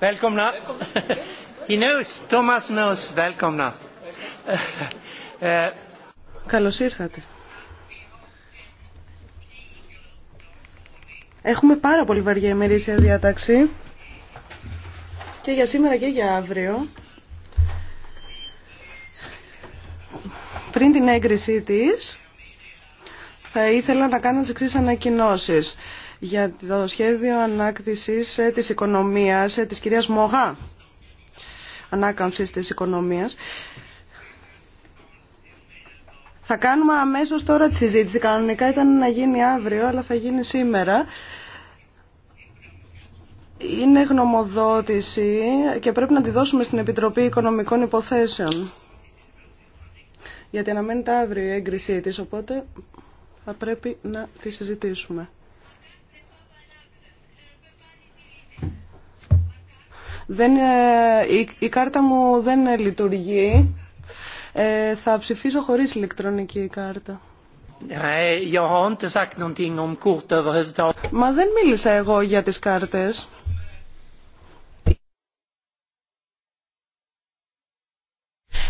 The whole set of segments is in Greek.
Välkomna. Uh, Καλώς ήρθατε. Έχουμε πάρα πολύ βαριά ημερήσια διάταξη και για σήμερα και για αύριο. Πριν την έγκρισή της θα ήθελα να κάνω τις εξής ανακοινώσεις για το σχέδιο ανάκτησης ε, της οικονομίας ε, της κυρίας Μογά, ανάκαμψης της οικονομίας. Θα κάνουμε αμέσως τώρα τη συζήτηση. Κανονικά ήταν να γίνει αύριο, αλλά θα γίνει σήμερα. Είναι γνωμοδότηση και πρέπει να τη δώσουμε στην Επιτροπή Οικονομικών Υποθέσεων. Γιατί αναμένεται αύριο η έγκρισή της, οπότε θα πρέπει να τη συζητήσουμε. Δεν, ε, η, κάρτα μου δεν λειτουργεί. Ε, θα ψηφίσω χωρίς ηλεκτρονική κάρτα. Ναι, Μα δεν μίλησα εγώ για τις κάρτες.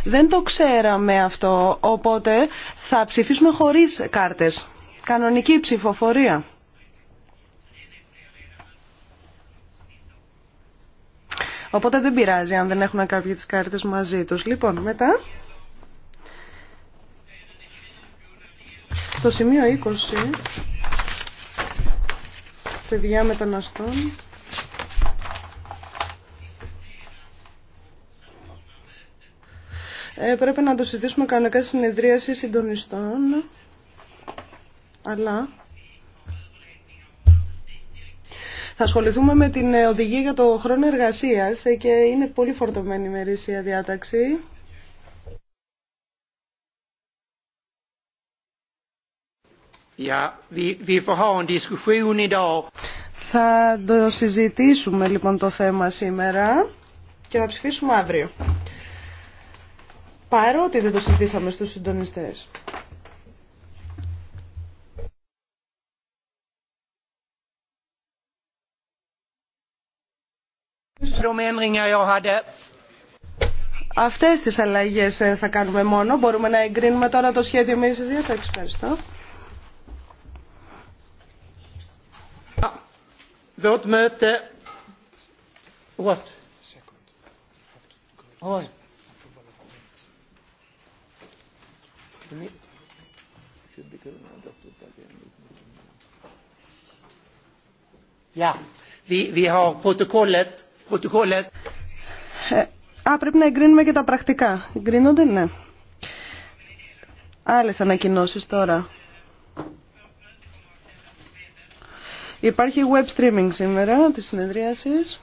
Δεν το ξέραμε αυτό, οπότε θα ψηφίσουμε χωρίς κάρτες. Κανονική ψηφοφορία. Οπότε δεν πειράζει αν δεν έχουν κάποιοι τις κάρτες μαζί τους. Λοιπόν, μετά... Στο σημείο 20, παιδιά μεταναστών, ε, πρέπει να το συζητήσουμε κανονικά συνεδρίαση συντονιστών, αλλά Θα ασχοληθούμε με την ε, οδηγία για το χρόνο εργασίας ε, και είναι πολύ φορτωμένη η μερίσια διάταξη. θα το συζητήσουμε λοιπόν το θέμα σήμερα και θα ψηφίσουμε αύριο. Παρότι δεν το συζητήσαμε στους συντονιστές. Αυτές τις αλλαγές ε, θα κάνουμε μόνο. Μπορούμε να εγκρίνουμε τώρα το σχέδιο με εσείς διάταξη. Ευχαριστώ. Uh, what? Ja, vi, vi har protokollet ε, α, πρέπει να εγκρίνουμε και τα πρακτικά. Εγκρίνονται, ναι. Άλλες ανακοινώσεις τώρα. Υπάρχει web streaming σήμερα της συνεδρίασης.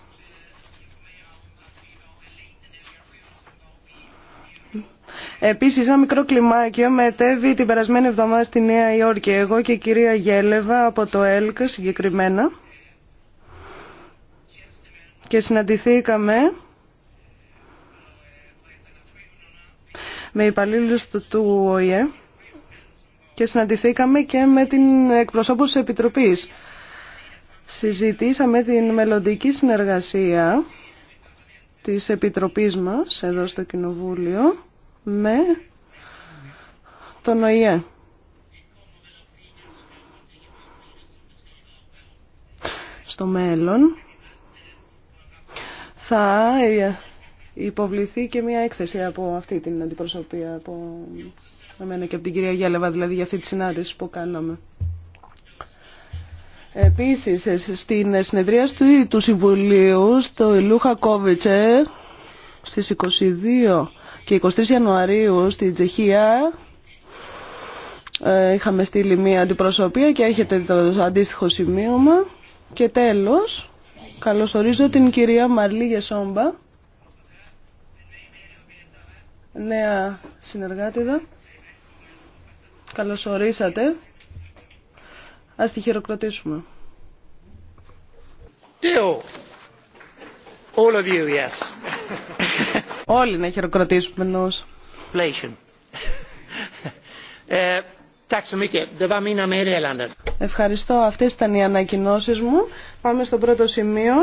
Επίσης, ένα μικρό κλιμάκιο μετέβη την περασμένη εβδομάδα στη Νέα Υόρκη. Εγώ και η κυρία Γέλεβα από το ΕΛΚ συγκεκριμένα και συναντηθήκαμε με υπαλλήλους του ΟΗΕ και συναντηθήκαμε και με την εκπροσώπου της Επιτροπής. Συζητήσαμε την μελλοντική συνεργασία της Επιτροπής μας εδώ στο Κοινοβούλιο με τον ΟΗΕ. Στο μέλλον θα ε, υποβληθεί και μια έκθεση από αυτή την αντιπροσωπεία από εμένα και από την κυρία Γέλεβα, δηλαδή για αυτή τη συνάντηση που κάναμε. Επίσης, ε, στην συνεδρία του Συμβουλίου, στο Λούχα Κόβιτσε, στις 22 και 23 Ιανουαρίου στη Τσεχία, ε, είχαμε στείλει μία αντιπροσωπεία και έχετε το αντίστοιχο σημείωμα. Και τέλος, Καλωσορίζω την κυρία Μαρλή Γεσόμπα, νέα συνεργάτηδα. Καλωσορίσατε. Ας τη χειροκροτήσουμε. All of you, Όλοι να χειροκροτήσουμε Ευχαριστώ. Αυτέ ήταν οι ανακοινώσει μου. Πάμε στο πρώτο σημείο.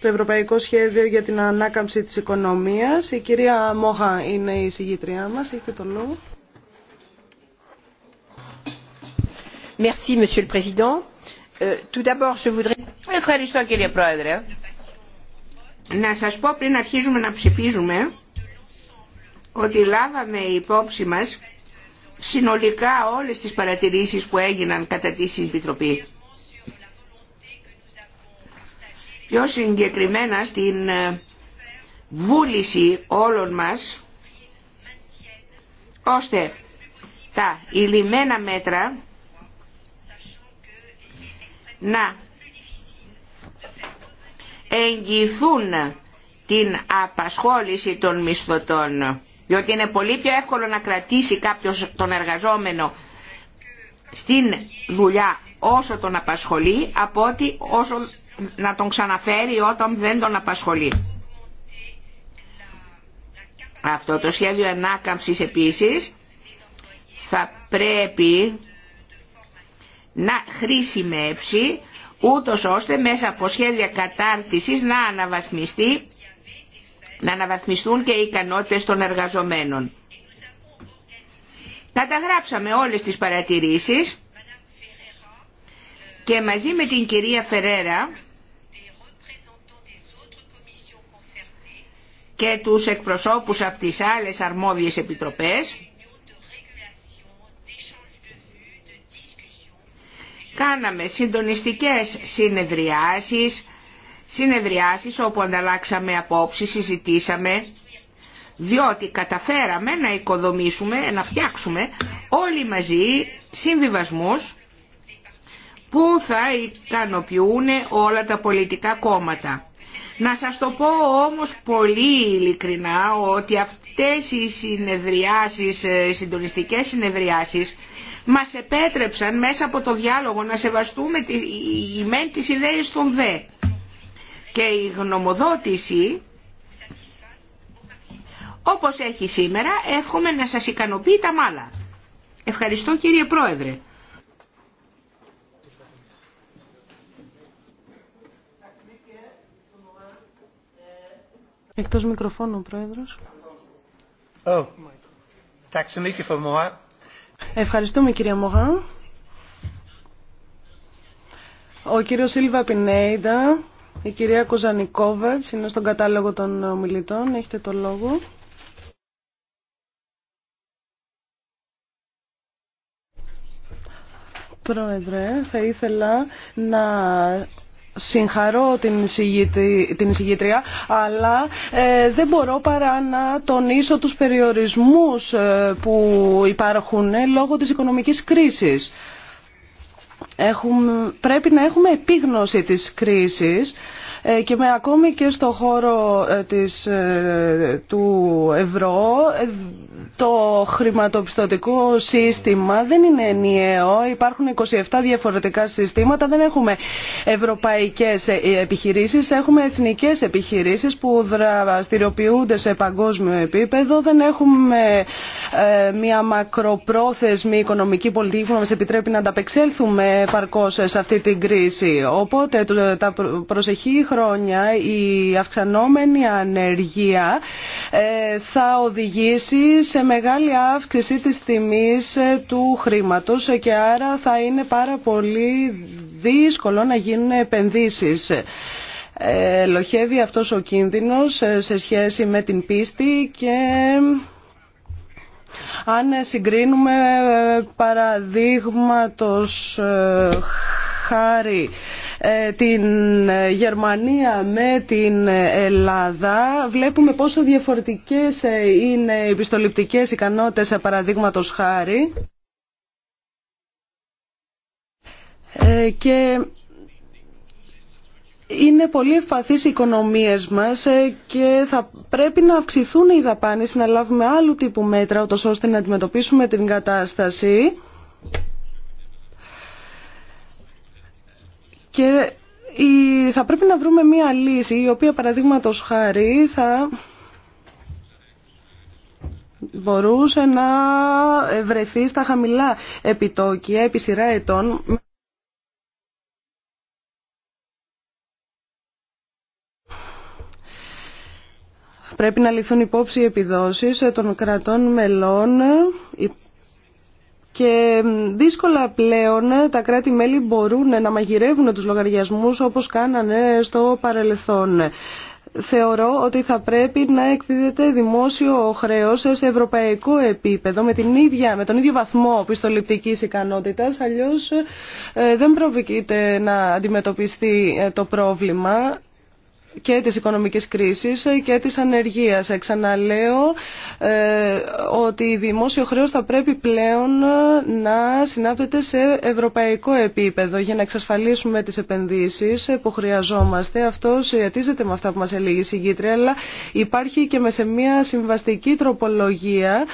Το Ευρωπαϊκό Σχέδιο για την Ανάκαμψη τη οικονομία. Η κυρία Μόχα είναι η συγγήτριά μα. Έχετε τον λόγο. Ε, Ευχαριστώ κύριε Πρόεδρε. Να σα πω πριν αρχίζουμε να ψηφίζουμε ότι λάβαμε υπόψη μας συνολικά όλες τις παρατηρήσεις που έγιναν κατά τη συμπιτροπή. Πιο συγκεκριμένα στην ε, βούληση όλων μας, ώστε τα ηλιμένα μέτρα να εγγυηθούν την απασχόληση των μισθωτών διότι είναι πολύ πιο εύκολο να κρατήσει κάποιος τον εργαζόμενο στην δουλειά όσο τον απασχολεί από ότι όσο να τον ξαναφέρει όταν δεν τον απασχολεί. Αυτό το σχέδιο ενάκαμψης επίσης θα πρέπει να χρησιμεύσει ούτως ώστε μέσα από σχέδια κατάρτισης να αναβαθμιστεί να αναβαθμιστούν και οι ικανότητες των εργαζομένων. Καταγράψαμε όλες τις παρατηρήσεις και μαζί με την κυρία Φερέρα και τους εκπροσώπους από τις άλλες αρμόδιες επιτροπές κάναμε συντονιστικές συνεδριάσεις συνεδριάσεις όπου ανταλλάξαμε απόψεις, συζητήσαμε, διότι καταφέραμε να οικοδομήσουμε, να φτιάξουμε όλοι μαζί συμβιβασμούς που θα ικανοποιούν όλα τα πολιτικά κόμματα. Να σας το πω όμως πολύ ειλικρινά ότι αυτές οι συνεδριάσεις, οι ε, συντονιστικές συνεδριάσεις μας επέτρεψαν μέσα από το διάλογο να σεβαστούμε τη, οι ιδέες των δε και η γνωμοδότηση όπως έχει σήμερα εύχομαι να σας ικανοποιεί τα μάλα. Ευχαριστώ κύριε Πρόεδρε. Εκτός μικροφώνου, Πρόεδρος. Oh. Ευχαριστούμε, κύριε Μογά. Ο κύριος Σίλβα Πινέιντα η κυρία Κουζανικόβετς είναι στον κατάλογο των ε, ομιλητών. Έχετε το λόγο. Πρόεδρε, θα ήθελα να συγχαρώ την, συγγητή, αλλά ε, δεν μπορώ παρά να τονίσω τους περιορισμούς ε, που υπάρχουν λόγω της οικονομικής κρίσης έχουμε, πρέπει να έχουμε επίγνωση της κρίσης ε, και με ακόμη και στο χώρο ε, της, ε, του ευρώ το χρηματοπιστωτικό σύστημα δεν είναι ενιαίο. Υπάρχουν 27 διαφορετικά συστήματα. Δεν έχουμε ευρωπαϊκές επιχειρήσεις. Έχουμε εθνικές επιχειρήσεις που δραστηριοποιούνται σε παγκόσμιο επίπεδο. Δεν έχουμε μια μακροπρόθεσμη οικονομική πολιτική που μας επιτρέπει να ανταπεξέλθουμε παρκώς σε αυτή την κρίση. Οπότε τα προσεχή χρόνια η αυξανόμενη ανεργία ε, θα οδηγήσει σε μεγάλη αύξηση της τιμής ε, του χρήματος και άρα θα είναι πάρα πολύ δύσκολο να γίνουν επενδύσεις ε, Λοχεύει αυτός ο κίνδυνος σε σχέση με την πίστη και αν συγκρίνουμε παραδείγματος χάρη ε, την ε, Γερμανία με την Ελλάδα βλέπουμε πόσο διαφορετικές ε, είναι οι επιστοληπτικές ικανότητες παραδείγματος χάρη και είναι πολύ ευπαθείς οι οικονομίες μας και θα πρέπει να αυξηθούν οι δαπάνες, να λάβουμε άλλου τύπου μέτρα, ώστε να αντιμετωπίσουμε την κατάσταση. Και θα πρέπει να βρούμε μία λύση η οποία παραδείγματο χάρη θα μπορούσε να βρεθεί στα χαμηλά επιτόκια επί σειρά ετών. Πρέπει να ληφθούν υπόψη οι επιδόσεις των κρατών μελών και δύσκολα πλέον ε, τα κράτη-μέλη μπορούν να μαγειρεύουν τους λογαριασμούς όπως κάνανε στο παρελθόν. Θεωρώ ότι θα πρέπει να εκδίδεται δημόσιο χρέος σε ευρωπαϊκό επίπεδο με, την ίδια, με τον ίδιο βαθμό πιστοληπτικής ικανότητας, αλλιώς ε, δεν προβηκείται να αντιμετωπιστεί ε, το πρόβλημα και της οικονομικής κρίσης και της ανεργίας. Ξαναλέω ε, ότι η δημόσιο χρέος θα πρέπει πλέον να συνάπτεται σε ευρωπαϊκό επίπεδο για να εξασφαλίσουμε τις επενδύσεις που χρειαζόμαστε. Αυτό σχετίζεται με αυτά που μας έλεγε η συγκήτρια, αλλά υπάρχει και με σε μια συμβαστική τροπολογία,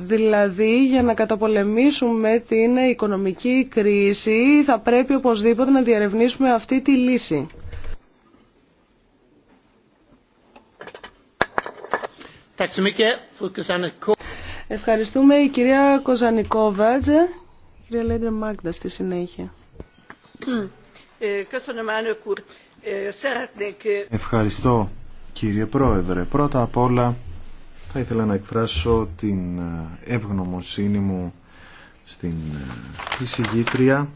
δηλαδή για να καταπολεμήσουμε την οικονομική κρίση θα πρέπει οπωσδήποτε να διαρευνήσουμε αυτή τη λύση. Ευχαριστούμε η κυρία Κοζανικόβατζε. Κυρία Λέντρε Μάγδα στη συνέχεια. Ευχαριστώ κύριε Πρόεδρε. Πρώτα απ' όλα θα ήθελα να εκφράσω την ε, ευγνωμοσύνη μου στην ε, εισηγήτρια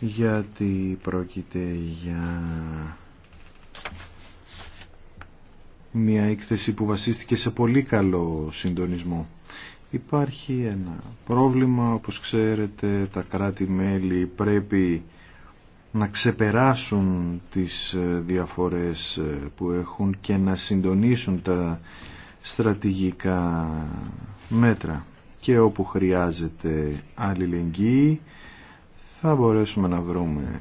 γιατί πρόκειται για μια έκθεση που βασίστηκε σε πολύ καλό συντονισμό. Υπάρχει ένα πρόβλημα, όπως ξέρετε, τα κράτη-μέλη πρέπει να ξεπεράσουν τις ε, διαφορές ε, που έχουν και να συντονίσουν τα στρατηγικά μέτρα. Και όπου χρειάζεται αλληλεγγύη θα μπορέσουμε να βρούμε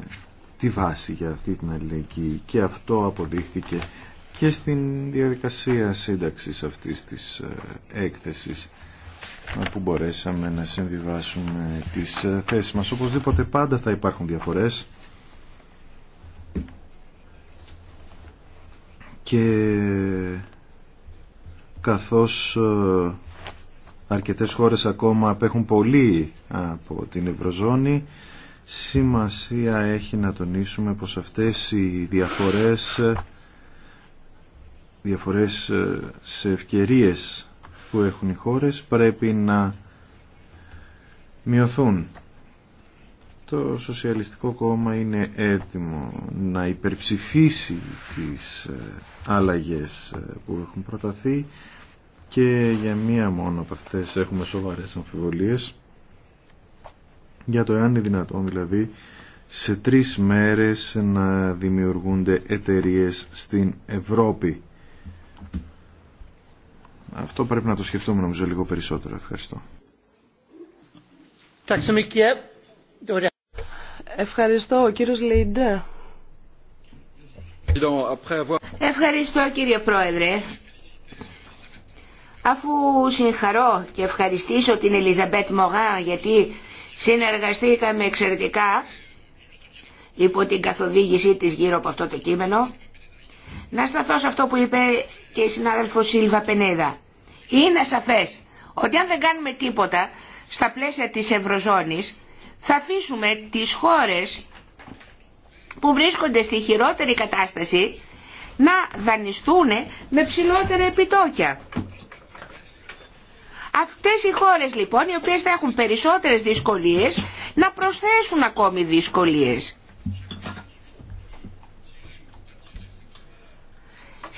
τη βάση για αυτή την αλληλεγγύη και αυτό αποδείχθηκε και στην διαδικασία σύνταξης αυτής της ε, έκθεσης που μπορέσαμε να συμβιβάσουμε τις ε, θέσεις μας. Οπωσδήποτε πάντα θα υπάρχουν διαφορές και καθώς ε, αρκετές χώρες ακόμα απέχουν πολύ από την Ευρωζώνη σημασία έχει να τονίσουμε πως αυτές οι διαφορές διαφορές ε, σε ευκαιρίες που έχουν οι χώρες πρέπει να μειωθούν. Το Σοσιαλιστικό Κόμμα είναι έτοιμο να υπερψηφίσει τις άλλαγες ε, ε, που έχουν προταθεί και για μία μόνο από αυτές έχουμε σοβαρές αμφιβολίες για το εάν είναι δυνατόν δηλαδή σε τρεις μέρες να δημιουργούνται εταιρείες στην Ευρώπη. Αυτό πρέπει να το σκεφτούμε νομίζω λίγο περισσότερο. Ευχαριστώ. Ευχαριστώ. Ο κύριος Ευχαριστώ κύριε Πρόεδρε. Αφού συγχαρώ και ευχαριστήσω την Ελιζαμπέτ Μογάν γιατί συνεργαστήκαμε εξαιρετικά υπό την καθοδήγησή της γύρω από αυτό το κείμενο, να σταθώ σε αυτό που είπε και η συνάδελφος Σίλβα Πενέδα. Είναι σαφές ότι αν δεν κάνουμε τίποτα στα πλαίσια της Ευρωζώνης θα αφήσουμε τις χώρες που βρίσκονται στη χειρότερη κατάσταση να δανειστούν με ψηλότερα επιτόκια. Αυτές οι χώρες λοιπόν οι οποίες θα έχουν περισσότερες δυσκολίες να προσθέσουν ακόμη δυσκολίες.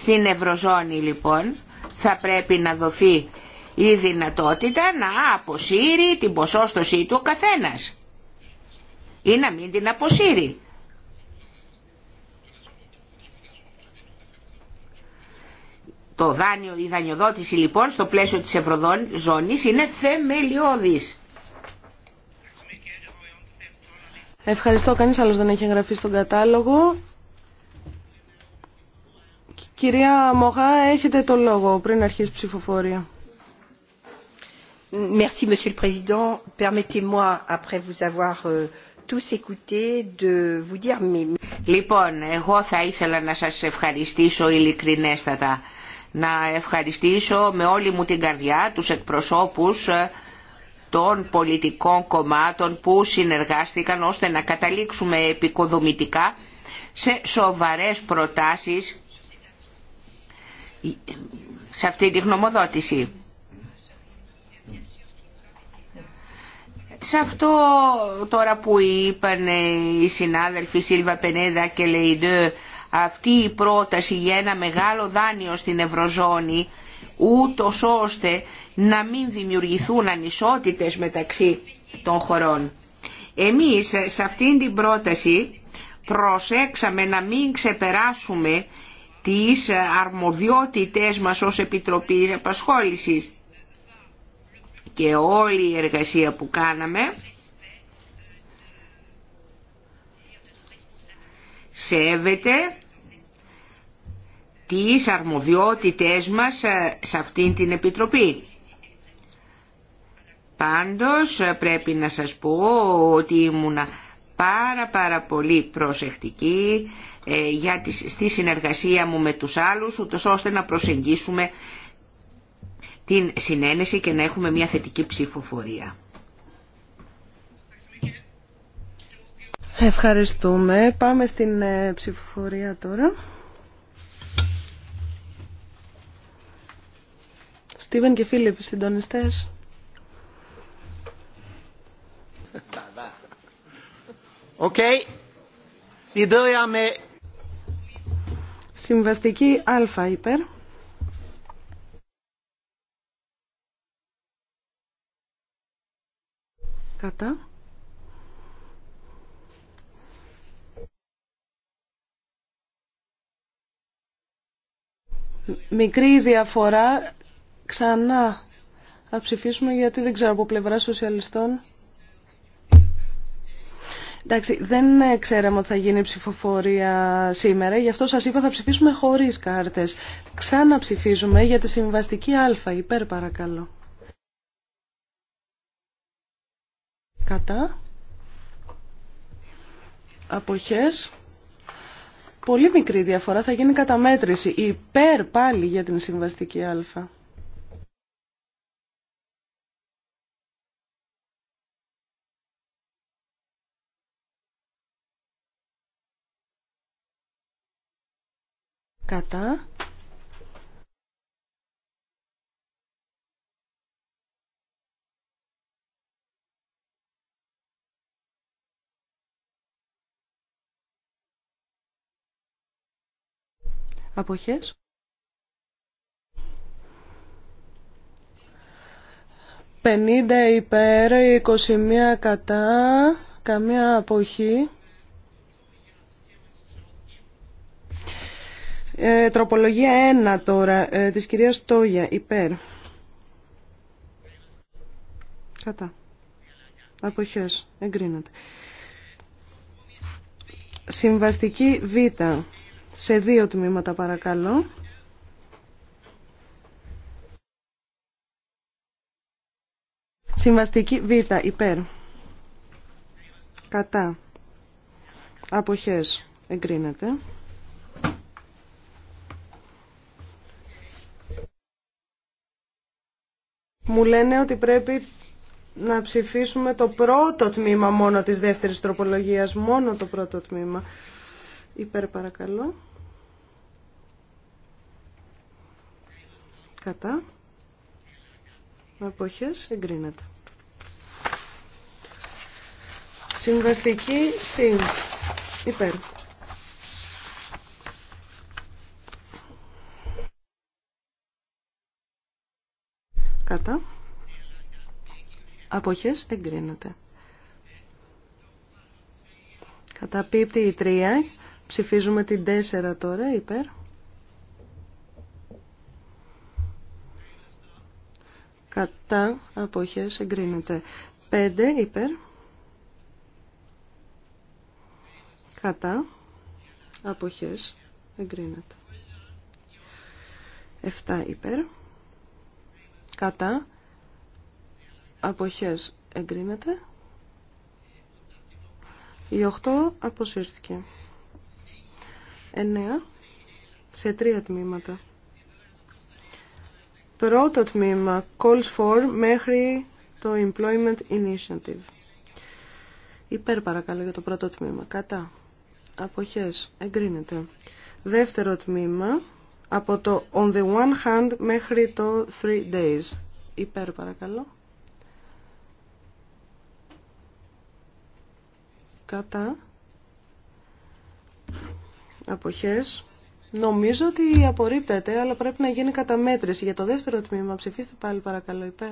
Στην Ευρωζώνη λοιπόν θα πρέπει να δοθεί η δυνατότητα να αποσύρει την ποσόστοσή του ο καθένας ή να μην την αποσύρει. Το δάνειο, η δανειοδότηση λοιπόν στο πλαίσιο της Ευρωζώνης είναι θεμελιώδης. Ευχαριστώ. Κανείς άλλος δεν έχει εγγραφεί στον κατάλογο. Κυρία Μογά, έχετε το λόγο πριν αρχίσει η ψηφοφορία. Merci, Monsieur le Président. Permettez-moi, après vous avoir euh, tous écouté, de vous dire mes... Λοιπόν, εγώ θα ήθελα να σας ευχαριστήσω ειλικρινέστατα. Να ευχαριστήσω με όλη μου την καρδιά τους εκπροσώπους ε, των πολιτικών κομμάτων που συνεργάστηκαν ώστε να καταλήξουμε επικοδομητικά σε σοβαρές προτάσεις σε αυτή τη γνωμοδότηση. Σε αυτό τώρα που είπαν οι συνάδελφοι Σίλβα Πενέδα και Λεϊντέ αυτή η πρόταση για ένα μεγάλο δάνειο στην Ευρωζώνη ούτω ώστε να μην δημιουργηθούν ανισότητες μεταξύ των χωρών. Εμείς σε αυτήν την πρόταση προσέξαμε να μην ξεπεράσουμε τις αρμοδιότητες μας ως Επιτροπή Επασχόλησης... Και όλη η εργασία που κάναμε σέβεται τις αρμοδιότητες μας σε αυτήν την Επιτροπή. Πάντως πρέπει να σας πω ότι ήμουνα πάρα πάρα πολύ προσεκτική ε, για στη συνεργασία μου με τους άλλους, ούτως ώστε να προσεγγίσουμε την συνένεση και να έχουμε μια θετική ψηφοφορία. Ευχαριστούμε. Πάμε στην ε, ψηφοφορία τώρα. Στίβεν και Φίλιπ, συντονιστές. με Συμβαστική α υπέρ. Κατά. Μικρή διαφορά. Ξανά θα ψηφίσουμε γιατί δεν ξέρω από πλευρά σοσιαλιστών. Εντάξει, δεν ε, ξέραμε ότι θα γίνει ψηφοφορία σήμερα, γι' αυτό σας είπα θα ψηφίσουμε χωρίς κάρτες. Ξαναψηφίζουμε για τη συμβαστική Α, υπέρ παρακαλώ. Κατά. Αποχές. Πολύ μικρή διαφορά, θα γίνει καταμέτρηση. Υπέρ πάλι για την συμβαστική Α. Κατά. Αποχές. Πενήντα υπέρ, 21 κατά, καμία αποχή. Ε, τροπολογία 1 τώρα, ε, της κυρίας Τόγια, υπέρ. Κατά. Αποχές. Εγκρίνεται. Συμβαστική Β. Σε δύο τμήματα παρακαλώ. Συμβαστική Β. Υπέρ. Κατά. Αποχές. Εγκρίνεται. Μου λένε ότι πρέπει να ψηφίσουμε το πρώτο τμήμα μόνο της δεύτερης τροπολογίας, μόνο το πρώτο τμήμα. Υπέρ παρακαλώ. Κατά. Αποχές εγκρίνεται. Συμβαστική συν. Υπέρ. Κατά. Αποχές εγκρίνεται. πίπτη η 3. Ψηφίζουμε την 4 τώρα υπέρ. Κατά αποχές εγκρίνεται. 5 υπέρ. Κατά αποχές εγκρίνεται. 7 υπέρ κατά αποχές εγκρίνεται η 8 αποσύρθηκε 9 σε τρία τμήματα πρώτο τμήμα calls for μέχρι το employment initiative υπέρ παρακαλώ για το πρώτο τμήμα κατά αποχές εγκρίνεται δεύτερο τμήμα από το on the one hand μέχρι το three days. Υπέρ παρακαλώ. Κατά. Αποχές. Νομίζω ότι απορρίπτεται, αλλά πρέπει να γίνει καταμέτρηση. Για το δεύτερο τμήμα ψηφίστε πάλι παρακαλώ υπέρ.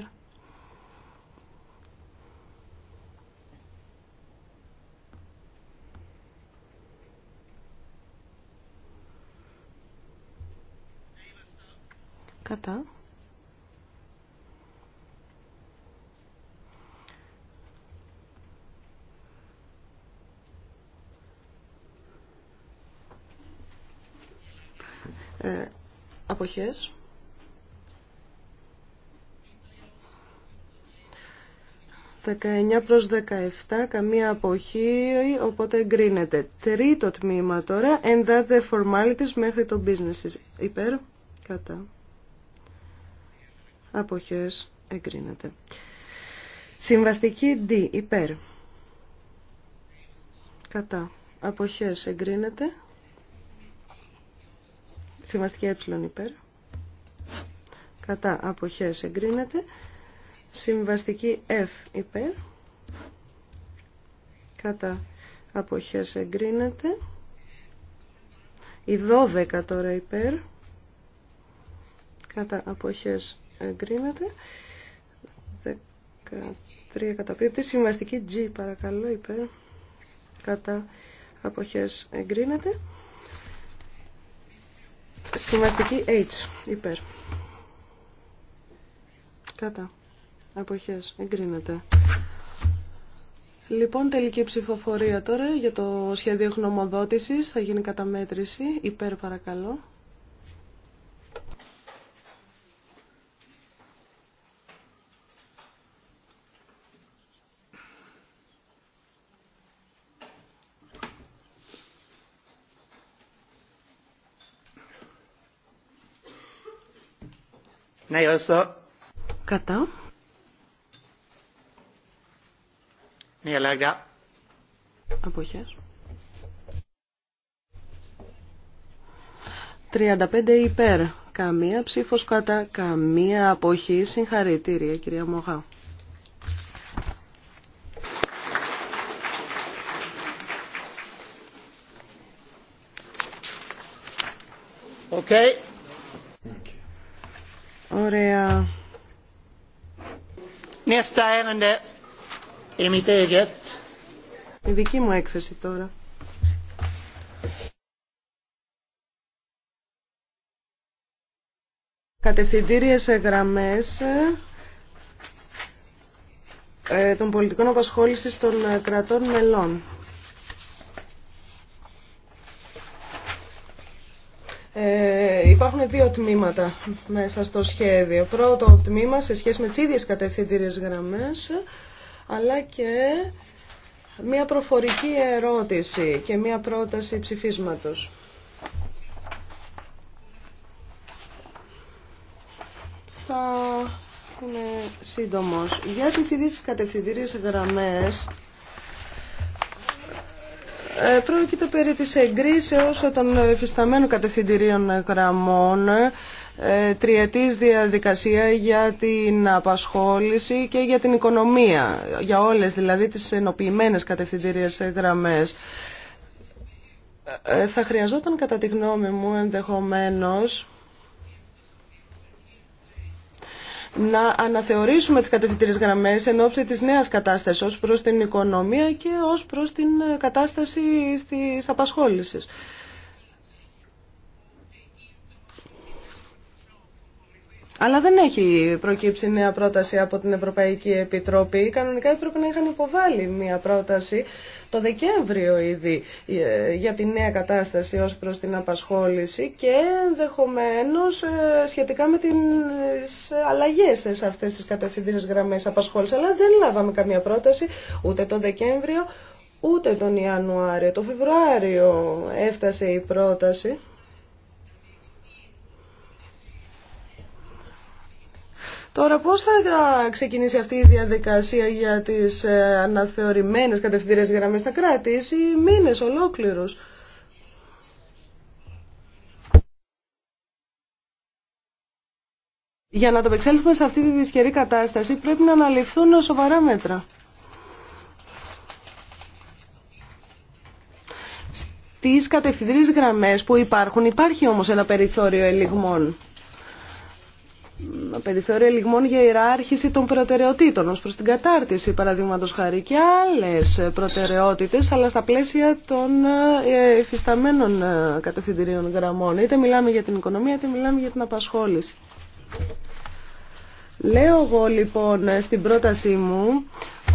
Αποχέ. Ε, αποχές. Δεκαεννιά προς 17, καμία αποχή, οπότε εγκρίνεται. Τρίτο τμήμα τώρα, and that the formalities μέχρι το businesses. Υπέρ, κατά αποχές εγκρίνεται. Συμβαστική D υπέρ κατά αποχές εγκρίνεται. Συμβαστική ε υπέρ κατά αποχές εγκρίνεται. Συμβαστική F υπέρ κατά αποχές εγκρίνεται. Η 12 τώρα υπέρ κατά αποχές εγκρίνεται. 13 καταπίπτει. Συμβαστική G παρακαλώ υπέρ κατά αποχές εγκρίνεται. Συμβαστική H υπέρ κατά αποχές εγκρίνεται. Λοιπόν, τελική ψηφοφορία τώρα για το σχέδιο γνωμοδότησης. Θα γίνει καταμέτρηση. Υπέρ παρακαλώ. Κατά. Nedlagda. Αποχές. 35 υπέρ. Καμία ψήφος κατά. Καμία αποχή. Συγχαρητήρια κυρία Μογά. Okay. Ωραία. Η δική μου έκθεση τώρα. Κατευθυντήριες γραμμές ε, των πολιτικών απασχόλησης των ε, κρατών μελών. Υπάρχουν δύο τμήματα μέσα στο σχέδιο. Πρώτο τμήμα σε σχέση με τις ίδιες κατευθυντήριες γραμμές, αλλά και μια προφορική ερώτηση και μια πρόταση ψηφίσματος. Θα είναι σύντομος. Για τις ίδιες κατευθυντήριες γραμμές ε, πρόκειται περί της εγκρίσεως των εφισταμένων κατευθυντηρίων γραμμών ε, τριετής διαδικασία για την απασχόληση και για την οικονομία, για όλες δηλαδή τις ενοποιημένες κατευθυντήριες γραμμές. Ε, θα χρειαζόταν κατά τη γνώμη μου ενδεχομένως να αναθεωρήσουμε τις κατευθυντήρες γραμμές εν ώψη της νέας κατάστασης ως προς την οικονομία και ως προς την κατάσταση της απασχόλησης. Αλλά δεν έχει προκύψει νέα πρόταση από την Ευρωπαϊκή Επιτροπή. Κανονικά έπρεπε να είχαν υποβάλει μια πρόταση το Δεκέμβριο ήδη ε, για τη νέα κατάσταση ως προς την απασχόληση και ενδεχομένω ε, σχετικά με τις αλλαγές σε αυτές τις κατευθυντήρες γραμμές απασχόλησης. Αλλά δεν λάβαμε καμία πρόταση ούτε το Δεκέμβριο ούτε τον Ιανουάριο. Το Φεβρουάριο έφτασε η πρόταση. Τώρα πώς θα ξεκινήσει αυτή η διαδικασία για τις ε, αναθεωρημένες κατευθυντήρες γραμμές. Θα κρατήσει μήνες ολόκληρους. Για να το επεξέλθουμε σε αυτή τη δυσκερή κατάσταση πρέπει να αναλυφθούν σοβαρά μέτρα. Στις κατευθυντήρες γραμμές που υπάρχουν υπάρχει όμως ένα περιθώριο ελιγμών περιθώρια λιγμών για ιεράρχηση των προτεραιοτήτων ως προς την κατάρτιση παραδείγματο χάρη και άλλες προτεραιότητες αλλά στα πλαίσια των εφισταμένων ε, κατευθυντηρίων γραμμών είτε μιλάμε για την οικονομία είτε μιλάμε για την απασχόληση. Λέω εγώ λοιπόν στην πρότασή μου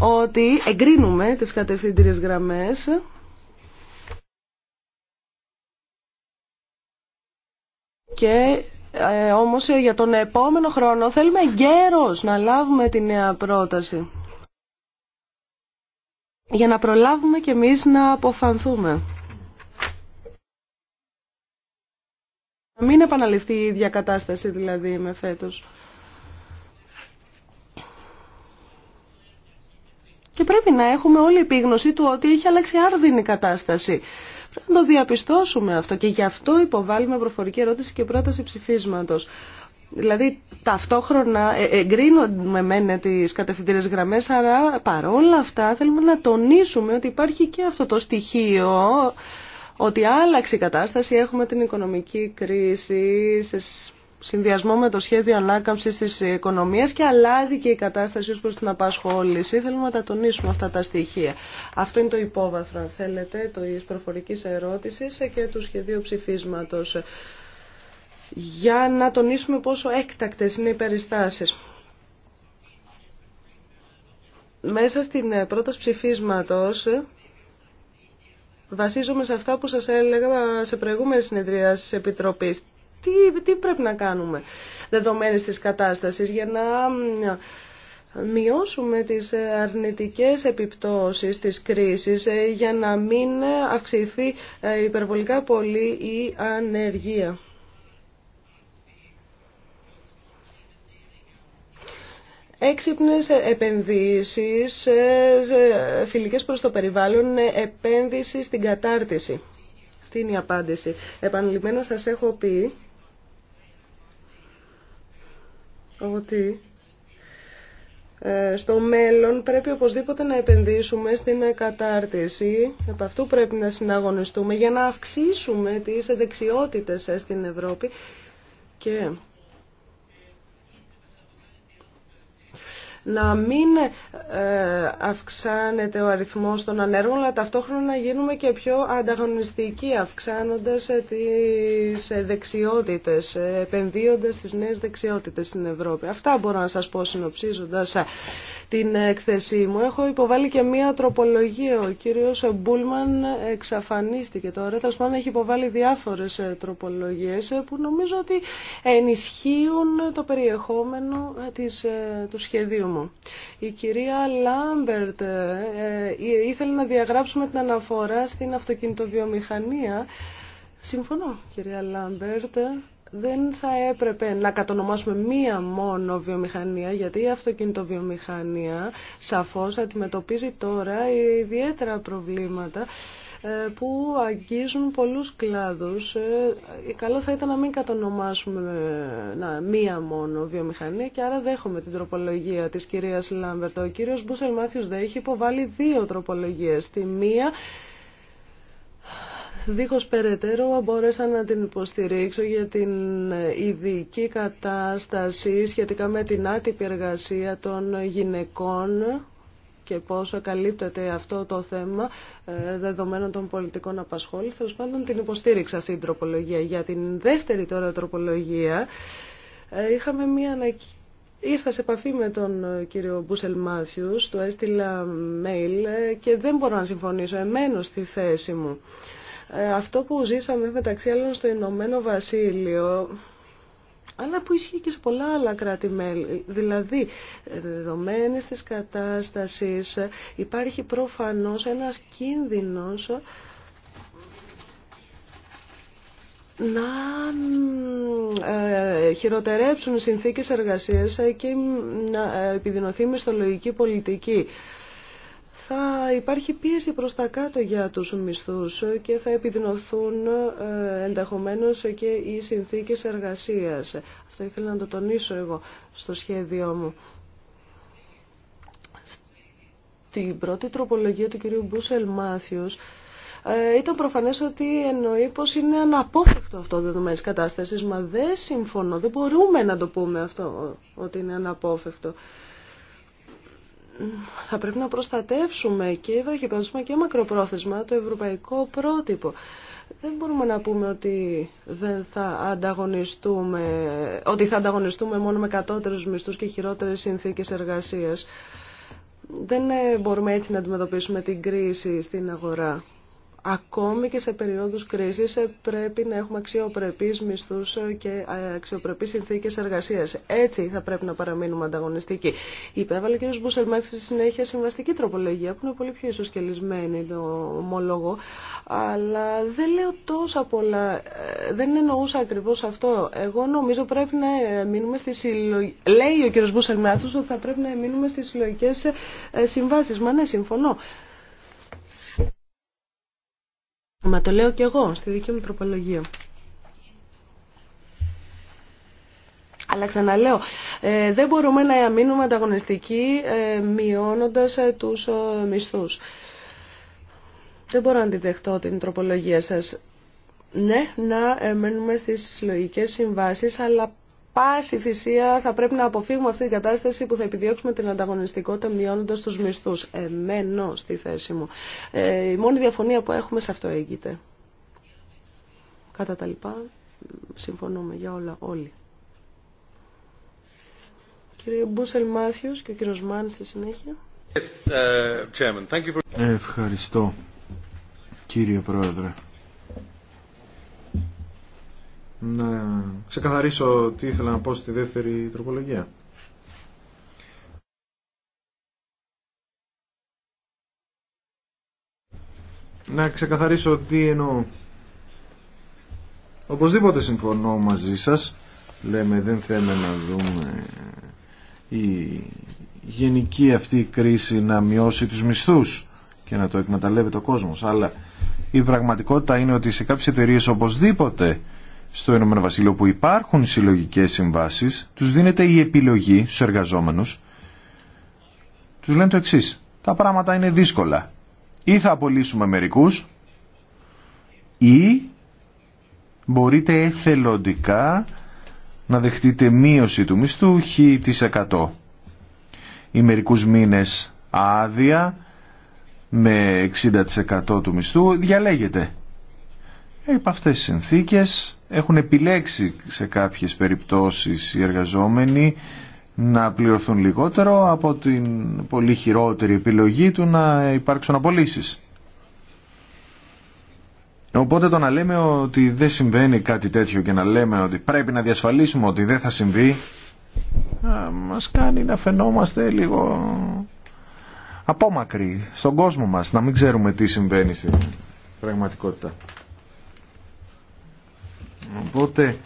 ότι εγκρίνουμε τις κατευθυντήριες γραμμές και ε, όμως ε, για τον επόμενο χρόνο θέλουμε γέρος να λάβουμε τη νέα πρόταση. Για να προλάβουμε κι εμεί να αποφανθούμε. Να μην επαναληφθεί η ίδια κατάσταση δηλαδή με φέτος. Και πρέπει να έχουμε όλη επίγνωση του ότι έχει αλλάξει άρδινη κατάσταση. Πρέπει να το διαπιστώσουμε αυτό και γι' αυτό υποβάλλουμε προφορική ερώτηση και πρόταση ψηφίσματος. Δηλαδή ταυτόχρονα ε, εγκρίνουμε μεν τις κατευθυντήρες γραμμές, αλλά παρόλα αυτά θέλουμε να τονίσουμε ότι υπάρχει και αυτό το στοιχείο ότι άλλαξε η κατάσταση, έχουμε την οικονομική κρίση, συνδυασμό με το σχέδιο ανάκαμψης της οικονομίας και αλλάζει και η κατάσταση ως προς την απασχόληση. Θέλουμε να τα τονίσουμε αυτά τα στοιχεία. Αυτό είναι το υπόβαθρο, αν θέλετε, τη προφορική ερώτησης και του σχεδίου ψηφίσματος για να τονίσουμε πόσο έκτακτες είναι οι περιστάσεις. Μέσα στην πρόταση ψηφίσματος βασίζομαι σε αυτά που σας έλεγα σε προηγούμενες συνεδρία της Επιτροπής τι, τι πρέπει να κάνουμε δεδομένης της κατάστασης για να μειώσουμε τις αρνητικές επιπτώσεις της κρίσης ε, για να μην αυξηθεί ε, υπερβολικά πολύ η ανεργία. Έξυπνες επενδύσεις, ε, φιλικές προς το περιβάλλον, επένδυση στην κατάρτιση. Αυτή είναι η απάντηση. Επανειλημμένα σας έχω πει ότι ε, στο μέλλον πρέπει οπωσδήποτε να επενδύσουμε στην κατάρτιση. Επ' αυτού πρέπει να συναγωνιστούμε για να αυξήσουμε τις δεξιότητες ε, στην Ευρώπη και να μην ε, αυξάνεται ο αριθμός των ανέργων, αλλά ταυτόχρονα να γίνουμε και πιο ανταγωνιστικοί, αυξάνοντας ε, τις ε, δεξιότητες, επενδύοντας τις νέες δεξιότητες στην Ευρώπη. Αυτά μπορώ να σας πω συνοψίζοντας την έκθεσή μου. Έχω υποβάλει και μία τροπολογία. Ο κύριος Μπούλμαν εξαφανίστηκε τώρα. Θα πάντων έχει υποβάλει διάφορες τροπολογίες που νομίζω ότι ενισχύουν το περιεχόμενο της, του σχεδίου η κυρία Λάμπερτ ε, ε, ήθελε να διαγράψουμε την αναφορά στην αυτοκινητοβιομηχανία. Συμφωνώ, κυρία Λάμπερτ. Δεν θα έπρεπε να κατονομάσουμε μία μόνο βιομηχανία, γιατί η αυτοκινητοβιομηχανία σαφώς αντιμετωπίζει τώρα ιδιαίτερα προβλήματα ε, που αγγίζουν πολλούς κλάδους. Ε, καλό θα ήταν να μην κατονομάσουμε ε, να, μία μόνο βιομηχανία και άρα δέχομαι την τροπολογία της κυρίας Λάμπερτ. Ο κύριος Μπούσελ Μάθιος δέχει έχει υποβάλει δύο τροπολογίες. Τη μία δίχως περαιτέρω μπόρεσα να την υποστηρίξω για την ειδική κατάσταση σχετικά με την άτυπη εργασία των γυναικών και πόσο καλύπτεται αυτό το θέμα ε, δεδομένων των πολιτικών απασχόλησης. Τέλο πάντων την υποστήριξα αυτή την τροπολογία. Για την δεύτερη τώρα τροπολογία ε, είχαμε μία ανακοίνωση Ήρθα σε επαφή με τον ε, κύριο Μπούσελ Μάθιους, του έστειλα mail και δεν μπορώ να συμφωνήσω, εμένω στη θέση μου. Αυτό που ζήσαμε μεταξύ άλλων στο Ηνωμένο Βασίλειο αλλά που ισχύει και σε πολλά άλλα κράτη-μέλη. Δηλαδή, δεδομένες της κατάστασης υπάρχει προφανώς ένας κίνδυνος να ε, χειροτερέψουν συνθήκες εργασίας και να επιδεινωθεί μισθολογική πολιτική θα υπάρχει πίεση προς τα κάτω για τους μισθούς και θα επιδεινωθούν ε, ενδεχομένως και οι συνθήκες εργασίας. Αυτό ήθελα να το τονίσω εγώ στο σχέδιό μου. Στην πρώτη τροπολογία του κυρίου Μπούσελ Μάθιους ε, ήταν προφανές ότι εννοεί πως είναι αναπόφευκτο αυτό δεδομένης κατάστασης, μα δεν συμφωνώ, δεν μπορούμε να το πούμε αυτό ότι είναι αναπόφευκτο θα πρέπει να προστατεύσουμε και βραχυπρόθεσμα και μακροπρόθεσμα το ευρωπαϊκό πρότυπο. Δεν μπορούμε να πούμε ότι, δεν θα ανταγωνιστούμε, ότι θα ανταγωνιστούμε μόνο με κατώτερους μισθούς και χειρότερες συνθήκες εργασίας. Δεν μπορούμε έτσι να αντιμετωπίσουμε την κρίση στην αγορά. Ακόμη και σε περιόδους κρίσης ε, πρέπει να έχουμε αξιοπρεπείς μισθούς ε, και ε, αξιοπρεπείς συνθήκες εργασίας. Έτσι θα πρέπει να παραμείνουμε ανταγωνιστικοί. Υπέβαλε ο κ. Μπούσελ στη συνέχεια συμβαστική τροπολογία που είναι πολύ πιο ισοσκελισμένη το ομόλογο. Αλλά δεν λέω τόσα πολλά. Δεν εννοούσα ακριβώς αυτό. Εγώ νομίζω πρέπει να μείνουμε στη συλλογική... Λέει ο κ. Μπούσελ ότι θα πρέπει να μείνουμε στις συλλογικές συμβάσεις. Μα ναι, συμφωνώ. Μα το λέω και εγώ στη δική μου τροπολογία. Αλλά ξαναλέω, ε, δεν μπορούμε να μείνουμε ανταγωνιστικοί ε, μειώνοντας ε, τους μισθούς. Δεν μπορώ να αντιδεχτώ την τροπολογία σας. Ναι, να μένουμε στις συλλογικέ συμβάσεις, αλλά πάση θυσία θα πρέπει να αποφύγουμε αυτή την κατάσταση που θα επιδιώξουμε την ανταγωνιστικότητα μειώνοντα του μισθού. Εμένω στη θέση μου. Ε, η μόνη διαφωνία που έχουμε σε αυτό έγκυται. Κατά τα λοιπά, συμφωνούμε για όλα, όλοι. Κύριε Μπούσελ Μάθιος και ο κύριος Μάν στη συνέχεια. Yes, uh, chairman. Thank you for... Ευχαριστώ, κύριε Πρόεδρε να ξεκαθαρίσω τι ήθελα να πω στη δεύτερη τροπολογία. Να ξεκαθαρίσω τι εννοώ. Οπωσδήποτε συμφωνώ μαζί σας. Λέμε δεν θέλουμε να δούμε η γενική αυτή κρίση να μειώσει τους μισθούς και να το εκμεταλλεύεται το κόσμος. Αλλά η πραγματικότητα είναι ότι σε κάποιες εταιρείε οπωσδήποτε στο Ηνωμένο Βασίλειο που υπάρχουν συλλογικέ συμβάσει, τους δίνεται η επιλογή στου εργαζόμενους. Τους λένε το εξή. τα πράγματα είναι δύσκολα. Ή θα απολύσουμε μερικού ή μπορείτε εθελοντικά να δεχτείτε μείωση του μισθού χ της 100. Ή μερικούς μήνες άδεια με 60% του μισθού διαλέγετε. Επ' αυτές τις συνθήκες έχουν επιλέξει σε κάποιες περιπτώσεις οι εργαζόμενοι να πληρωθούν λιγότερο από την πολύ χειρότερη επιλογή του να υπάρξουν απολύσεις. Οπότε το να λέμε ότι δεν συμβαίνει κάτι τέτοιο και να λέμε ότι πρέπει να διασφαλίσουμε ότι δεν θα συμβεί μας κάνει να φαινόμαστε λίγο απόμακροι στον κόσμο μας, να μην ξέρουμε τι συμβαίνει στην πραγματικότητα. Οπότε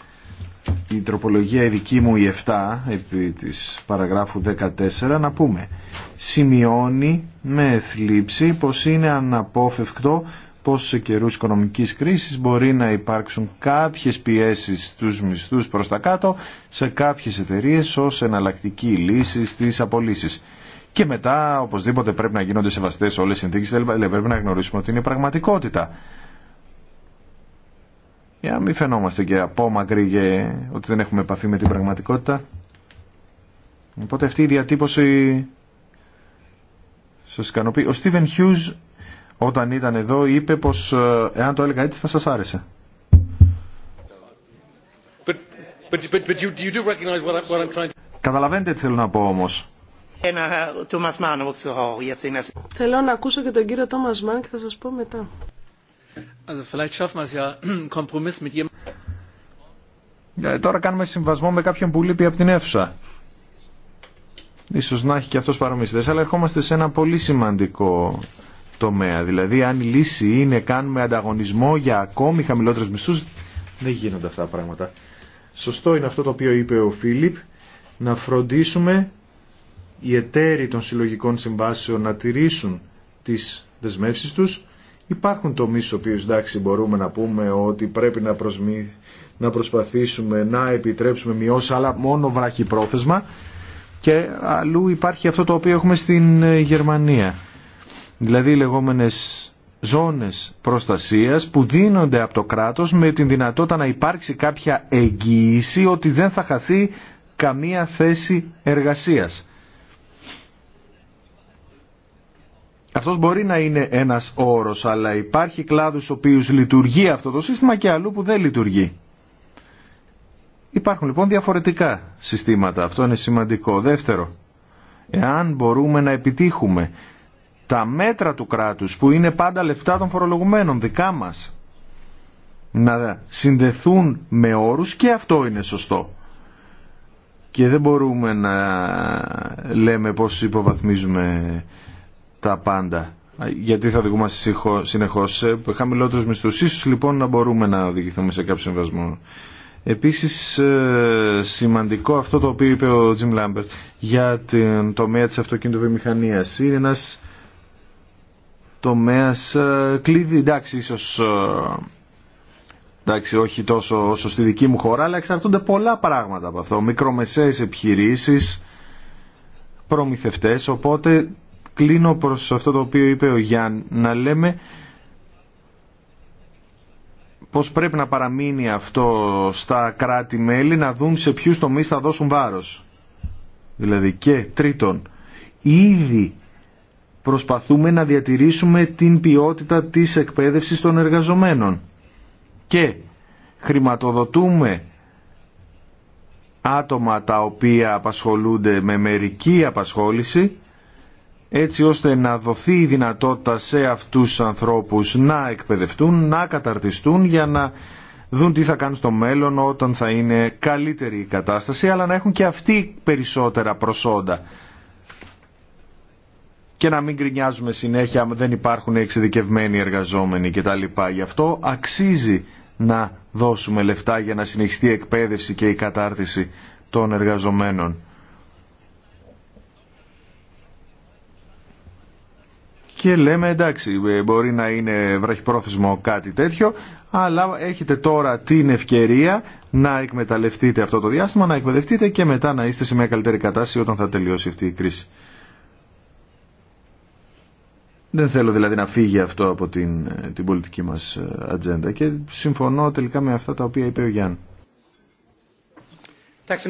η τροπολογία η δική μου η 7 επί της παραγράφου 14 να πούμε σημειώνει με θλίψη πως είναι αναπόφευκτο πως σε καιρούς οικονομικής κρίσης μπορεί να υπάρξουν κάποιες πιέσεις στους μισθούς προς τα κάτω σε κάποιες εταιρείες ως εναλλακτική λύση στις απολύσεις. Και μετά οπωσδήποτε πρέπει να γίνονται σεβαστές όλες οι συνθήκες, δηλαδή, πρέπει να γνωρίσουμε ότι είναι πραγματικότητα. Για να μην φαινόμαστε και απόμακροι και ότι δεν έχουμε επαφή με την πραγματικότητα. Οπότε αυτή η διατύπωση σας ικανοποιεί. Ο Στίβεν Χιούζ όταν ήταν εδώ είπε πως ε, εάν το έλεγα έτσι θα σας άρεσε. Καταλαβαίνετε τι θέλω να πω όμως. Ε, θέλω να ακούσω και τον κύριο Τόμας Μάν και θα σας πω μετά. Also vielleicht schaffen wir es ja, Kompromiss mit jemandem. Ε, τώρα κάνουμε συμβασμό με κάποιον που λείπει από την αίθουσα. Ίσως να έχει και αυτός παρομύστες, αλλά ερχόμαστε σε ένα πολύ σημαντικό τομέα. Δηλαδή, αν η λύση είναι κάνουμε ανταγωνισμό για ακόμη χαμηλότερους μισθούς, δεν γίνονται αυτά τα πράγματα. Σωστό είναι αυτό το οποίο είπε ο Φίλιπ, να φροντίσουμε οι εταίροι των συλλογικών συμβάσεων να τηρήσουν τις δεσμεύσεις τους Υπάρχουν τομείς στους οποίους εντάξει μπορούμε να πούμε ότι πρέπει να, προσμη... να προσπαθήσουμε να επιτρέψουμε μειώσει αλλά μόνο βραχυπρόθεσμα και αλλού υπάρχει αυτό το οποίο έχουμε στην ε, Γερμανία. Δηλαδή οι λεγόμενες ζώνες προστασίας που δίνονται από το κράτος με την δυνατότητα να υπάρξει κάποια εγγύηση ότι δεν θα χαθεί καμία θέση εργασίας. Αυτός μπορεί να είναι ένας όρος, αλλά υπάρχει κλάδους ο οποίος λειτουργεί αυτό το σύστημα και αλλού που δεν λειτουργεί. Υπάρχουν λοιπόν διαφορετικά συστήματα, αυτό είναι σημαντικό. Δεύτερο, εάν μπορούμε να επιτύχουμε τα μέτρα του κράτους που είναι πάντα λεφτά των φορολογουμένων δικά μας να συνδεθούν με όρους και αυτό είναι σωστό. Και δεν μπορούμε να λέμε πώς υποβαθμίζουμε τα πάντα. Γιατί θα οδηγούμαστε συνεχώ σε χαμηλότερου μισθού. σω λοιπόν να μπορούμε να οδηγηθούμε σε κάποιο συμβασμό. Επίση ε, σημαντικό αυτό το οποίο είπε ο Τζιμ Λάμπερτ για την τομέα της βιομηχανία. Είναι ένα τομέα ε, κλείδι, εντάξει, ίσω. Ε, εντάξει, όχι τόσο όσο στη δική μου χώρα, αλλά εξαρτούνται πολλά πράγματα από αυτό. Μικρομεσαίες επιχειρήσεις, προμηθευτές, οπότε κλείνω προς αυτό το οποίο είπε ο Γιάν να λέμε πώς πρέπει να παραμείνει αυτό στα κράτη-μέλη, να δουν σε ποιους τομείς θα δώσουν βάρος. Δηλαδή και τρίτον, ήδη προσπαθούμε να διατηρήσουμε την ποιότητα της εκπαίδευσης των εργαζομένων και χρηματοδοτούμε άτομα τα οποία απασχολούνται με μερική απασχόληση έτσι ώστε να δοθεί η δυνατότητα σε αυτούς τους ανθρώπους να εκπαιδευτούν, να καταρτιστούν για να δουν τι θα κάνουν στο μέλλον όταν θα είναι καλύτερη η κατάσταση, αλλά να έχουν και αυτοί περισσότερα προσόντα. Και να μην γκρινιάζουμε συνέχεια αν δεν υπάρχουν εξειδικευμένοι εργαζόμενοι κτλ. Γι' αυτό αξίζει να δώσουμε λεφτά για να συνεχιστεί η εκπαίδευση και η κατάρτιση των εργαζομένων. και λέμε εντάξει ε, μπορεί να είναι βραχυπρόθεσμο κάτι τέτοιο αλλά έχετε τώρα την ευκαιρία να εκμεταλλευτείτε αυτό το διάστημα, να εκπαιδευτείτε και μετά να είστε σε μια καλύτερη κατάσταση όταν θα τελειώσει αυτή η κρίση. Δεν θέλω δηλαδή να φύγει αυτό από την, ε, την πολιτική μας ε, ατζέντα και συμφωνώ τελικά με αυτά τα οποία είπε ο Γιάννη. Σας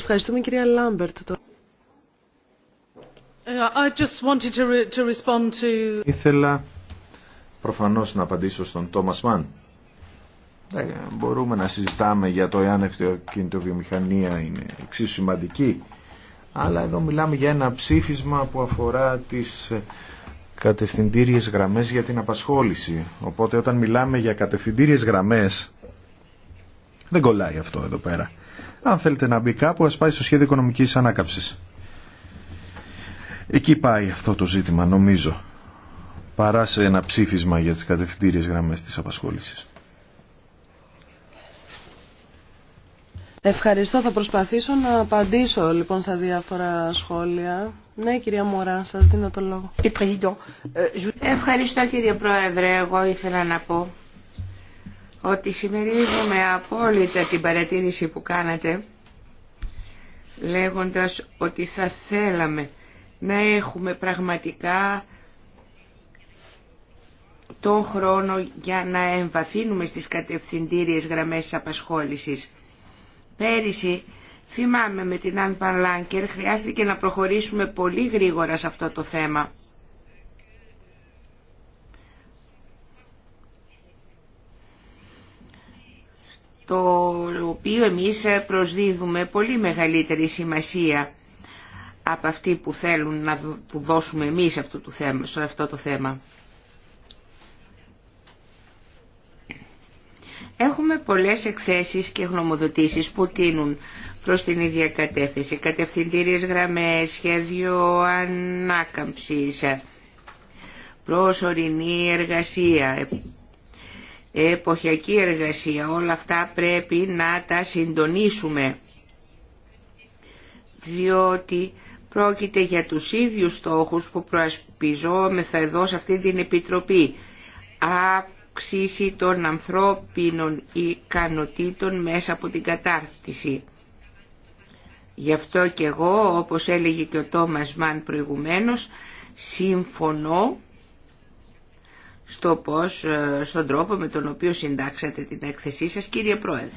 ευχαριστούμε κυρία Λάμπερτ. Ήθελα προφανώς να απαντήσω στον Τόμας Μαν. Ε, μπορούμε να συζητάμε για το εάν η βιομηχανία είναι εξίσου σημαντική, αλλά εδώ μιλάμε για ένα ψήφισμα που αφορά τις ε, κατευθυντήριες γραμμές για την απασχόληση. Οπότε όταν μιλάμε για κατευθυντήριες γραμμές, δεν κολλάει αυτό εδώ πέρα. Αν θέλετε να μπει κάπου, ας πάει στο σχέδιο οικονομικής ανάκαψης. Εκεί πάει αυτό το ζήτημα, νομίζω, παρά σε ένα ψήφισμα για τις κατευθυντήριες γραμμές της απασχόλησης. Ευχαριστώ. Θα προσπαθήσω να απαντήσω λοιπόν στα διάφορα σχόλια. Ναι, κυρία Μωρά, σας δίνω το λόγο. Ε, Ευχαριστώ κύριε Πρόεδρε. Εγώ ήθελα να πω ότι συμμερίζομαι απόλυτα την παρατήρηση που κάνατε λέγοντας ότι θα θέλαμε να έχουμε πραγματικά τον χρόνο για να εμβαθύνουμε στις κατευθυντήριες γραμμές της απασχόλησης. Πέρυσι, θυμάμαι με την Αν Λάνκερ, χρειάστηκε να προχωρήσουμε πολύ γρήγορα σε αυτό το θέμα. το οποίο εμείς προσδίδουμε πολύ μεγαλύτερη σημασία από αυτοί που θέλουν να που δώσουμε εμείς αυτό το θέμα, σε αυτό το θέμα. Έχουμε πολλές εκθέσεις και γνωμοδοτήσεις που τίνουν προς την ίδια κατεύθυνση. Κατευθυντήριες γραμμές, σχέδιο ανάκαμψης, προσωρινή εργασία, εποχιακή εργασία. Όλα αυτά πρέπει να τα συντονίσουμε διότι Πρόκειται για τους ίδιους στόχους που προασπιζόμεθα εδώ σε αυτή την Επιτροπή. Αύξηση των ανθρώπινων ικανοτήτων μέσα από την κατάρτιση. Γι' αυτό και εγώ, όπως έλεγε και ο Τόμας Μαν προηγουμένως, συμφωνώ στο πώς, ε, στον τρόπο με τον οποίο συντάξατε την έκθεσή σας, κύριε Πρόεδρε.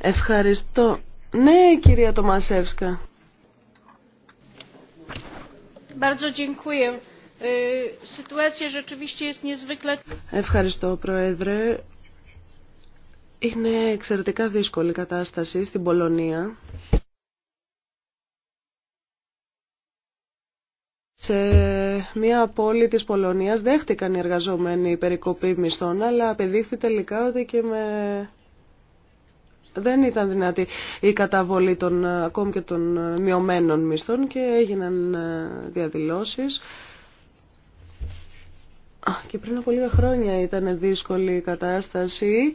Ευχαριστώ. Ναι, κυρία Τομασεύσκα. E, Ευχαριστώ, Πρόεδρε. Είναι εξαιρετικά δύσκολη κατάσταση στην Πολωνία. Σε μια πόλη της Πολωνίας δέχτηκαν οι εργαζομένοι περικοπή μισθών, αλλά απεδείχθη τελικά ότι και με δεν ήταν δυνατή η καταβολή των, ε, ακόμη και των ε, μειωμένων μισθών και έγιναν ε, διαδηλώσεις. Και πριν από λίγα χρόνια ήταν δύσκολη η κατάσταση.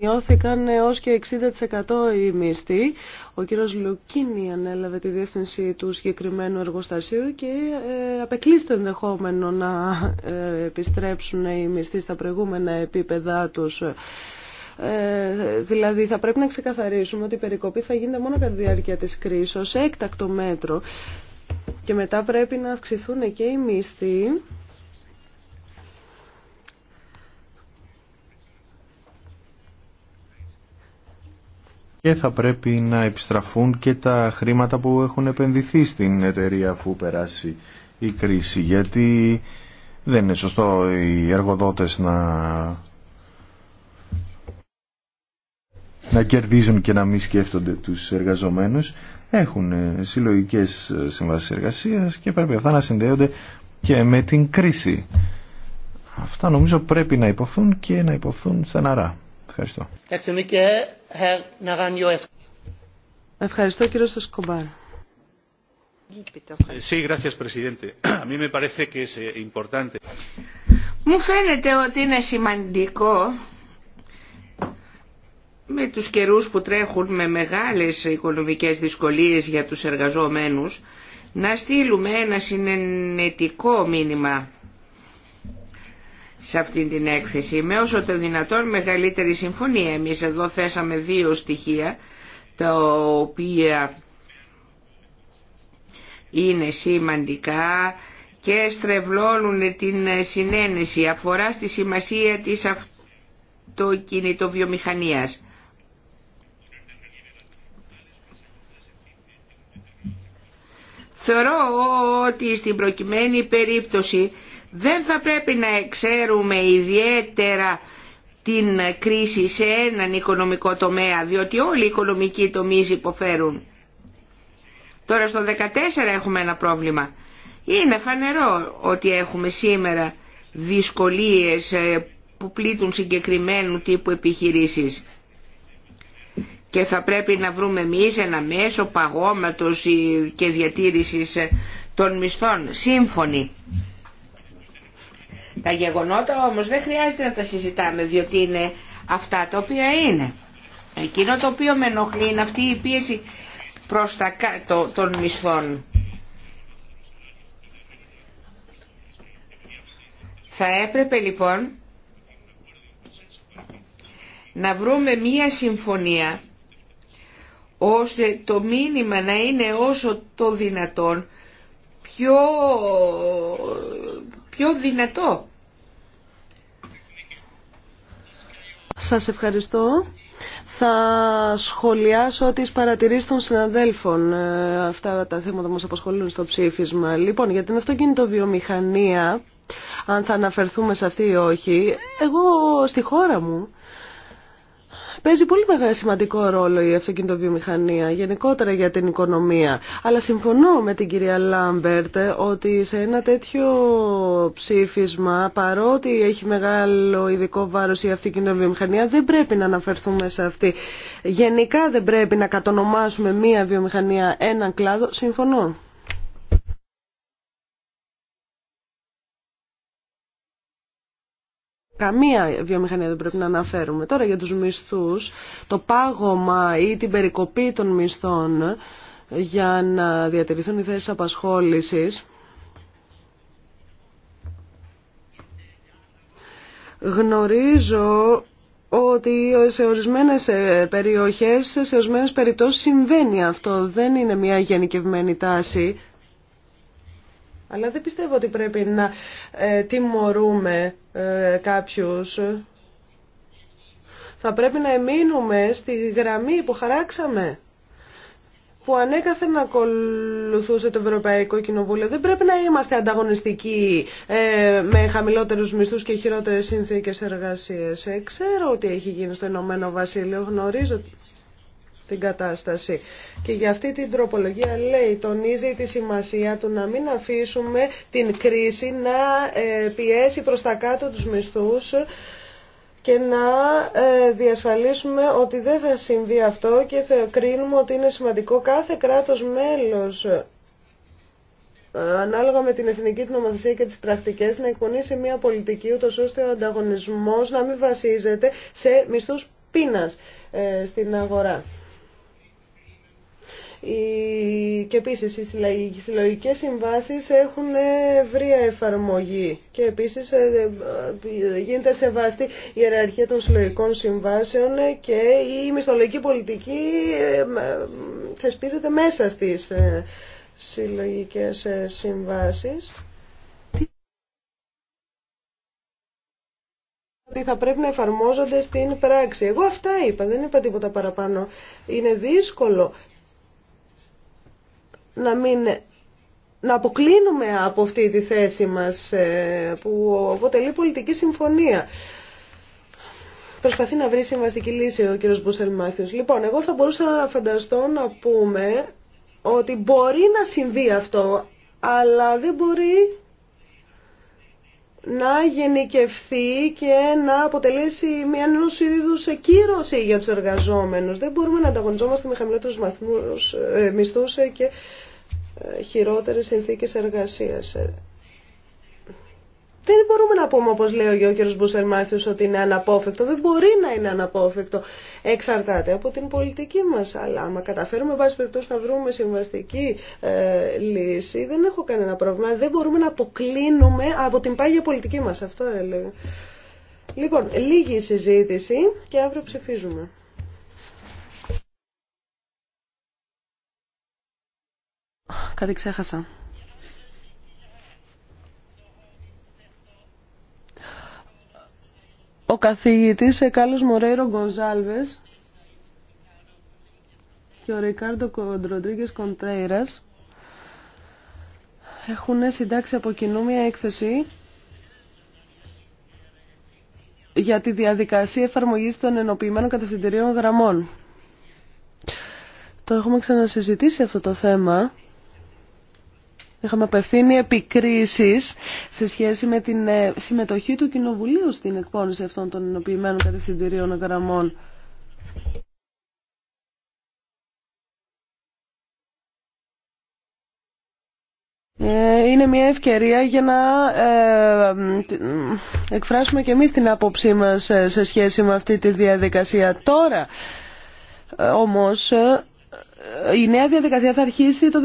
Μειώθηκαν έως και 60% οι μισθοί. Ο κύριος Λουκίνη ανέλαβε τη διεύθυνση του συγκεκριμένου εργοστασίου και ε, απεκλείστηκε ενδεχόμενο να ε, επιστρέψουν οι μισθοί στα προηγούμενα επίπεδά τους. Ε, δηλαδή θα πρέπει να ξεκαθαρίσουμε ότι η περικοπή θα γίνεται μόνο κατά τη διάρκεια της κρίσης έκτακτο μέτρο και μετά πρέπει να αυξηθούν και οι μισθοί Και θα πρέπει να επιστραφούν και τα χρήματα που έχουν επενδυθεί στην εταιρεία αφού περάσει η κρίση. Γιατί δεν είναι σωστό οι εργοδότες να, να κερδίζουν και να μην σκέφτονται τους εργαζομένους. Έχουν συλλογικές συμβάσεις εργασίας και πρέπει αυτά να συνδέονται και με την κρίση. Αυτά νομίζω πρέπει να υποθούν και να υποθούν στεναρά. Ευχαριστώ. Ευχαριστώ κύριο Σκομπάρ. Eh, Μου φαίνεται ότι είναι σημαντικό με τους καιρούς που τρέχουν με μεγάλες οικονομικές δυσκολίες για τους εργαζομένους να στείλουμε ένα συνενετικό μήνυμα σε αυτή την έκθεση με όσο το δυνατόν μεγαλύτερη συμφωνία. Εμείς εδώ θέσαμε δύο στοιχεία τα οποία είναι σημαντικά και στρεβλώνουν την συνένεση αφορά στη σημασία της αυτοκινητοβιομηχανίας. Θεωρώ ότι στην προκειμένη περίπτωση δεν θα πρέπει να εξέρουμε ιδιαίτερα την κρίση σε έναν οικονομικό τομέα, διότι όλοι οι οικονομικοί τομείς υποφέρουν. Τώρα στο 14 έχουμε ένα πρόβλημα. Είναι φανερό ότι έχουμε σήμερα δυσκολίες ε, που πλήττουν συγκεκριμένου τύπου επιχειρήσεις. Και θα πρέπει να βρούμε εμεί ένα μέσο παγώματος ε, και διατήρησης ε, των μισθών. Σύμφωνοι. Τα γεγονότα όμως δεν χρειάζεται να τα συζητάμε διότι είναι αυτά τα οποία είναι. Εκείνο το οποίο με ενοχλεί είναι αυτή η πίεση προς τα κάτω των μισθών. Θα έπρεπε λοιπόν να βρούμε μία συμφωνία ώστε το μήνυμα να είναι όσο το δυνατόν πιο, πιο δυνατό. Σας ευχαριστώ. Θα σχολιάσω τις παρατηρήσεις των συναδέλφων ε, αυτά τα θέματα που μας απασχολούν στο ψήφισμα. Λοιπόν, για την αυτοκινητοβιομηχανία, αν θα αναφερθούμε σε αυτή ή όχι, εγώ στη χώρα μου Παίζει πολύ μεγάλο σημαντικό ρόλο η αυτοκινητοβιομηχανία γενικότερα για την οικονομία. Αλλά συμφωνώ με την κυρία Λάμπερτ ε, ότι σε ένα τέτοιο ψήφισμα, παρότι έχει μεγάλο ειδικό βάρος η αυτοκινητοβιομηχανία, δεν πρέπει να αναφερθούμε σε αυτή. Γενικά δεν πρέπει να κατονομάσουμε μία βιομηχανία, έναν κλάδο. Συμφωνώ. Καμία βιομηχανία δεν πρέπει να αναφέρουμε. Τώρα για τους μισθούς, το πάγωμα ή την περικοπή των μισθών για να διατηρηθούν οι θέσεις απασχόλησης, γνωρίζω ότι σε ορισμένες ε, περιοχές, σε ορισμένες περιπτώσεις συμβαίνει αυτό. Δεν είναι μια γενικευμένη τάση. Αλλά δεν πιστεύω ότι πρέπει να ε, τιμωρούμε ε, κάποιους. Θα πρέπει να εμείνουμε στη γραμμή που χαράξαμε που ανέκαθεν ακολουθούσε το Ευρωπαϊκό Κοινοβούλιο. Δεν πρέπει να είμαστε ανταγωνιστικοί ε, με χαμηλότερους μισθούς και χειρότερες συνθήκες εργασίας. Ε, ξέρω ότι έχει γίνει στο Ηνωμένο Βασίλειο, γνωρίζω την κατάσταση. Και για αυτή την τροπολογία λέει, τονίζει τη σημασία του να μην αφήσουμε την κρίση να ε, πιέσει προς τα κάτω τους μισθούς και να ε, διασφαλίσουμε ότι δεν θα συμβεί αυτό και θα κρίνουμε ότι είναι σημαντικό κάθε κράτος μέλος ε, ανάλογα με την εθνική του νομοθεσία και τις πρακτικές να εκπονήσει μια πολιτική ούτως ώστε ο ανταγωνισμός να μην βασίζεται σε μισθούς πείνας στην αγορά. Και επίσης οι συλλογικές συμβάσεις έχουν ευρία εφαρμογή και επίσης ε, ε, γίνεται σεβαστή η ιεραρχία των συλλογικών συμβάσεων και η μισθολογική πολιτική ε, θεσπίζεται μέσα στις συλλογικές συμβάσεις. ότι θα πρέπει να εφαρμόζονται στην πράξη. Εγώ αυτά είπα, δεν είπα τίποτα παραπάνω. Είναι δύσκολο να μην να αποκλίνουμε από αυτή τη θέση μας ε, που αποτελεί πολιτική συμφωνία. Προσπαθεί να βρει συμβαστική λύση ο κύριος Μπούσελ Λοιπόν, εγώ θα μπορούσα να φανταστώ να πούμε ότι μπορεί να συμβεί αυτό, αλλά δεν μπορεί να γενικευθεί και να αποτελέσει μια ενός είδου κύρωση για τους εργαζόμενους. Δεν μπορούμε να ανταγωνιζόμαστε με χαμηλότερους ε, μισθούς ε, και χειρότερες συνθήκες εργασίας. Ε, δεν μπορούμε να πούμε, όπως λέει ο κ. Μπούσερ ότι είναι αναπόφευκτο. Δεν μπορεί να είναι αναπόφευκτο. Εξαρτάται από την πολιτική μας. Αλλά άμα καταφέρουμε, βάση περιπτώσει, να βρούμε συμβαστική ε, λύση, δεν έχω κανένα πρόβλημα. Δεν μπορούμε να αποκλίνουμε από την πάγια πολιτική μας. Αυτό έλεγα. Λοιπόν, λίγη συζήτηση και αύριο ψηφίζουμε. Κάτι ξέχασα. Ο καθηγητής Κάλλος Μορέιρο Γκονζάλβες και ο Ρικάρντο Κοντροντρίγκες Κοντρέιρας έχουν συντάξει από κοινού μια έκθεση για τη διαδικασία εφαρμογής των ενοποιημένων κατευθυντηρίων γραμμών. Το έχουμε ξανασυζητήσει αυτό το θέμα Είχαμε απευθύνει επικρίσεις σε σχέση με την ε, συμμετοχή του Κοινοβουλίου στην εκπόνηση αυτών των ενοποιημένων κατευθυντηρίων γραμμών. Ε, είναι μια ευκαιρία για να ε, εκφράσουμε και εμείς την άποψή μας σε σχέση με αυτή τη διαδικασία. Τώρα, όμως, η νέα διαδικασία θα αρχίσει το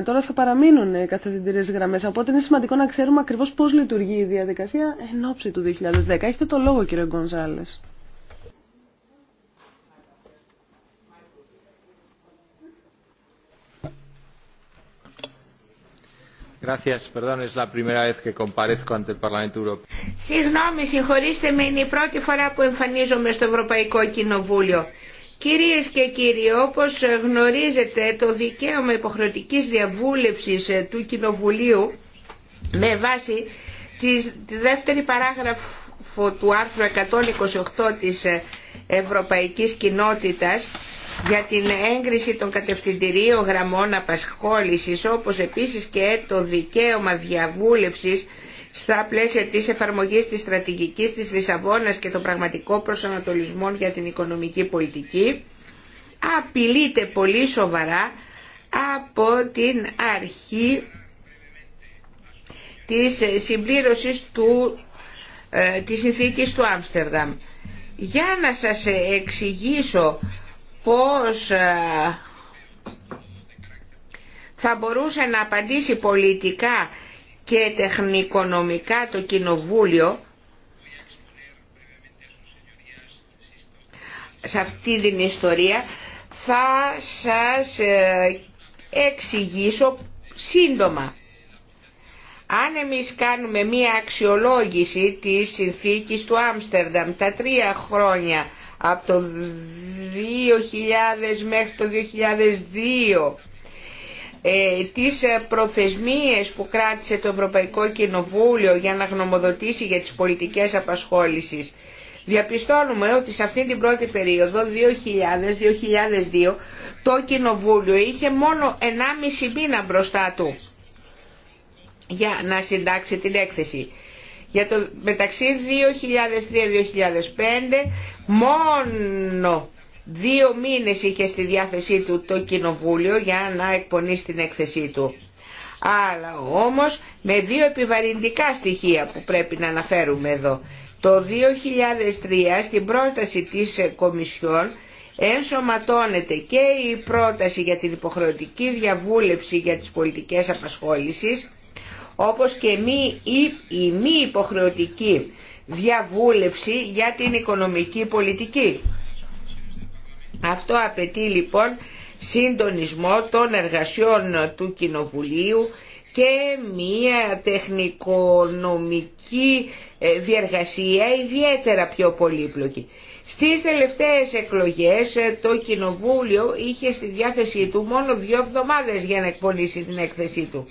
2010. Τώρα θα παραμείνουν οι γραμμές. γραμμέ. Οπότε είναι σημαντικό να ξέρουμε ακριβώ πώ λειτουργεί η διαδικασία εν ώψη του 2010. Έχετε το λόγο, κύριε Γκονζάλε. Συγγνώμη, συγχωρήστε με, είναι η πρώτη φορά που εμφανίζομαι στο Ευρωπαϊκό Κοινοβούλιο. Κυρίες και κύριοι, όπως γνωρίζετε το δικαίωμα υποχρεωτικής διαβούλευσης ε, του Κοινοβουλίου με βάση τη δεύτερη παράγραφο του άρθρου 128 της ε, Ευρωπαϊκής Κοινότητας για την έγκριση των κατευθυντηρίων γραμμών απασχόλησης όπως επίσης και το δικαίωμα διαβούλευσης στα πλαίσια της εφαρμογής της στρατηγικής της Λισαβόνας και των πραγματικών προσανατολισμών για την οικονομική πολιτική απειλείται πολύ σοβαρά από την αρχή της συμπλήρωσης του, ε, της συνθήκης του Άμστερνταμ. Για να σας εξηγήσω πώς ε, θα μπορούσε να απαντήσει πολιτικά και τεχνικονομικά το Κοινοβούλιο σε αυτή την ιστορία θα σας ε, εξηγήσω σύντομα. Αν εμείς κάνουμε μία αξιολόγηση της συνθήκης του Άμστερνταμ τα τρία χρόνια από το 2000 μέχρι το 2002 ε, τις ε, προθεσμίες που κράτησε το Ευρωπαϊκό Κοινοβούλιο για να γνωμοδοτήσει για τις πολιτικές απασχόλησης. Διαπιστώνουμε ότι σε αυτή την πρώτη περίοδο, 2000-2002, το Κοινοβούλιο είχε μόνο 1,5 μήνα μπροστά του για να συντάξει την έκθεση. Για το, μεταξύ 2003-2005 μόνο Δύο μήνες είχε στη διάθεσή του το κοινοβούλιο για να εκπονεί στην έκθεσή του. Αλλά όμως με δύο επιβαρυντικά στοιχεία που πρέπει να αναφέρουμε εδώ. Το 2003 στην πρόταση της Κομισιόν ενσωματώνεται και η πρόταση για την υποχρεωτική διαβούλευση για τις πολιτικές απασχόλησης όπως και μη, η, η μη υποχρεωτική διαβούλευση για την οικονομική πολιτική. Αυτό απαιτεί λοιπόν συντονισμό των εργασιών του Κοινοβουλίου και μία τεχνικονομική ε, διεργασία ιδιαίτερα πιο πολύπλοκη. Στις τελευταίες εκλογές ε, το Κοινοβούλιο είχε στη διάθεσή του μόνο δύο εβδομάδες για να εκπονήσει την έκθεσή του.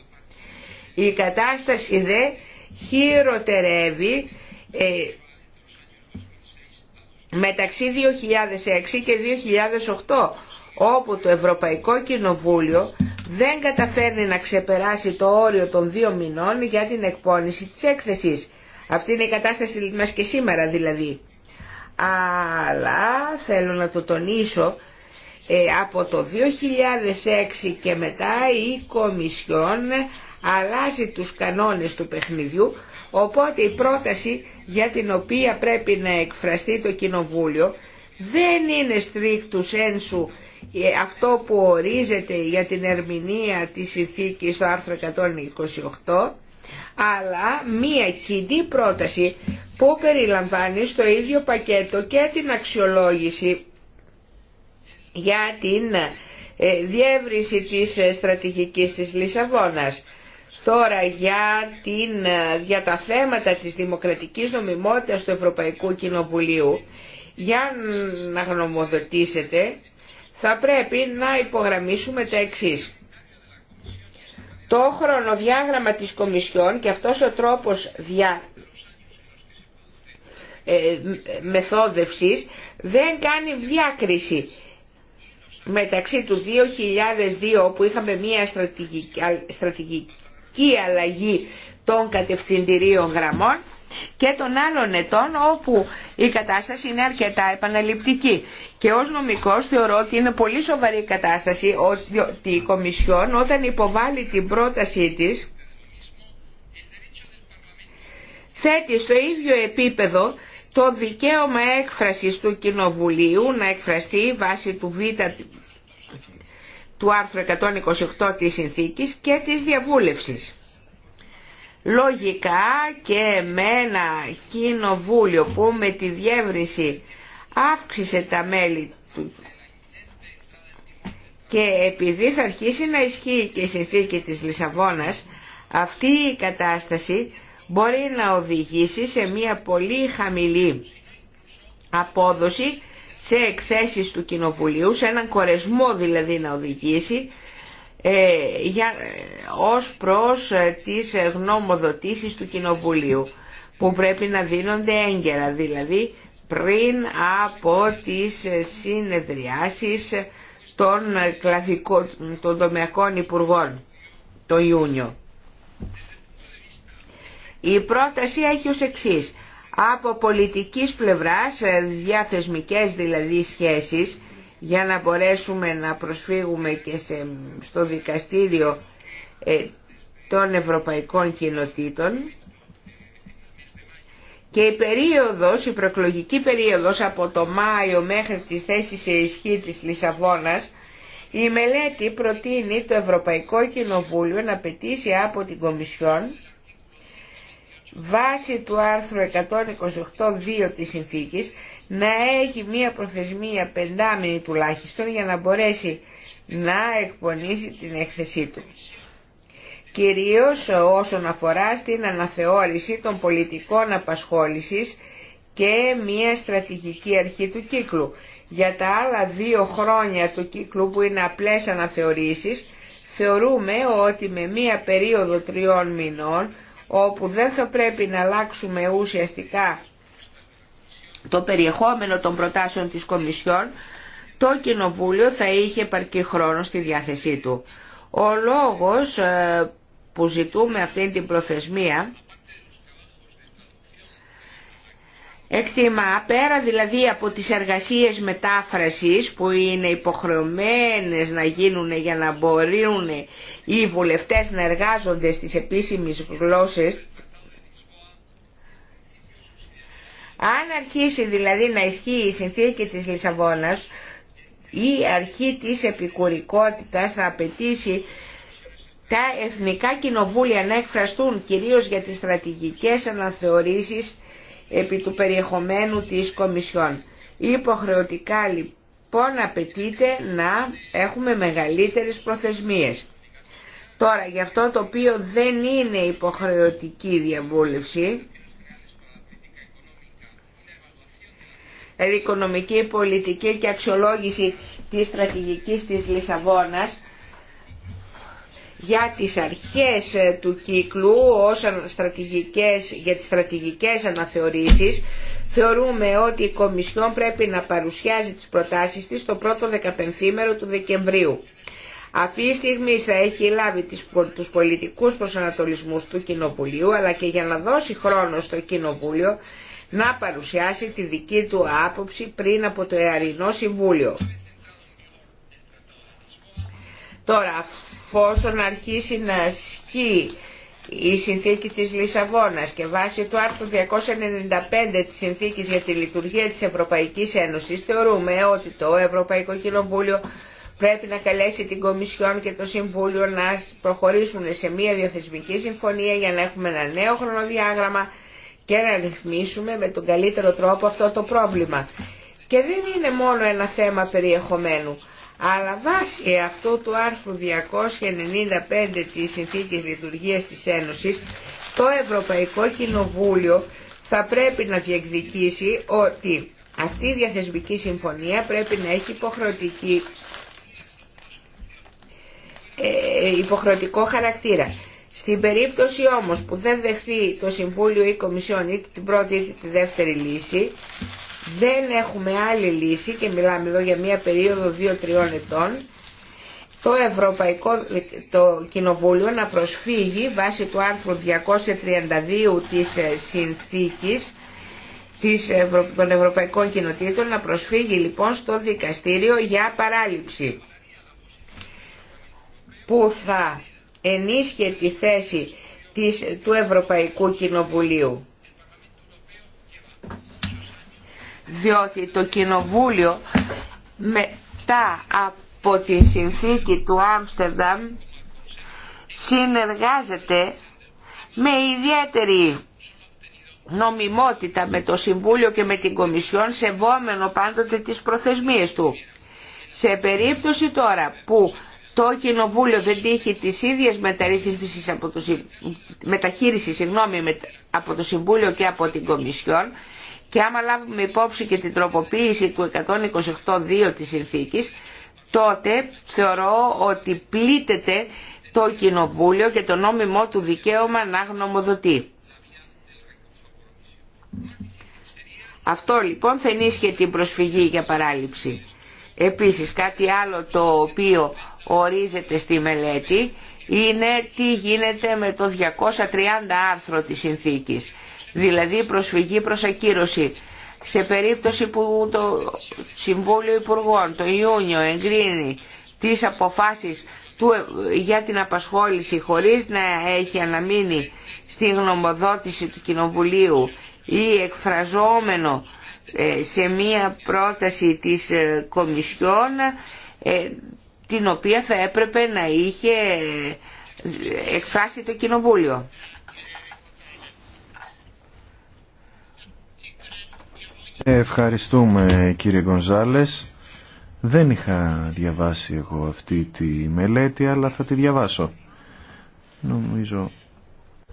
Η κατάσταση δε χειροτερεύει ε, μεταξύ 2006 και 2008 όπου το Ευρωπαϊκό Κοινοβούλιο δεν καταφέρνει να ξεπεράσει το όριο των δύο μηνών για την εκπόνηση της έκθεσης. Αυτή είναι η κατάσταση μας και σήμερα δηλαδή. Αλλά θέλω να το τονίσω, ε, από το 2006 και μετά η Κομισιόν αλλάζει τους κανόνες του παιχνιδιού Οπότε η πρόταση για την οποία πρέπει να εκφραστεί το Κοινοβούλιο δεν είναι στρίκτου ένσου ε, αυτό που ορίζεται για την ερμηνεία της συνθήκης στο άρθρο 128 αλλά μία κοινή πρόταση που περιλαμβάνει στο ίδιο πακέτο και την αξιολόγηση για την ε, διεύρυνση της ε, στρατηγικής της Λισαβόνας. Τώρα για, την, τα θέματα της δημοκρατικής νομιμότητας του Ευρωπαϊκού Κοινοβουλίου, για να γνωμοδοτήσετε, θα πρέπει να υπογραμμίσουμε τα εξής. Το χρονοδιάγραμμα της Κομισιόν και αυτός ο τρόπος δια... Ε, μεθόδευσης δεν κάνει διάκριση μεταξύ του 2002 που είχαμε μια στρατηγική, η αλλαγή των κατευθυντηρίων γραμμών και των άλλων ετών όπου η κατάσταση είναι αρκετά επαναληπτική. Και ως νομικός θεωρώ ότι είναι πολύ σοβαρή η κατάσταση ότι η Κομισιόν όταν υποβάλλει την πρότασή της θέτει στο ίδιο επίπεδο το δικαίωμα έκφρασης του Κοινοβουλίου να εκφραστεί βάσει του β του άρθρου 128 της συνθήκης και της διαβούλευσης. Λογικά και με ένα κοινοβούλιο που με τη διεύρυνση αύξησε τα μέλη του και επειδή θα αρχίσει να ισχύει και η συνθήκη της Λισαβόνας, αυτή η κατάσταση μπορεί να οδηγήσει σε μια πολύ χαμηλή απόδοση σε εκθέσεις του Κοινοβουλίου, σε έναν κορεσμό δηλαδή να οδηγήσει ε, για, ε, ως προς ε, τις ε, γνωμοδοτήσεις του Κοινοβουλίου που πρέπει να δίνονται έγκαιρα δηλαδή πριν από τις συνεδριάσεις των, κλαδικών, των τομεακών υπουργών το Ιούνιο. Η πρόταση έχει ως εξής από πολιτικής πλευράς, ε, διαθεσμικές δηλαδή σχέσεις, για να μπορέσουμε να προσφύγουμε και στο δικαστήριο ε, των Ευρωπαϊκών Κοινοτήτων και η περίοδος, η προεκλογική περίοδος από το Μάιο μέχρι τις θέσεις σε ισχύ της Λισαβόνας η μελέτη προτείνει το Ευρωπαϊκό Κοινοβούλιο να πετήσει από την Κομισιόν βάσει του άρθρου 128.2 της συνθήκης να έχει μία προθεσμία πεντάμινη τουλάχιστον για να μπορέσει να εκπονήσει την έκθεσή του. Κυρίως όσον αφορά στην αναθεώρηση των πολιτικών απασχόλησης και μία στρατηγική αρχή του κύκλου. Για τα άλλα δύο χρόνια του κύκλου που είναι απλές αναθεωρήσεις, θεωρούμε ότι με μία περίοδο τριών μηνών όπου δεν θα πρέπει να αλλάξουμε ουσιαστικά το περιεχόμενο των προτάσεων της Κομισιόν, το Κοινοβούλιο θα είχε επαρκή χρόνο στη διάθεσή του. Ο λόγος ε, που ζητούμε αυτή την προθεσμία εκτιμά πέρα δηλαδή από τις εργασίες μετάφρασης που είναι υποχρεωμένες να γίνουν για να μπορούν οι βουλευτές να εργάζονται στις επίσημες γλώσσες αν αρχίσει δηλαδή να ισχύει η συνθήκη της Λισαβόνας η αρχή της επικουρικότητας θα απαιτήσει τα εθνικά κοινοβούλια να εκφραστούν κυρίως για τις στρατηγικές αναθεωρήσεις επί του περιεχομένου της Κομισιόν. Υποχρεωτικά λοιπόν απαιτείται να έχουμε μεγαλύτερες προθεσμίες. Τώρα για αυτό το οποίο δεν είναι υποχρεωτική διαβούλευση, δηλαδή οικονομική πολιτική και αξιολόγηση της στρατηγικής της Λισαβόνας, για τις αρχές ε, του κύκλου ως στρατηγικές, για τις στρατηγικές αναθεωρήσεις θεωρούμε ότι η Κομισιόν πρέπει να παρουσιάζει τις προτάσεις της το πρώτο δεκαπενθήμερο του Δεκεμβρίου. Αυτή η στιγμή θα έχει λάβει τους πολιτικούς προσανατολισμούς του Κοινοβουλίου αλλά και για να δώσει χρόνο στο Κοινοβούλιο να παρουσιάσει τη δική του άποψη πριν από το Εαρινό Συμβούλιο. Τώρα, Φόσον αρχίσει να ασχεί η συνθήκη της Λισαβόνας και βάσει του άρθρου 295 της συνθήκης για τη λειτουργία της Ευρωπαϊκής Ένωσης θεωρούμε ότι το Ευρωπαϊκό Κοινοβούλιο πρέπει να καλέσει την Κομισιόν και το Συμβούλιο να προχωρήσουν σε μια διαθεσμική συμφωνία για να έχουμε ένα νέο χρονοδιάγραμμα και να ρυθμίσουμε με τον καλύτερο τρόπο αυτό το πρόβλημα. Και δεν είναι μόνο ένα θέμα περιεχομένου αλλά βάσει αυτού του άρθρου 295 της Συνθήκης Λειτουργίας της Ένωσης το Ευρωπαϊκό Κοινοβούλιο θα πρέπει να διεκδικήσει ότι αυτή η διαθεσμική συμφωνία πρέπει να έχει υποχρεωτική, ε, υποχρεωτικό χαρακτήρα. Στην περίπτωση όμως που δεν δεχθεί το Συμβούλιο ή η Κομισιόν είτε την πρώτη είτε τη δεύτερη λύση, δεν έχουμε άλλη λύση και μιλάμε εδώ για μια περίοδο 2-3 ετών το Ευρωπαϊκό το Κοινοβούλιο να προσφύγει βάσει του άρθρου 232 της ε, συνθήκης της Ευρω... των Ευρωπαϊκών Κοινοτήτων να προσφύγει λοιπόν στο δικαστήριο για παράληψη που θα ενίσχυε τη θέση της, του Ευρωπαϊκού Κοινοβουλίου. διότι το Κοινοβούλιο μετά από τη συνθήκη του Άμστερνταμ συνεργάζεται με ιδιαίτερη νομιμότητα με το Συμβούλιο και με την Κομισιόν σεβόμενο πάντοτε τις προθεσμίες του. Σε περίπτωση τώρα που το Κοινοβούλιο δεν τύχει τις ίδιες μεταρρύθμισης από το, από το Συμβούλιο και από την Κομισιόν και άμα λάβουμε υπόψη και την τροποποίηση του 128.2 της συνθήκης, τότε θεωρώ ότι πλήττεται το Κοινοβούλιο και το νόμιμό του δικαίωμα να γνωμοδοτεί. Αυτό λοιπόν θα ενίσχυε την προσφυγή για παράληψη. Επίσης κάτι άλλο το οποίο ορίζεται στη μελέτη είναι τι γίνεται με το 230 άρθρο της συνθήκης δηλαδή προσφυγή προς ακύρωση. Σε περίπτωση που το Συμβούλιο Υπουργών το Ιούνιο εγκρίνει τις αποφάσεις του, για την απασχόληση χωρίς να έχει αναμείνει στη γνωμοδότηση του Κοινοβουλίου ή εκφραζόμενο ε, σε μία πρόταση της ε, Κομισιόν ε, την οποία θα έπρεπε να είχε εκφράσει το Κοινοβούλιο. Ευχαριστούμε κύριε Γκονζάλες. Δεν είχα διαβάσει εγώ αυτή τη μελέτη, αλλά θα τη διαβάσω. Νομίζω...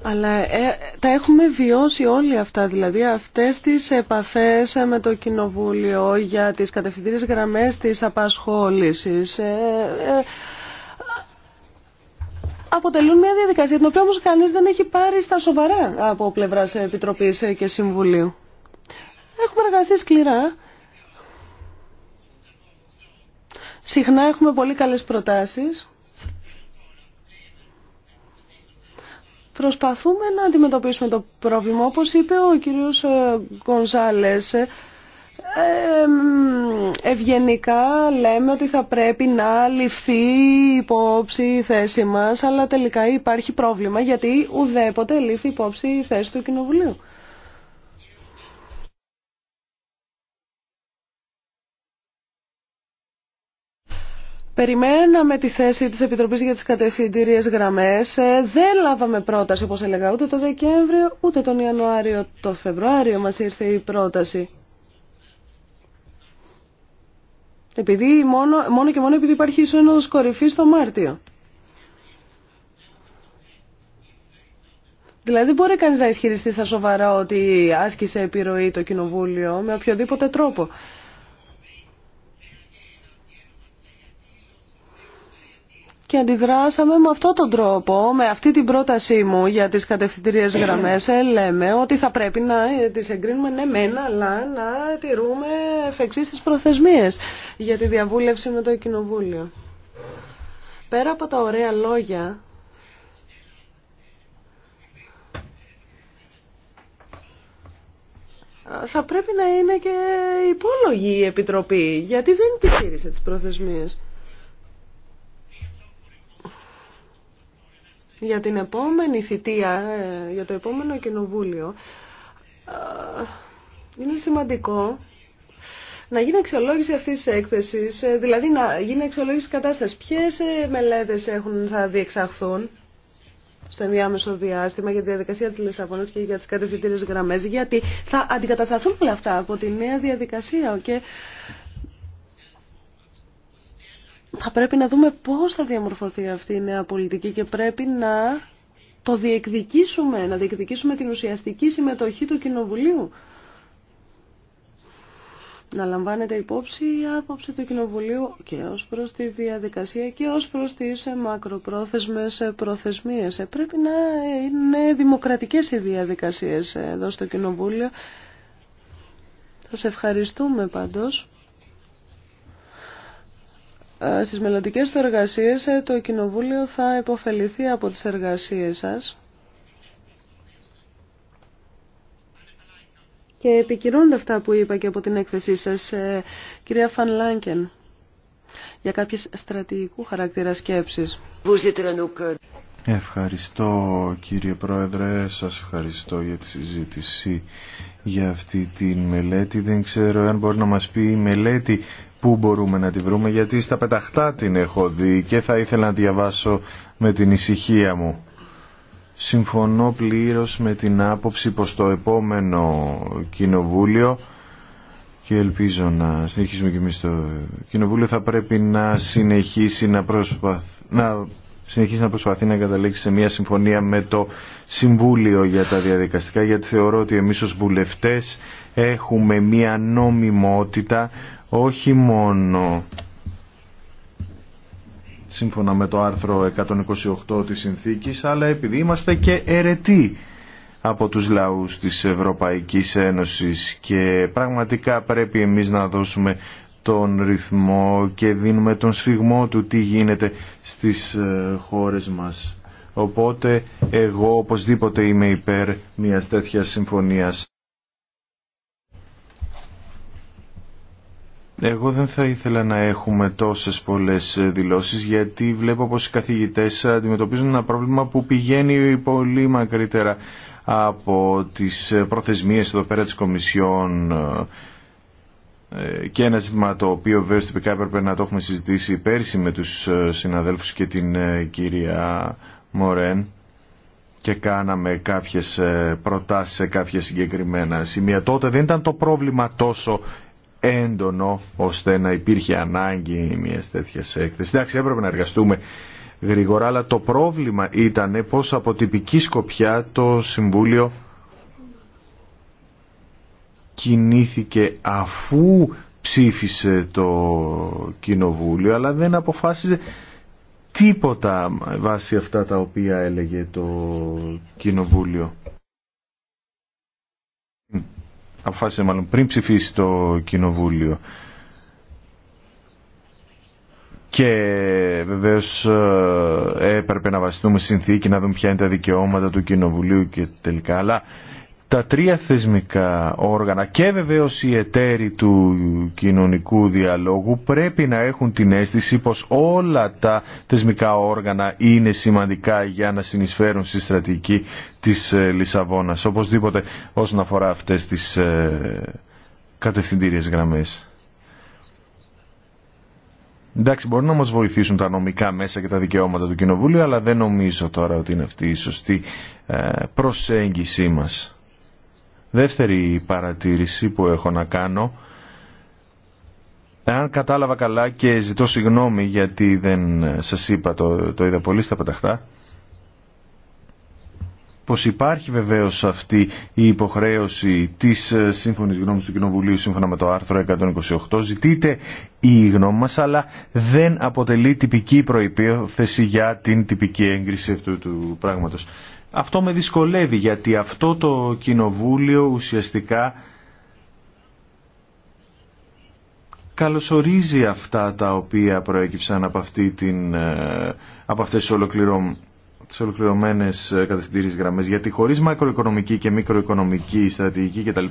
Αλλά ε, τα έχουμε βιώσει όλοι αυτά, δηλαδή αυτές τις επαφές με το Κοινοβούλιο για τις κατευθυντήριες γραμμές της απασχόλησης. Ε, ε, αποτελούν μια διαδικασία την οποία όμως κανείς δεν έχει πάρει στα σοβαρά από πλευράς Επιτροπής και Συμβουλίου. Έχουμε εργαστεί σκληρά. Συχνά έχουμε πολύ καλές προτάσεις. Προσπαθούμε να αντιμετωπίσουμε το πρόβλημα. Όπως είπε ο κύριος ε, Γκονζάλες, ε, ευγενικά λέμε ότι θα πρέπει να ληφθεί υπόψη η θέση μας, αλλά τελικά υπάρχει πρόβλημα γιατί ουδέποτε λήφθη υπόψη η θέση του Κοινοβουλίου. Περιμέναμε τη θέση της Επιτροπής για τις κατευθυντήριες γραμμές. Ε, δεν λάβαμε πρόταση, όπως έλεγα, ούτε το Δεκέμβριο, ούτε τον Ιανουάριο, το Φεβρουάριο μας ήρθε η πρόταση. Επειδή μόνο, μόνο και μόνο επειδή υπάρχει ίσονος κορυφή στο Μάρτιο. Δηλαδή δεν μπορεί κανείς να ισχυριστεί στα σοβαρά ότι άσκησε επιρροή το Κοινοβούλιο με οποιοδήποτε τρόπο. και αντιδράσαμε με αυτόν τον τρόπο, με αυτή την πρότασή μου για τις κατευθυντήριες γραμμές. Ε, λέμε ότι θα πρέπει να τις εγκρίνουμε ναι μεν, αλλά να τηρούμε εφ' τις προθεσμίες για τη διαβούλευση με το Κοινοβούλιο. Πέρα από τα ωραία λόγια, θα πρέπει να είναι και υπόλογη η Επιτροπή, γιατί δεν τη στήρισε τις προθεσμίες. για την επόμενη θητεία, ε, για το επόμενο κοινοβούλιο, ε, είναι σημαντικό να γίνει αξιολόγηση αυτή τη έκθεση, ε, δηλαδή να γίνει αξιολόγηση τη κατάσταση. Ποιε μελέτε θα διεξαχθούν στο ενδιάμεσο διάστημα για τη διαδικασία τη Λισαβόνα και για τι κατευθυντήρε γραμμέ, γιατί θα αντικατασταθούν όλα αυτά από τη νέα διαδικασία θα πρέπει να δούμε πώς θα διαμορφωθεί αυτή η νέα πολιτική και πρέπει να το διεκδικήσουμε, να διεκδικήσουμε την ουσιαστική συμμετοχή του Κοινοβουλίου. Να λαμβάνεται υπόψη η άποψη του Κοινοβουλίου και ως προς τη διαδικασία και ως προς τις μακροπρόθεσμες προθεσμίες. Ε, πρέπει να είναι δημοκρατικές οι διαδικασίες εδώ στο Κοινοβούλιο. Σας ευχαριστούμε πάντως. Ε, στις μελλοντικές του εργασίες ε, το Κοινοβούλιο θα υποφεληθεί από τις εργασίες σας. Και επικυρώνται αυτά που είπα και από την έκθεσή σας, ε, κυρία Φαν Λάνκεν, για κάποιες στρατηγικού χαρακτήρα σκέψεις. Ευχαριστώ κύριε Πρόεδρε, σας ευχαριστώ για τη συζήτηση για αυτή τη μελέτη. Δεν ξέρω αν μπορεί να μας πει η μελέτη πού μπορούμε να τη βρούμε γιατί στα πεταχτά την έχω δει και θα ήθελα να διαβάσω με την ησυχία μου. Συμφωνώ πλήρως με την άποψη πως το επόμενο κοινοβούλιο και ελπίζω να συνεχίσουμε και εμείς το κοινοβούλιο θα πρέπει να συνεχίσει να, προσπαθ... να συνεχίζει να προσπαθεί να καταλήξει σε μια συμφωνία με το Συμβούλιο για τα διαδικαστικά γιατί θεωρώ ότι εμείς ως βουλευτές έχουμε μια νομιμότητα όχι μόνο σύμφωνα με το άρθρο 128 της συνθήκης αλλά επειδή είμαστε και αιρετοί από τους λαούς της Ευρωπαϊκής Ένωσης και πραγματικά πρέπει εμείς να δώσουμε τον ρυθμό και δίνουμε τον σφιγμό του τι γίνεται στις ε, χώρες μας. Οπότε εγώ οπωσδήποτε είμαι υπέρ μιας τέτοιας συμφωνίας. Εγώ δεν θα ήθελα να έχουμε τόσες πολλές ε, δηλώσεις γιατί βλέπω πως οι καθηγητές αντιμετωπίζουν ένα πρόβλημα που πηγαίνει πολύ μακρύτερα από τις ε, προθεσμίες εδώ πέρα της Κομισιόν ε, και ένα ζήτημα το οποίο βέβαια τυπικά έπρεπε να το έχουμε συζητήσει πέρσι με τους ε, συναδέλφους και την ε, κυρία Μορέν και κάναμε κάποιες προτάσεις σε κάποια συγκεκριμένα σημεία. Τότε δεν ήταν το πρόβλημα τόσο έντονο ώστε να υπήρχε ανάγκη μια τέτοια έκθεση. Εντάξει, έπρεπε να εργαστούμε γρήγορα, αλλά το πρόβλημα ήταν πως από τυπική σκοπιά το Συμβούλιο κινήθηκε αφού ψήφισε το κοινοβούλιο αλλά δεν αποφάσισε τίποτα βάσει αυτά τα οποία έλεγε το κοινοβούλιο. Αποφάσισε μάλλον πριν ψηφίσει το κοινοβούλιο. Και βεβαίως ε, έπρεπε να βασιστούμε συνθήκη να δούμε ποια είναι τα δικαιώματα του κοινοβουλίου και τελικά αλλά τα τρία θεσμικά όργανα και βεβαίω οι εταίροι του κοινωνικού διαλόγου πρέπει να έχουν την αίσθηση πως όλα τα θεσμικά όργανα είναι σημαντικά για να συνεισφέρουν στη στρατηγική της ε, Λισαβόνας, οπωσδήποτε όσον αφορά αυτές τις ε, κατευθυντήριες γραμμές. Εντάξει, μπορούν να μας βοηθήσουν τα νομικά μέσα και τα δικαιώματα του κοινοβούλιο, αλλά δεν νομίζω τώρα ότι είναι αυτή η σωστή ε, προσέγγιση μας. Δεύτερη παρατήρηση που έχω να κάνω. Αν κατάλαβα καλά και ζητώ συγγνώμη γιατί δεν σας είπα, το, το είδα πολύ στα πεταχτά, πως υπάρχει βεβαίως αυτή η υποχρέωση της σύμφωνης γνώμης του Κοινοβουλίου σύμφωνα με το άρθρο 128 ζητείτε η γνώμη μας αλλά δεν αποτελεί τυπική προϋπόθεση για την τυπική έγκριση αυτού του πράγματος. Αυτό με δυσκολεύει γιατί αυτό το κοινοβούλιο ουσιαστικά καλωσορίζει αυτά τα οποία προέκυψαν από, αυτή την, ε, από αυτές τις τις ολοκληρωμένες ε, κατευθυντήριες γραμμές, γιατί χωρίς μακροοικονομική και μικροοικονομική στρατηγική κτλ.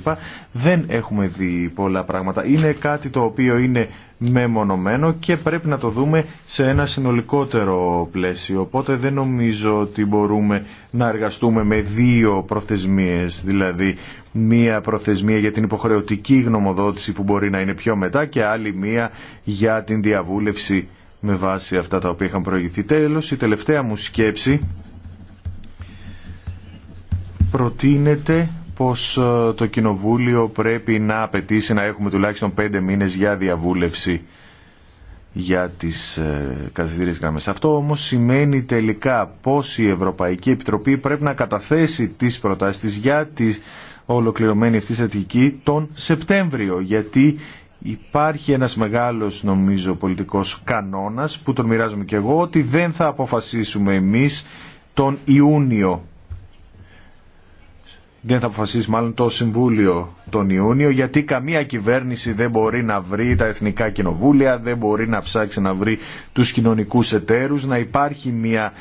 δεν έχουμε δει πολλά πράγματα. Είναι κάτι το οποίο είναι μεμονωμένο και πρέπει να το δούμε σε ένα συνολικότερο πλαίσιο. Οπότε δεν νομίζω ότι μπορούμε να εργαστούμε με δύο προθεσμίες, δηλαδή μία προθεσμία για την υποχρεωτική γνωμοδότηση που μπορεί να είναι πιο μετά και άλλη μία για την διαβούλευση με βάση αυτά τα οποία είχαν προηγηθεί. Τέλος, η τελευταία μου σκέψη προτείνεται πως ε, το Κοινοβούλιο πρέπει να απαιτήσει να έχουμε τουλάχιστον πέντε μήνες για διαβούλευση για τις ε, καθηγητήριες γραμμές. Αυτό όμως σημαίνει τελικά πως η Ευρωπαϊκή Επιτροπή πρέπει να καταθέσει τις προτάσεις της για τη ολοκληρωμένη αυτή στρατηγική τον Σεπτέμβριο γιατί Υπάρχει ένας μεγάλος νομίζω πολιτικός κανόνας που τον μοιράζομαι και εγώ ότι δεν θα αποφασίσουμε εμείς τον Ιούνιο. Δεν θα αποφασίσει μάλλον το Συμβούλιο τον Ιούνιο γιατί καμία κυβέρνηση δεν μπορεί να βρει τα εθνικά κοινοβούλια, δεν μπορεί να ψάξει να βρει τους κοινωνικούς εταίρους, να υπάρχει μια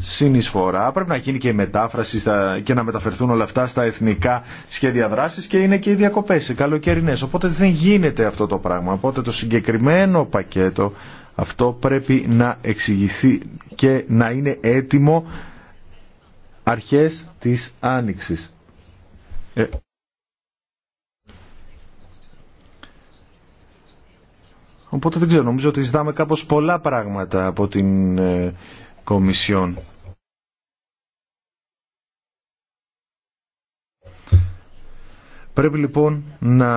συνεισφορά. Πρέπει να γίνει και η μετάφραση και να μεταφερθούν όλα αυτά στα εθνικά σχέδια δράση και είναι και οι διακοπέ, οι καλοκαιρινέ. Οπότε δεν γίνεται αυτό το πράγμα. Οπότε το συγκεκριμένο πακέτο αυτό πρέπει να εξηγηθεί και να είναι έτοιμο αρχές της άνοιξης. Ε. Οπότε δεν ξέρω, νομίζω ότι ζητάμε κάπως πολλά πράγματα από την ε, Πρέπει λοιπόν να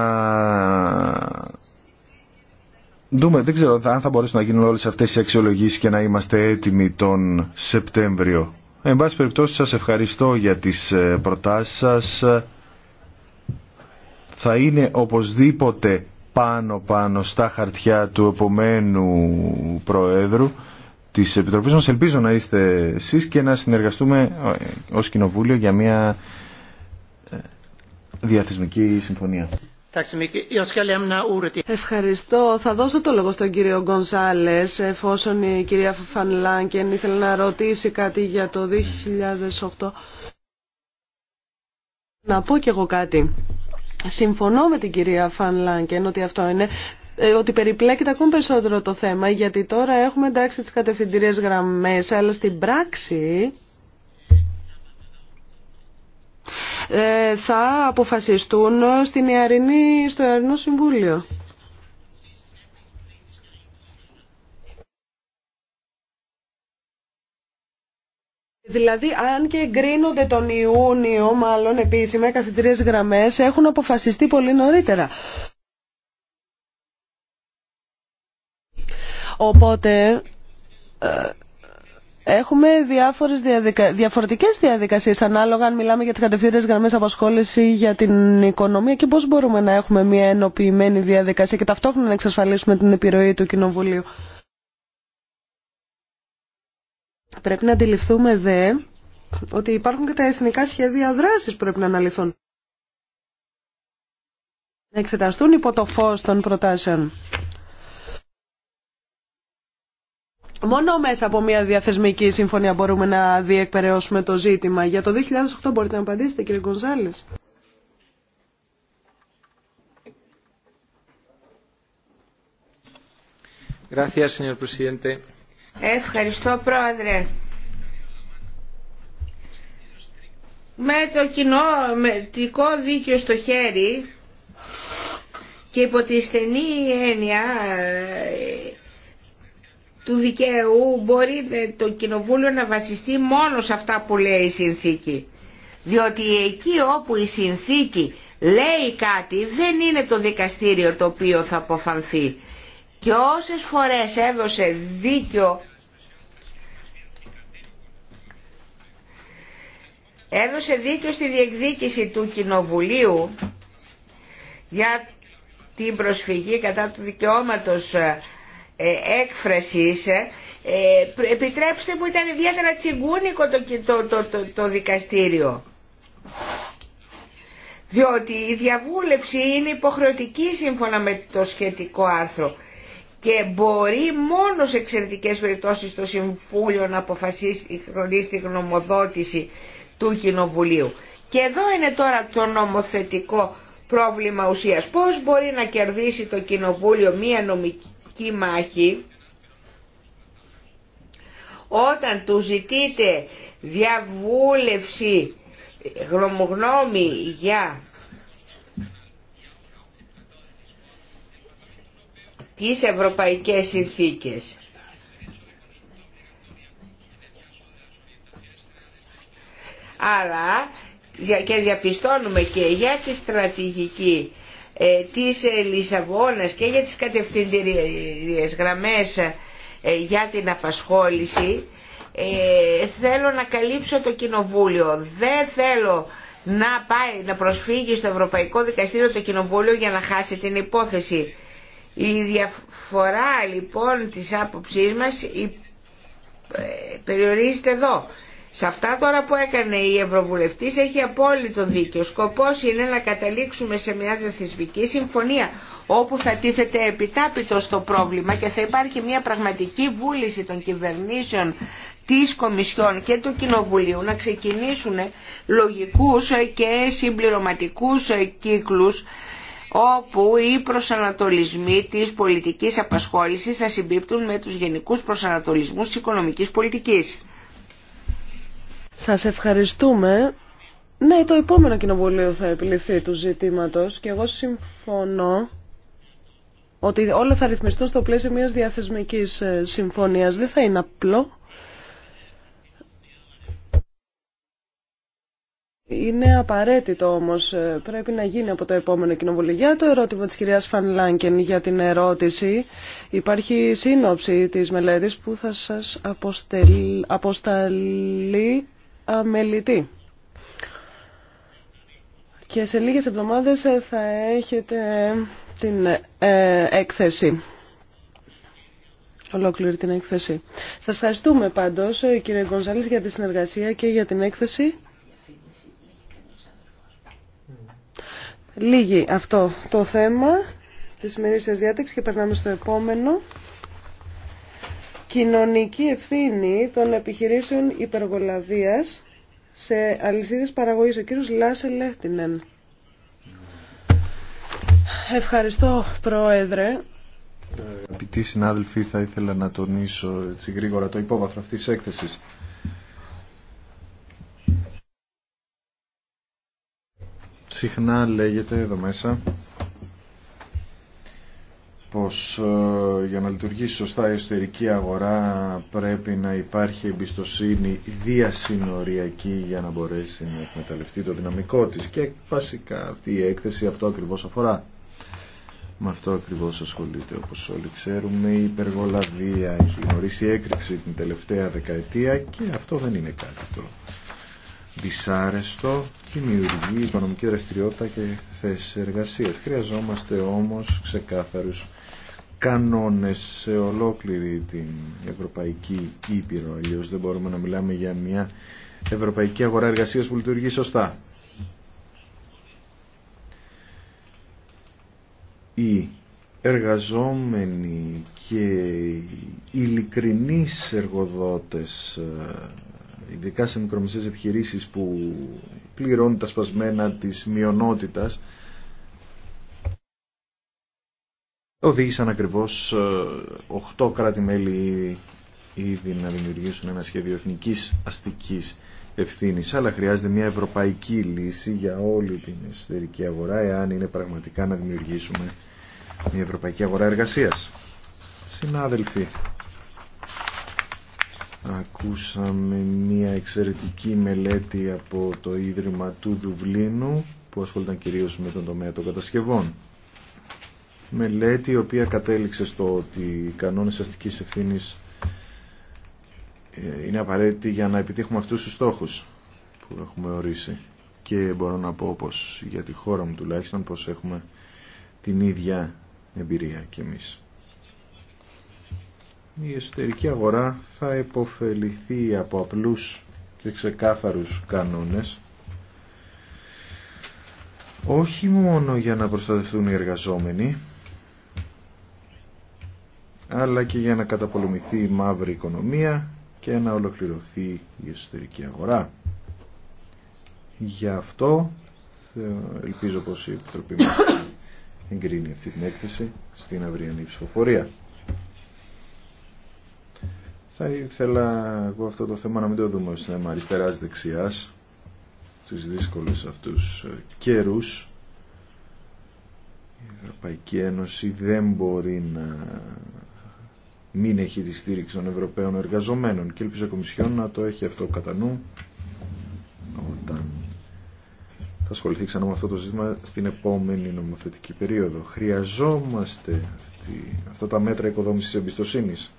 δούμε, δεν ξέρω αν θα μπορέσουν να γίνουν όλες αυτές οι αξιολογήσεις και να είμαστε έτοιμοι τον Σεπτέμβριο. Εν πάση περιπτώσει σας ευχαριστώ για τις ε, προτάσεις σας. Θα είναι οπωσδήποτε πάνω πάνω στα χαρτιά του επομένου Προέδρου. Τη επιτροπή. μα. Ελπίζω να είστε εσεί και να συνεργαστούμε ε, ως Κοινοβούλιο για μια ε, διαθεσμική συμφωνία. Ευχαριστώ. Θα δώσω το λόγο στον κύριο Γκονσάλε, εφόσον η κυρία Φαν ήθελε να ρωτήσει κάτι για το 2008. Να πω κι εγώ κάτι. Συμφωνώ με την κυρία Φαν ότι αυτό είναι ε, ότι περιπλέκεται ακόμη περισσότερο το θέμα, γιατί τώρα έχουμε εντάξει τις κατευθυντηρίες γραμμές, αλλά στην πράξη ε, θα αποφασιστούν στην Ιαρινή, στο Ιαρινό Συμβούλιο. Δηλαδή, αν και εγκρίνονται τον Ιούνιο, μάλλον επίσημα, οι καθητήριες γραμμές έχουν αποφασιστεί πολύ νωρίτερα. Οπότε ε, έχουμε διάφορες διαδικα... διαφορετικές διαδικασίες ανάλογα αν μιλάμε για τις κατευθυντές γραμμές απασχόληση για την οικονομία και πώς μπορούμε να έχουμε μια ενοποιημένη διαδικασία και ταυτόχρονα να εξασφαλίσουμε την επιρροή του Κοινοβουλίου. Πρέπει να αντιληφθούμε δε ότι υπάρχουν και τα εθνικά σχέδια δράσης που πρέπει να αναλυθούν. Να εξεταστούν υπό το φως των προτάσεων. Μόνο μέσα από μια διαθεσμική συμφωνία μπορούμε να διεκπαιρεώσουμε το ζήτημα. Για το 2008 μπορείτε να απαντήσετε κύριε Γκονζάλης. Ευχαριστώ πρόεδρε. Με το κοινό το δίκαιο στο χέρι και υπό τη στενή έννοια του δικαίου μπορεί το κοινοβούλιο να βασιστεί μόνο σε αυτά που λέει η συνθήκη. Διότι εκεί όπου η συνθήκη λέει κάτι δεν είναι το δικαστήριο το οποίο θα αποφανθεί. Και όσες φορές έδωσε δίκιο έδωσε δίκιο στη διεκδίκηση του Κοινοβουλίου για την προσφυγή κατά του δικαιώματος ε, ε; ε επιτρέψτε μου ήταν ιδιαίτερα τσιγκούνικο το, το, δικαστήριο διότι η διαβούλευση είναι υποχρεωτική σύμφωνα με το σχετικό άρθρο και μπορεί μόνο σε εξαιρετικές περιπτώσεις το Συμβούλιο να αποφασίσει η τη γνωμοδότηση του Κοινοβουλίου. Και εδώ είναι τώρα το νομοθετικό πρόβλημα ουσίας. Πώς μπορεί να κερδίσει το Κοινοβούλιο μία νομική μάχη όταν του ζητείτε διαβούλευση γνωμογνώμη για τις ευρωπαϊκές συνθήκες. Άρα και διαπιστώνουμε και για τη στρατηγική ε, της ε, Λισαβόνας και για τις κατευθυντηρίες γραμμές ε, για την απασχόληση θέλω να καλύψω το κοινοβούλιο. Δεν θέλω να πάει να προσφύγει στο Ευρωπαϊκό Δικαστήριο το κοινοβούλιο για να χάσει την υπόθεση. Η διαφορά λοιπόν της άποψής μας περιορίζεται εδώ. Σε αυτά τώρα που έκανε η Ευρωβουλευτής έχει απόλυτο δίκιο. Σκοπός είναι να καταλήξουμε σε μια διαθεσμική συμφωνία όπου θα τίθεται επιτάπητο στο πρόβλημα και θα υπάρχει μια πραγματική βούληση των κυβερνήσεων της Κομισιόν και του Κοινοβουλίου να ξεκινήσουν λογικούς και συμπληρωματικούς κύκλους όπου οι προσανατολισμοί της πολιτικής απασχόλησης θα συμπίπτουν με τους γενικούς προσανατολισμούς της οικονομικής πολιτικής. Σας ευχαριστούμε. Ναι, το επόμενο κοινοβουλίο θα επιληφθεί του ζητήματος και εγώ συμφωνώ ότι όλα θα ρυθμιστούν στο πλαίσιο μιας διαθεσμικής ε, συμφωνίας. Δεν θα είναι απλό. Είναι απαραίτητο όμως, ε, πρέπει να γίνει από το επόμενο κοινοβούλιο. Για το ερώτημα της κυρίας Φαν για την ερώτηση, υπάρχει σύνοψη της μελέτης που θα σας αποσταλεί αμελητή. Και σε λίγες εβδομάδες ε, θα έχετε ε, την ε, έκθεση. Ολόκληρη την έκθεση. Σας ευχαριστούμε πάντως κύριε Γκονζάλης για τη συνεργασία και για την έκθεση. Λίγη αυτό το θέμα της σημερινής διάταξης και περνάμε στο επόμενο κοινωνική ευθύνη των επιχειρήσεων υπεργολαβίας σε αλυσίδες παραγωγής. Ο κύριος Λάσε Λέχτινεν. Ευχαριστώ, Πρόεδρε. Αγαπητοί συνάδελφοι, θα ήθελα να τονίσω έτσι γρήγορα το υπόβαθρο αυτής της έκθεσης. Συχνά λέγεται εδώ μέσα πως ε, για να λειτουργήσει σωστά η εσωτερική αγορά πρέπει να υπάρχει εμπιστοσύνη διασυνοριακή για να μπορέσει να εκμεταλλευτεί το δυναμικό της και βασικά αυτή η έκθεση αυτό ακριβώς αφορά. Με αυτό ακριβώς ασχολείται όπως όλοι ξέρουμε η υπεργολαβία έχει γνωρίσει έκρηξη την τελευταία δεκαετία και αυτό δεν είναι κάτι δυσάρεστο, δημιουργεί οικονομική δραστηριότητα και θέσει εργασία. Χρειαζόμαστε όμως ξεκάθαρους κανόνες σε ολόκληρη την Ευρωπαϊκή Ήπειρο. Αλλιώ δεν μπορούμε να μιλάμε για μια Ευρωπαϊκή Αγορά Εργασίας που λειτουργεί σωστά. Οι εργαζόμενοι και οι ειλικρινείς εργοδότες ε, ειδικά σε μικρομεσαίες επιχειρήσεις που πληρώνουν τα σπασμένα της μειονότητας οδήγησαν ακριβώς 8 ε, κράτη-μέλη ήδη να δημιουργήσουν ένα σχέδιο εθνικής αστικής ευθύνης αλλά χρειάζεται μια ευρωπαϊκή λύση για όλη την εσωτερική αγορά εάν είναι πραγματικά να δημιουργήσουμε μια ευρωπαϊκή αγορά εργασίας. Συνάδελφοι, ακούσαμε μια εξαιρετική μελέτη από το Ίδρυμα του Δουβλίνου που ασχολούνταν κυρίως με τον τομέα των κατασκευών. Μελέτη η οποία κατέληξε στο ότι οι κανόνες αστικής ευθύνης ε, είναι απαραίτητοι για να επιτύχουμε αυτούς τους στόχους που έχουμε ορίσει. Και μπορώ να πω πως για τη χώρα μου τουλάχιστον πως έχουμε την ίδια εμπειρία κι εμείς η εσωτερική αγορά θα υποφεληθεί από απλούς και ξεκάθαρους κανόνες όχι μόνο για να προστατευτούν οι εργαζόμενοι αλλά και για να καταπολεμηθεί η μαύρη οικονομία και να ολοκληρωθεί η εσωτερική αγορά. Γι' αυτό ελπίζω πως η Επιτροπή μας εγκρίνει αυτή την έκθεση στην αυριανή ψηφοφορία. Θα ήθελα εγώ αυτό το θέμα να μην το δούμε ως θέμα αριστεράς δεξιάς στις δύσκολες αυτούς ε, καιρούς η Ευρωπαϊκή Ένωση δεν μπορεί να μην έχει τη στήριξη των Ευρωπαίων εργαζομένων και ελπίζω η Κομισιόν να το έχει αυτό κατά νου όταν θα ασχοληθεί ξανά με αυτό το ζήτημα στην επόμενη νομοθετική περίοδο. Χρειαζόμαστε αυτή, αυτά τα μέτρα οικοδόμησης εμπιστοσύνης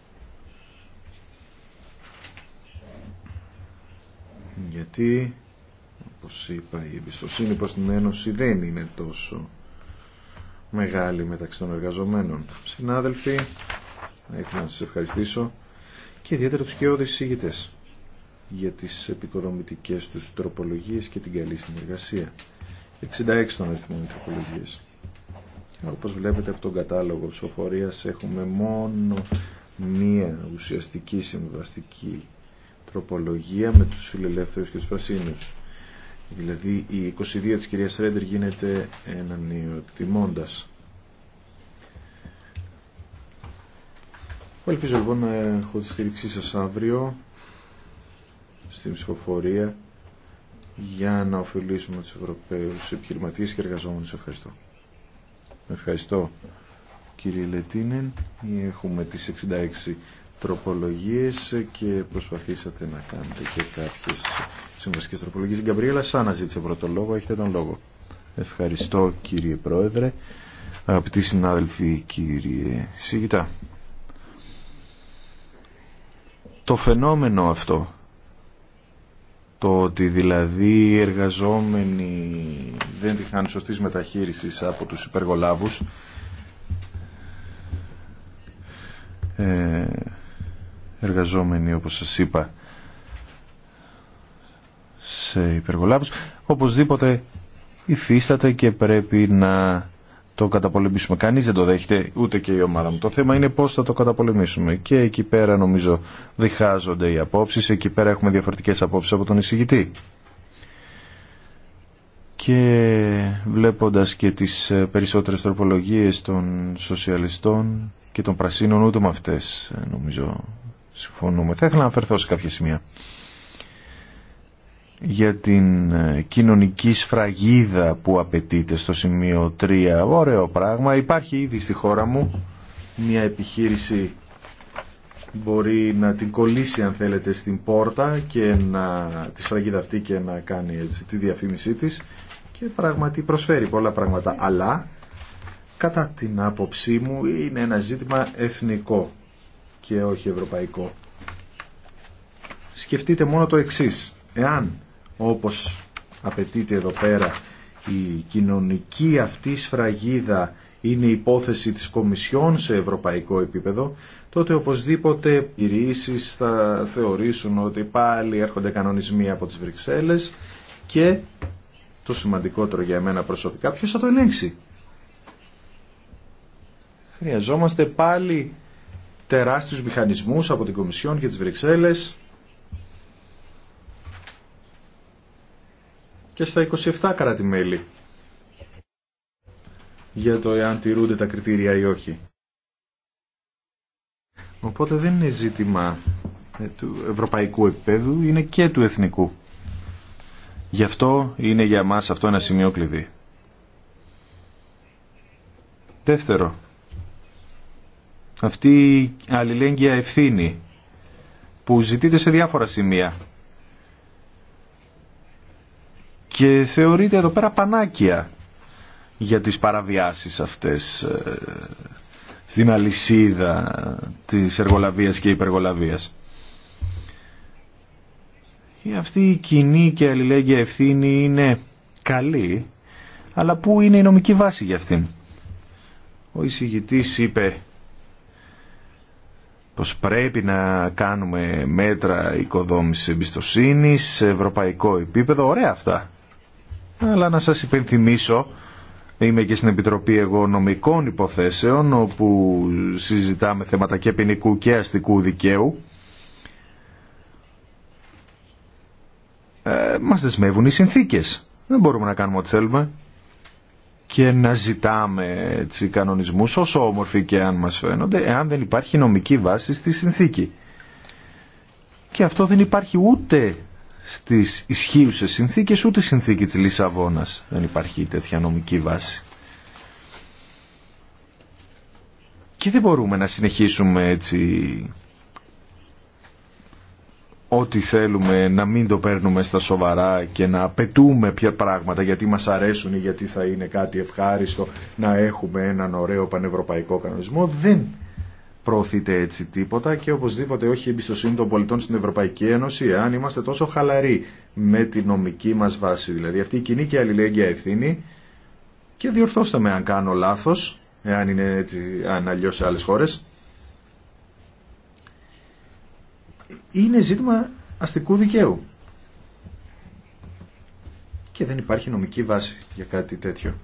γιατί όπως είπα η εμπιστοσύνη προς την Ένωση δεν είναι τόσο μεγάλη μεταξύ των εργαζομένων. Συνάδελφοι, ήθελα να σας ευχαριστήσω και ιδιαίτερα τους κοιόδης σύγητες για τις επικοδομητικές τους τροπολογίες και την καλή συνεργασία. 66 των αριθμών τροπολογίες. Όπως βλέπετε από τον κατάλογο ψηφοφορίας έχουμε μόνο μία ουσιαστική συμβαστική τροπολογία με τους φιλελεύθερους και τους πρασίνους. Δηλαδή η 22 της κυρίας Ρέντερ γίνεται έναν ιωτιμώντας. Ελπίζω λοιπόν να έχω τη στήριξή σας αύριο στην ψηφοφορία για να ωφελήσουμε τους Ευρωπαίους επιχειρηματίες και εργαζόμενους. Ευχαριστώ. Ευχαριστώ κύριε Λετίνεν. Έχουμε τις 66 τροπολογίες και προσπαθήσατε να κάνετε και κάποιες συμβασικές τροπολογίες. Η Γκαμπριέλα Σάνα ζήτησε πρώτο λόγο, έχετε τον λόγο. Ευχαριστώ κύριε Πρόεδρε, αγαπητοί συνάδελφοι κύριε Σιγητά. Το φαινόμενο αυτό, το ότι δηλαδή οι εργαζόμενοι δεν τηχάν σωστής μεταχείρισης από τους υπεργολάβους, ε, εργαζόμενοι όπως σας είπα σε υπεργολάβους οπωσδήποτε υφίσταται και πρέπει να το καταπολεμήσουμε. Κανείς δεν το δέχεται, ούτε και η ομάδα μου. Το θέμα είναι πώς θα το καταπολεμήσουμε. Και εκεί πέρα νομίζω διχάζονται οι απόψεις, εκεί πέρα έχουμε διαφορετικές απόψεις από τον εισηγητή. Και βλέποντας και τις περισσότερες τροπολογίες των σοσιαλιστών και των πρασίνων, ούτε με αυτές νομίζω συμφωνούμε. Θα ήθελα να αφαιρθώ σε κάποια σημεία για την ε, κοινωνική σφραγίδα που απαιτείται στο σημείο 3. Ωραίο πράγμα. Υπάρχει ήδη στη χώρα μου μια επιχείρηση μπορεί να την κολλήσει αν θέλετε στην πόρτα και να τη σφραγίδα αυτή και να κάνει έτσι, τη διαφήμισή της και πράγματι προσφέρει πολλά πράγματα αλλά κατά την άποψή μου είναι ένα ζήτημα εθνικό και όχι ευρωπαϊκό. Σκεφτείτε μόνο το εξής. Εάν, όπως απαιτείται εδώ πέρα, η κοινωνική αυτή σφραγίδα είναι υπόθεση της Κομισιόν σε ευρωπαϊκό επίπεδο, τότε οπωσδήποτε οι ρήσεις θα θεωρήσουν ότι πάλι έρχονται κανονισμοί από τις Βρυξέλλες και το σημαντικότερο για εμένα προσωπικά, ποιος θα το ελέγξει. Χρειαζόμαστε πάλι τεράστιους μηχανισμούς από την Κομισιόν και τις Βρυξέλλες και στα 27 κράτη-μέλη για το εάν τηρούνται τα κριτήρια ή όχι. Οπότε δεν είναι ζήτημα ε, του ευρωπαϊκού επίπεδου, είναι και του εθνικού. Γι' αυτό είναι για μας αυτό ένα σημείο κλειδί. Δεύτερο, αυτή η αλληλέγγυα ευθύνη που ζητείται σε διάφορα σημεία και θεωρείται εδώ πέρα πανάκια για τις παραβιάσεις αυτές ε, στην αλυσίδα της εργολαβίας και υπεργολαβίας. Η αυτή η κοινή και αλληλέγγυα ευθύνη είναι καλή, αλλά πού είναι η νομική βάση για αυτήν. Ο εισηγητής είπε πως πρέπει να κάνουμε μέτρα οικοδόμησης εμπιστοσύνη σε ευρωπαϊκό επίπεδο. Ωραία αυτά. Αλλά να σας υπενθυμίσω, είμαι και στην Επιτροπή εγώ νομικών υποθέσεων, όπου συζητάμε θέματα και ποινικού και αστικού δικαίου. Ε, μας δεσμεύουν οι συνθήκες. Δεν μπορούμε να κάνουμε ό,τι θέλουμε και να ζητάμε έτσι, κανονισμούς όσο όμορφοι και αν μας φαίνονται εάν δεν υπάρχει νομική βάση στη συνθήκη. Και αυτό δεν υπάρχει ούτε στις ισχύουσες συνθήκες ούτε συνθήκη της Λισαβόνας δεν υπάρχει τέτοια νομική βάση. Και δεν μπορούμε να συνεχίσουμε έτσι ό,τι θέλουμε να μην το παίρνουμε στα σοβαρά και να απαιτούμε πια πράγματα γιατί μας αρέσουν ή γιατί θα είναι κάτι ευχάριστο να έχουμε έναν ωραίο πανευρωπαϊκό κανονισμό δεν προωθείται έτσι τίποτα και οπωσδήποτε όχι η εμπιστοσύνη των πολιτών στην Ευρωπαϊκή Ένωση αν είμαστε τόσο χαλαροί με τη νομική μας βάση δηλαδή αυτή η κοινή και αλληλέγγυα ευθύνη και διορθώστε με αν κάνω λάθος εάν είναι έτσι αν αλλιώς σε άλλες χώρες είναι ζήτημα αστικού δικαίου. Και δεν υπάρχει νομική βάση για κάτι τέτοιο.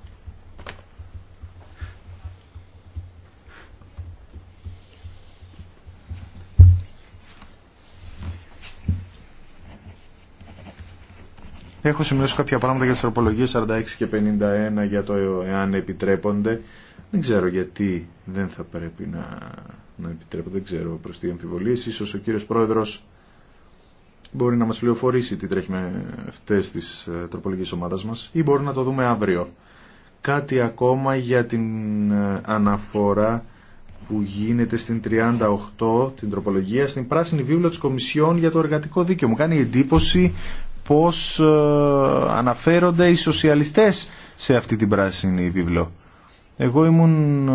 Έχω σημειώσει κάποια πράγματα για τις τροπολογίες 46 και 51 για το εάν επιτρέπονται. Δεν ξέρω γιατί δεν θα πρέπει να να επιτρέπω, δεν ξέρω προς τι αμφιβολίε. Ίσως ο κύριος Πρόεδρος μπορεί να μας πληροφορήσει τι τρέχει με αυτές τις ε, τροπολογικές ομάδας μας ή μπορεί να το δούμε αύριο. Κάτι ακόμα για την ε, αναφορά που γίνεται στην 38, την τροπολογία, στην πράσινη βίβλο της Κομισιόν για το εργατικό δίκαιο. Μου κάνει εντύπωση πώς ε, αναφέρονται οι σοσιαλιστέ σε αυτή την πράσινη βίβλο. Εγώ ήμουν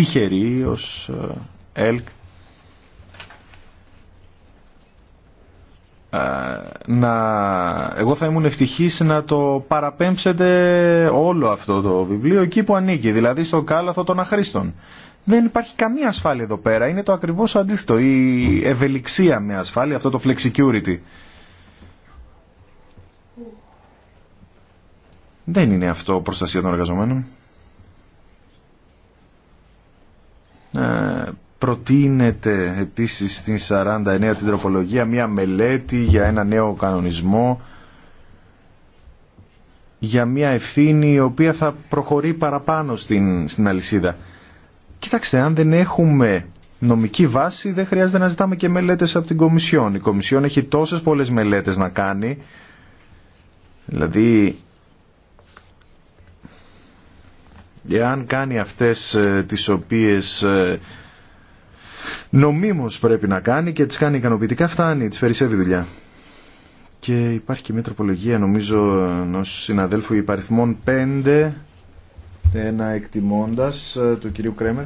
τυχεροί ως ε, ΕΛΚ ε, να... εγώ θα ήμουν ευτυχής να το παραπέμψετε όλο αυτό το βιβλίο εκεί που ανήκει, δηλαδή στο κάλαθο των αχρήστων. Δεν υπάρχει καμία ασφάλεια εδώ πέρα, είναι το ακριβώς αντίθετο, η ευελιξία με ασφάλεια, αυτό το flexicurity. Δεν είναι αυτό προστασία των εργαζομένων. Ε, προτείνεται επίσης στην 49 την τροπολογία μια μελέτη για ένα νέο κανονισμό για μια ευθύνη η οποία θα προχωρεί παραπάνω στην, στην αλυσίδα. Κοιτάξτε, αν δεν έχουμε νομική βάση δεν χρειάζεται να ζητάμε και μελέτες από την Κομισιόν. Η Κομισιόν έχει τόσες πολλές μελέτες να κάνει, δηλαδή εάν κάνει αυτές ε, τις οποίες ε, νομίμως πρέπει να κάνει και τις κάνει ικανοποιητικά φτάνει, τις περισσεύει δουλειά. Και υπάρχει και μια τροπολογία νομίζω ενό συναδέλφου υπαριθμών 5, ένα εκτιμώντας ε, του κυρίου Κρέμερ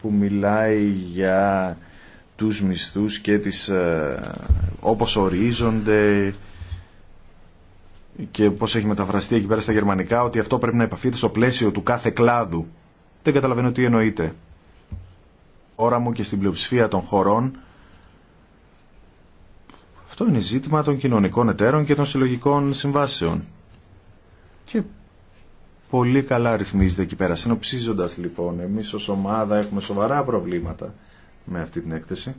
που μιλάει για τους μισθούς και τις, όπως ορίζονται και πώς έχει μεταφραστεί εκεί πέρα στα γερμανικά ότι αυτό πρέπει να επαφείται στο πλαίσιο του κάθε κλάδου. Δεν καταλαβαίνω τι εννοείται. Ώρα μου και στην πλειοψηφία των χωρών αυτό είναι ζήτημα των κοινωνικών εταίρων και των συλλογικών συμβάσεων. Και πολύ καλά ρυθμίζεται εκεί πέρα. Συνοψίζοντα λοιπόν, εμεί ως ομάδα έχουμε σοβαρά προβλήματα με αυτή την έκθεση.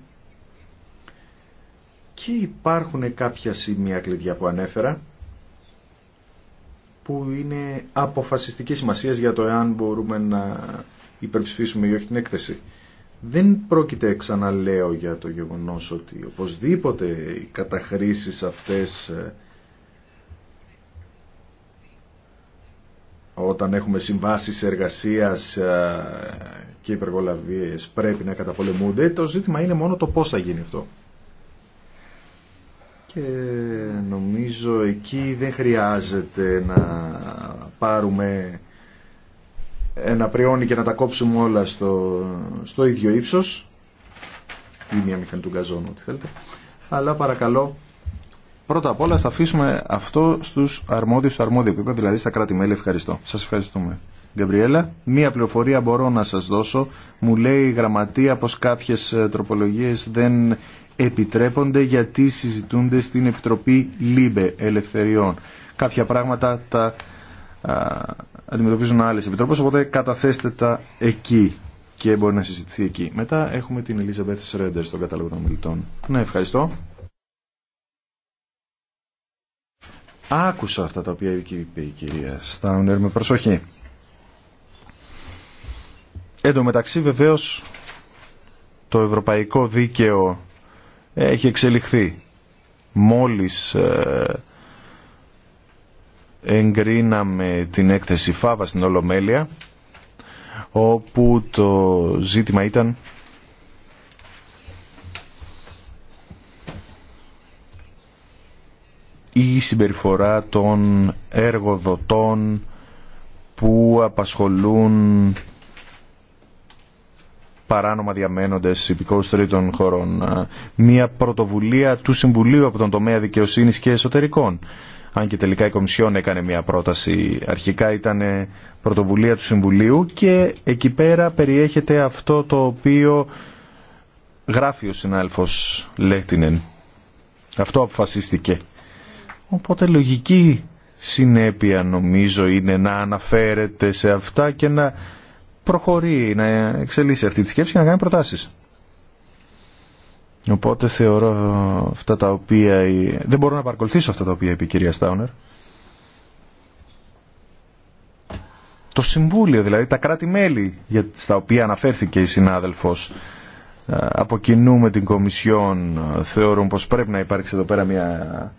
Και υπάρχουν κάποια σημεία κλειδιά που ανέφερα που είναι αποφασιστική σημασία για το εάν μπορούμε να υπερψηφίσουμε ή όχι την έκθεση. Δεν πρόκειται, ξαναλέω, για το γεγονός ότι οπωσδήποτε οι καταχρήσεις αυτές ε, όταν έχουμε συμβάσεις εργασίας ε, και υπεργολαβίες πρέπει να καταπολεμούνται. Το ζήτημα είναι μόνο το πώς θα γίνει αυτό και νομίζω εκεί δεν χρειάζεται να πάρουμε ένα πριόνι και να τα κόψουμε όλα στο, στο ίδιο ύψος ή μια μηχανή του γκαζόνου, ό,τι θέλετε. Αλλά παρακαλώ, πρώτα απ' όλα θα αφήσουμε αυτό στους αρμόδιους, στο αρμόδιο επίπεδο, δηλαδή στα κράτη-μέλη. Ευχαριστώ. Σας ευχαριστούμε. Γκαμπριέλα. Μία πληροφορία μπορώ να σας δώσω. Μου λέει η γραμματεία πως κάποιες ε, τροπολογίες δεν επιτρέπονται γιατί συζητούνται στην Επιτροπή ΛΥΜΠΕ Ελευθεριών. Κάποια πράγματα τα αντιμετωπίζουν άλλες επιτροπές, οπότε καταθέστε τα εκεί και μπορεί να συζητηθεί εκεί. Μετά έχουμε την Ελίζα Μπέθ Ρέντερ στον κατάλογο των μιλητών. Ναι, ευχαριστώ. Άκουσα αυτά τα οποία είπε η κυρία Στάουνερ με προσοχή. Εν τω μεταξύ βεβαίως το ευρωπαϊκό δίκαιο έχει εξελιχθεί. Μόλις ε, εγκρίναμε την έκθεση Φάβα στην Ολομέλεια όπου το ζήτημα ήταν η συμπεριφορά των εργοδοτών που απασχολούν παράνομα διαμένοντες υπηκόους τρίτων χωρών. Ε, μια πρωτοβουλία του Συμβουλίου από τον τομέα δικαιοσύνης και εσωτερικών. Αν και τελικά η Κομισιόν έκανε μια πρόταση, αρχικά ήταν πρωτοβουλία του Συμβουλίου και εκεί πέρα περιέχεται αυτό το οποίο γράφει ο συνάλφος Λέχτινεν. Αυτό αποφασίστηκε. Οπότε λογική συνέπεια νομίζω είναι να αναφέρεται σε αυτά και να προχωρεί, να εξελίσσει αυτή τη σκέψη και να κάνει προτάσεις. Οπότε θεωρώ αυτά τα οποία... Δεν μπορώ να παρακολουθήσω αυτά τα οποία είπε η κυρία Στάουνερ. Το Συμβούλιο, δηλαδή τα κράτη-μέλη στα οποία αναφέρθηκε η συνάδελφος ε, από κοινού με την Κομισιόν ε, θεωρούν πως πρέπει να υπάρξει εδώ πέρα μια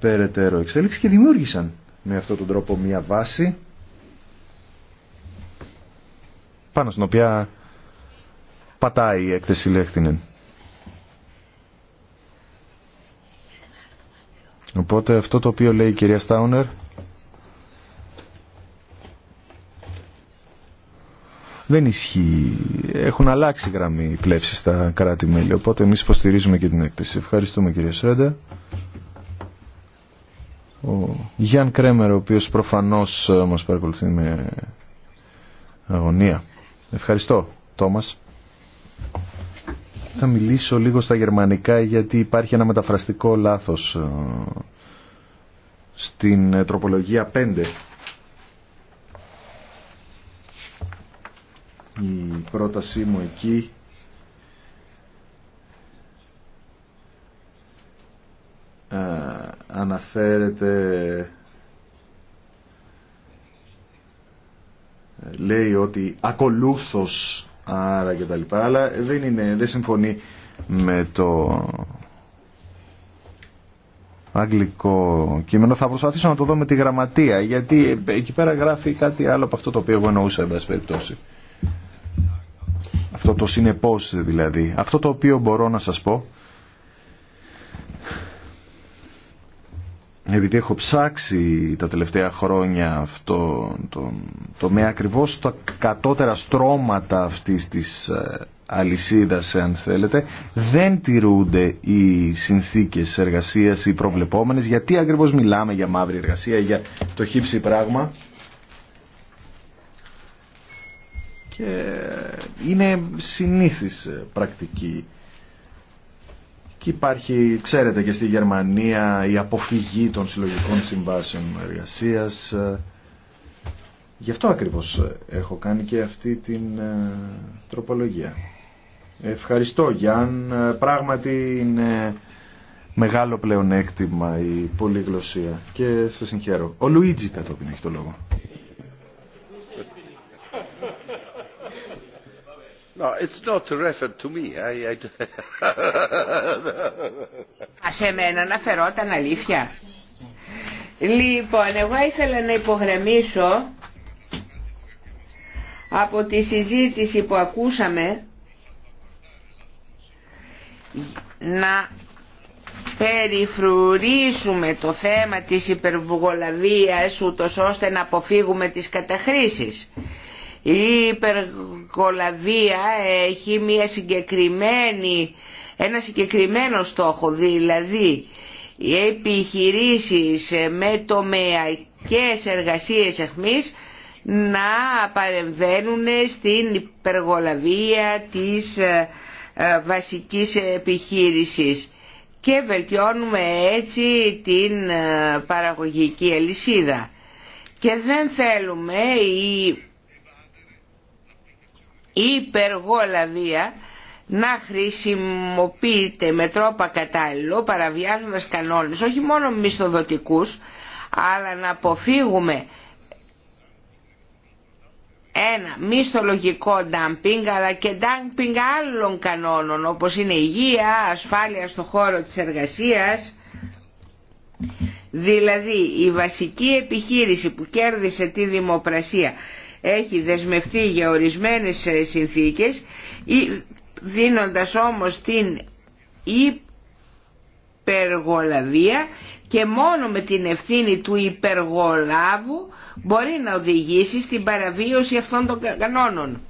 περαιτέρω εξέλιξη και δημιούργησαν με αυτόν τον τρόπο μια βάση πάνω στην οποία πατάει η έκθεση Λέχτινεν. Οπότε αυτό το οποίο λέει η κυρία Στάουνερ δεν ισχύει. Έχουν αλλάξει γραμμή οι πλεύσεις στα κράτη-μέλη. Οπότε εμείς υποστηρίζουμε και την έκθεση. Ευχαριστούμε κυρία Σρέντα. Ο Γιάν Κρέμερ, ο οποίος προφανώς ε, μας παρακολουθεί με αγωνία. Ευχαριστώ, Τόμας. Θα μιλήσω λίγο στα γερμανικά γιατί υπάρχει ένα μεταφραστικό λάθος ε, στην ε, τροπολογία 5. Η πρότασή μου εκεί ε, αναφέρεται λέει ότι ακολούθως άρα και τα λοιπά, αλλά δεν, είναι, δεν συμφωνεί με το αγγλικό κείμενο. Θα προσπαθήσω να το δω με τη γραμματεία, γιατί ε, εκεί πέρα γράφει κάτι άλλο από αυτό το οποίο εγώ εννοούσα, περιπτώσει. Αυτό το συνεπώς δηλαδή. Αυτό το οποίο μπορώ να σας πω επειδή έχω ψάξει τα τελευταία χρόνια αυτό το τομέα ακριβώς τα κατώτερα στρώματα αυτής της ε, αλυσίδας αν θέλετε δεν τηρούνται οι συνθήκες εργασίας οι προβλεπόμενες γιατί ακριβώς μιλάμε για μαύρη εργασία για το χύψη πράγμα και είναι συνήθις πρακτική και υπάρχει, ξέρετε και στη Γερμανία, η αποφυγή των συλλογικών συμβάσεων εργασία. Γι' αυτό ακριβώς έχω κάνει και αυτή την ε, τροπολογία. Ευχαριστώ Γιάν. Ε, πράγματι είναι μεγάλο πλεονέκτημα η πολυγλωσία και σε συγχαίρω. Ο Λουίτζι κατόπιν έχει το λόγο. No, σε μένα αναφερόταν αλήθεια. Λοιπόν, εγώ ήθελα να υπογραμμίσω από τη συζήτηση που ακούσαμε να περιφρουρήσουμε το θέμα της υπερβολαβίας ούτως ώστε να αποφύγουμε τις καταχρήσεις. Η υπεργολαβία έχει μια συγκεκριμένη, ένα συγκεκριμένο στόχο, δηλαδή οι επιχειρήσεις με τομεακές εργασίες εχμής να παρεμβαίνουν στην υπεργολαβία της ε, ε, βασικής επιχείρησης και βελτιώνουμε έτσι την ε, παραγωγική αλυσίδα. Και δεν θέλουμε οι υπεργολαβία να χρησιμοποιείται με τρόπο κατάλληλο παραβιάζοντας κανόνες όχι μόνο μισθοδοτικούς αλλά να αποφύγουμε ένα μισθολογικό ντάμπινγκ αλλά και ντάμπινγκ άλλων κανόνων όπως είναι υγεία, ασφάλεια στο χώρο της εργασίας δηλαδή η βασική επιχείρηση που κέρδισε τη δημοπρασία έχει δεσμευτεί για ορισμένες ε, συνθήκες δίνοντας όμως την υπεργολαβία και μόνο με την ευθύνη του υπεργολάβου μπορεί να οδηγήσει στην παραβίωση αυτών των κανόνων.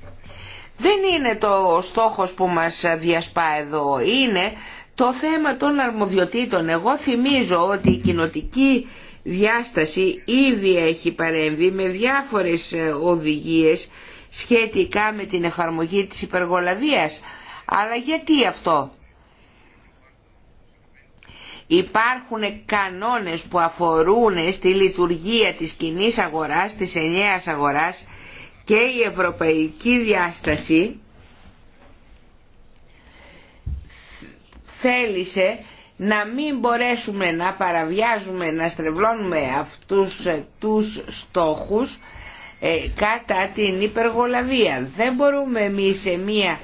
Δεν είναι το στόχος που μας διασπά εδώ, είναι το θέμα των αρμοδιοτήτων. Εγώ θυμίζω ότι η κοινοτική διάσταση ήδη έχει παρέμβει με διάφορες ε, οδηγίες σχετικά με την εφαρμογή της υπεργολαβίας. Αλλά γιατί αυτό. Υπάρχουν κανόνες που αφορούν στη λειτουργία της κοινή αγοράς, της ενιαίας αγοράς και η ευρωπαϊκή διάσταση θέλησε να μην μπορέσουμε να παραβιάζουμε, να στρεβλώνουμε αυτούς ε, τους στόχους ε, κατά την υπεργολαβία. Δεν μπορούμε εμείς σε μία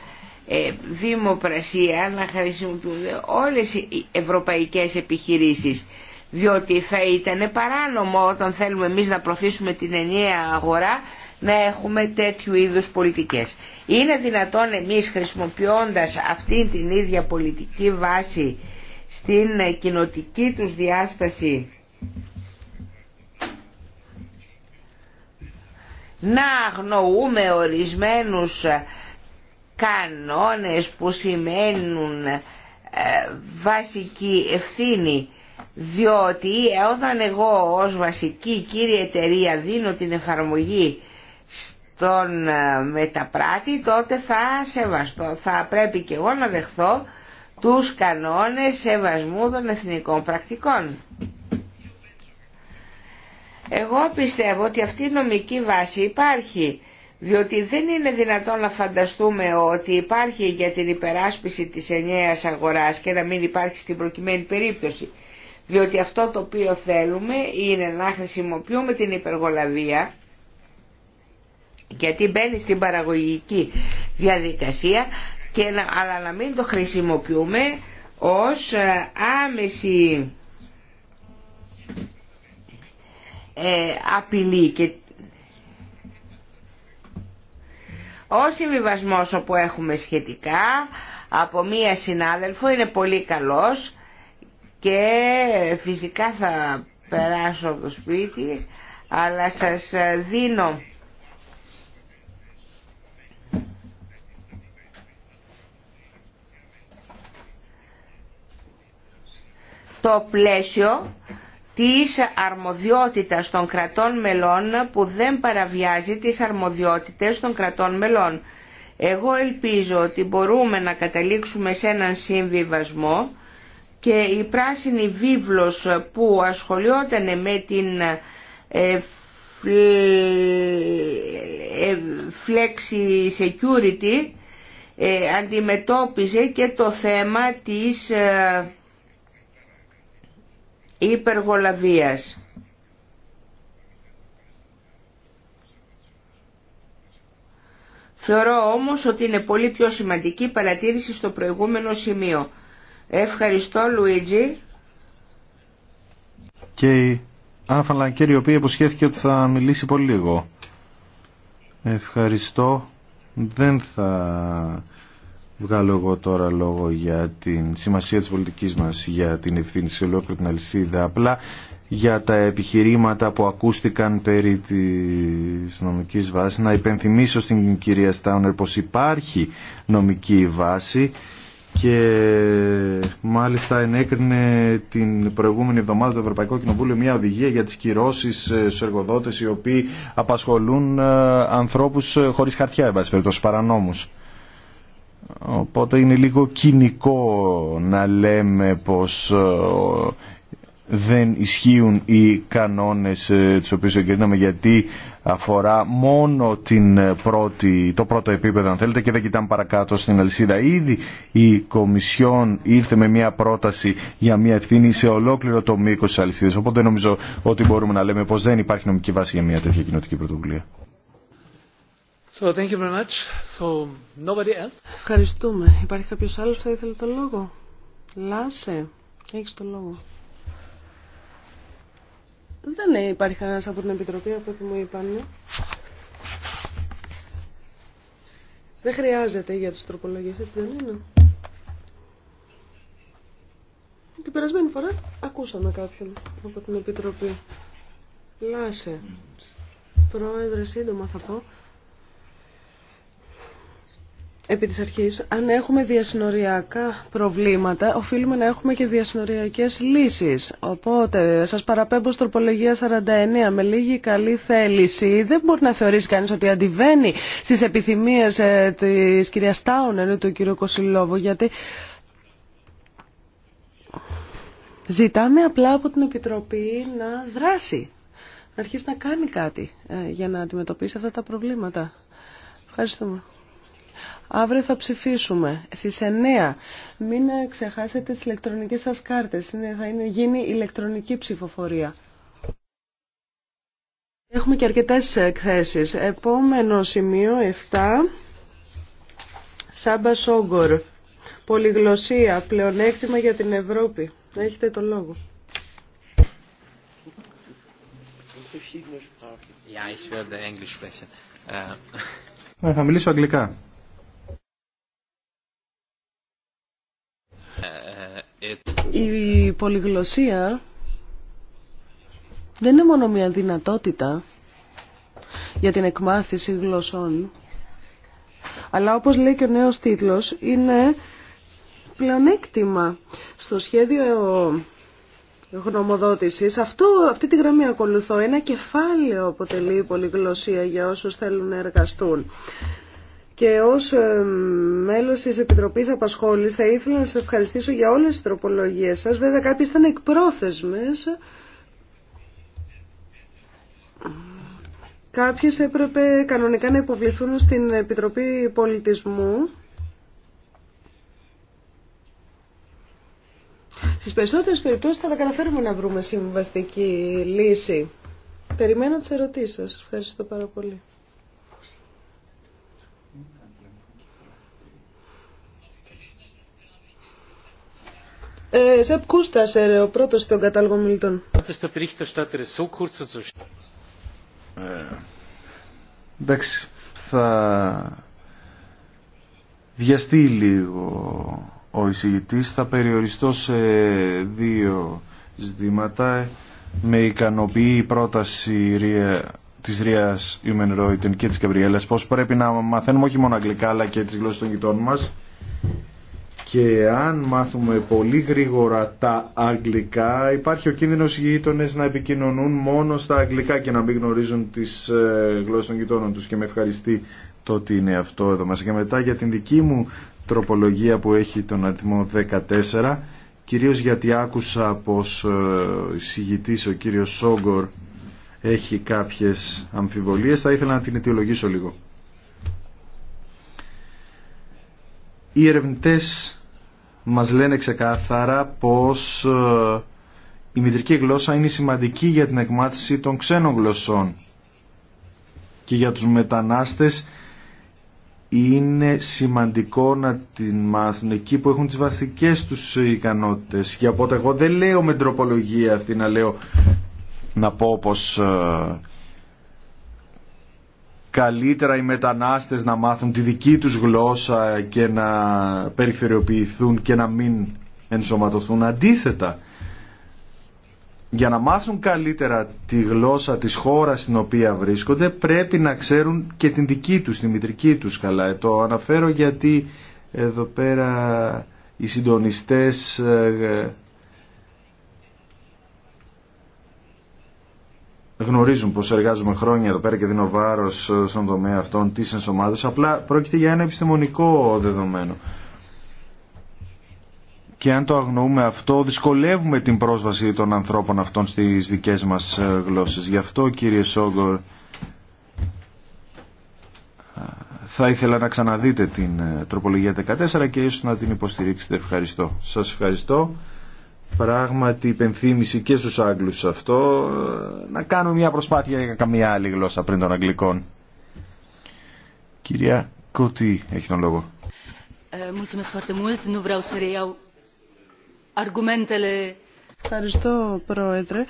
ε, δημοπρασία να χρησιμοποιούμε όλες οι ευρωπαϊκές επιχειρήσεις διότι θα ήταν παράνομο όταν θέλουμε εμείς να προωθήσουμε την ενιαία αγορά να έχουμε τέτοιου είδους πολιτικές. Είναι δυνατόν εμείς χρησιμοποιώντας αυτή την ίδια πολιτική βάση στην κοινοτική τους διάσταση να αγνοούμε ορισμένους κανόνες που σημαίνουν ε, βασική ευθύνη διότι όταν εγώ ως βασική κύριε εταιρεία δίνω την εφαρμογή στον ε, μεταπράτη τότε θα σεβαστώ, θα πρέπει και εγώ να δεχθώ τους κανόνες σεβασμού των εθνικών πρακτικών. Εγώ πιστεύω ότι αυτή η νομική βάση υπάρχει, διότι δεν είναι δυνατόν να φανταστούμε ότι υπάρχει για την υπεράσπιση της ενιαίας αγοράς και να μην υπάρχει στην προκειμένη περίπτωση. Διότι αυτό το οποίο θέλουμε είναι να χρησιμοποιούμε την υπεργολαβία, γιατί μπαίνει στην παραγωγική διαδικασία και αλλά να μην το χρησιμοποιούμε ως ε, άμεση ε, απειλή και ο συμβιβασμός όπου έχουμε σχετικά από μία συνάδελφο είναι πολύ καλός και φυσικά θα περάσω από το σπίτι αλλά σας ε, δίνω το πλαίσιο της αρμοδιότητας των κρατών μελών που δεν παραβιάζει τις αρμοδιότητες των κρατών μελών. Εγώ ελπίζω ότι μπορούμε να καταλήξουμε σε έναν συμβιβασμό και η πράσινη βίβλος που ασχολιόταν με την Flexi ε, ε, Security ε, αντιμετώπιζε και το θέμα της υπεργολαβίας. Θεωρώ όμως ότι είναι πολύ πιο σημαντική παρατήρηση στο προηγούμενο σημείο. Ευχαριστώ Λουίτζι. Και η Άννα Φαλανκέρη, η οποία υποσχέθηκε ότι θα μιλήσει πολύ λίγο. Ευχαριστώ. Δεν θα βγάλω εγώ τώρα λόγο για την σημασία της πολιτικής μας για την ευθύνη σε ολόκληρη την αλυσίδα απλά για τα επιχειρήματα που ακούστηκαν περί της νομικής βάσης να υπενθυμίσω στην κυρία Στάουνερ πως υπάρχει νομική βάση και μάλιστα ενέκρινε την προηγούμενη εβδομάδα το Ευρωπαϊκό Κοινοβούλιο μια οδηγία για τις κυρώσεις στους εργοδότες οι οποίοι απασχολούν ε, ανθρώπους ε, χωρίς χαρτιά, εν πάση παρανόμους. Οπότε είναι λίγο κοινικό να λέμε πως ε, δεν ισχύουν οι κανόνες ε, τους οποίους εγκρίναμε γιατί αφορά μόνο την ε, πρώτη, το πρώτο επίπεδο αν θέλετε και δεν κοιτάμε παρακάτω στην αλυσίδα. Ήδη η Κομισιόν ήρθε με μια πρόταση για μια ευθύνη σε ολόκληρο το μήκος της αλυσίδας. Οπότε νομίζω ότι μπορούμε να λέμε πως δεν υπάρχει νομική βάση για μια τέτοια κοινωτική πρωτοβουλία. Ευχαριστούμε. Υπάρχει κάποιος άλλος που θα ήθελε το λόγο. Λάσε, έχεις το λόγο. Δεν υπάρχει κανένα από την Επιτροπή, από ό,τι μου είπαν. Δεν χρειάζεται για τους τροπολογίες, έτσι δεν είναι. Την περασμένη φορά ακούσαμε κάποιον από την Επιτροπή. Λάσε. Πρόεδρε, σύντομα θα πω επί της αρχής, αν έχουμε διασυνοριακά προβλήματα, οφείλουμε να έχουμε και διασυνοριακές λύσεις. Οπότε, σας παραπέμπω τροπολογία 49, με λίγη καλή θέληση, δεν μπορεί να θεωρήσει κανείς ότι αντιβαίνει στις επιθυμίες ε, της κυρίας Τάουνερ, του κυρίου Κωσιλόβου, γιατί ζητάμε απλά από την Επιτροπή να δράσει, να αρχίσει να κάνει κάτι ε, για να αντιμετωπίσει αυτά τα προβλήματα. Ευχαριστούμε. Αύριο θα ψηφίσουμε στις 9. Μην ξεχάσετε τις ηλεκτρονικές σας κάρτες. θα είναι, γίνει ηλεκτρονική ψηφοφορία. Έχουμε και αρκετές εκθέσεις. Επόμενο σημείο 7. Σάμπα Σόγκορ. Πολυγλωσία. Πλεονέκτημα για την Ευρώπη. Έχετε το λόγο. Uh, ναι, θα μιλήσω αγγλικά. Η πολυγλωσία δεν είναι μόνο μια δυνατότητα για την εκμάθηση γλωσσών, αλλά όπως λέει και ο νέος τίτλος, είναι πλεονέκτημα στο σχέδιο γνωμοδότησης. Αυτό, αυτή τη γραμμή ακολουθώ. Ένα κεφάλαιο αποτελεί η πολυγλωσία για όσους θέλουν να εργαστούν και ως ε, μέλος της Επιτροπής Απασχόλης θα ήθελα να σας ευχαριστήσω για όλες τις τροπολογίες σας. Βέβαια κάποιες ήταν εκπρόθεσμες, κάποιες έπρεπε κανονικά να υποβληθούν στην Επιτροπή Πολιτισμού. Στις περισσότερες περιπτώσεις θα τα καταφέρουμε να βρούμε συμβαστική λύση. Περιμένω τις ερωτήσεις σας. Ευχαριστώ πάρα πολύ. Σε Κούστα, ε, ο πρώτος στον κατάλογο μιλητών. Ε, εντάξει, θα βιαστεί λίγο ο εισηγητή. Θα περιοριστώ σε δύο ζητήματα. Με ικανοποιεί η πρόταση της Ρίας Ιουμεν Ρόιτεν και της Καβριέλας πως πρέπει να μαθαίνουμε όχι μόνο αγγλικά αλλά και τις γλώσσες των γειτόνων μας και αν μάθουμε πολύ γρήγορα τα αγγλικά υπάρχει ο κίνδυνος οι γείτονες να επικοινωνούν μόνο στα αγγλικά και να μην γνωρίζουν τις ε, γλώσσες των γειτόνων τους και με ευχαριστεί το ότι είναι αυτό εδώ μας και μετά για την δική μου τροπολογία που έχει τον αριθμό 14 κυρίως γιατί άκουσα πως ε, συγητής, ο κύριος Σόγκορ έχει κάποιες αμφιβολίες θα ήθελα να την αιτιολογήσω λίγο Οι ερευνητές μας λένε ξεκάθαρα πως ε, η μητρική γλώσσα είναι σημαντική για την εκμάθηση των ξένων γλωσσών και για τους μετανάστες είναι σημαντικό να την μάθουν εκεί που έχουν τις βαθικές τους ικανότητες. Για οπότε εγώ δεν λέω με τροπολογία αυτή να λέω να πω πως ε, καλύτερα οι μετανάστες να μάθουν τη δική τους γλώσσα και να περιφερειοποιηθούν και να μην ενσωματωθούν αντίθετα. Για να μάθουν καλύτερα τη γλώσσα της χώρας στην οποία βρίσκονται πρέπει να ξέρουν και την δική τους, τη μητρική τους καλά. Ε, το αναφέρω γιατί εδώ πέρα οι συντονιστές ε, γνωρίζουν πως εργάζομαι χρόνια εδώ πέρα και δίνω βάρος ε, στον τομέα αυτών της ενσωμάτωσης, απλά πρόκειται για ένα επιστημονικό δεδομένο. Και αν το αγνοούμε αυτό, δυσκολεύουμε την πρόσβαση των ανθρώπων αυτών στις δικές μας ε, γλώσσες. Γι' αυτό, κύριε Σόγκορ, θα ήθελα να ξαναδείτε την ε, τροπολογία 14 και ίσως να την υποστηρίξετε. Ευχαριστώ. Σας ευχαριστώ πράγματι υπενθύμηση και στους Άγγλους αυτό ε, να κάνουν μια προσπάθεια για καμία άλλη γλώσσα πριν των Αγγλικών. Κυρία Κωτή έχει τον λόγο. Ε, Ευχαριστώ Πρόεδρε.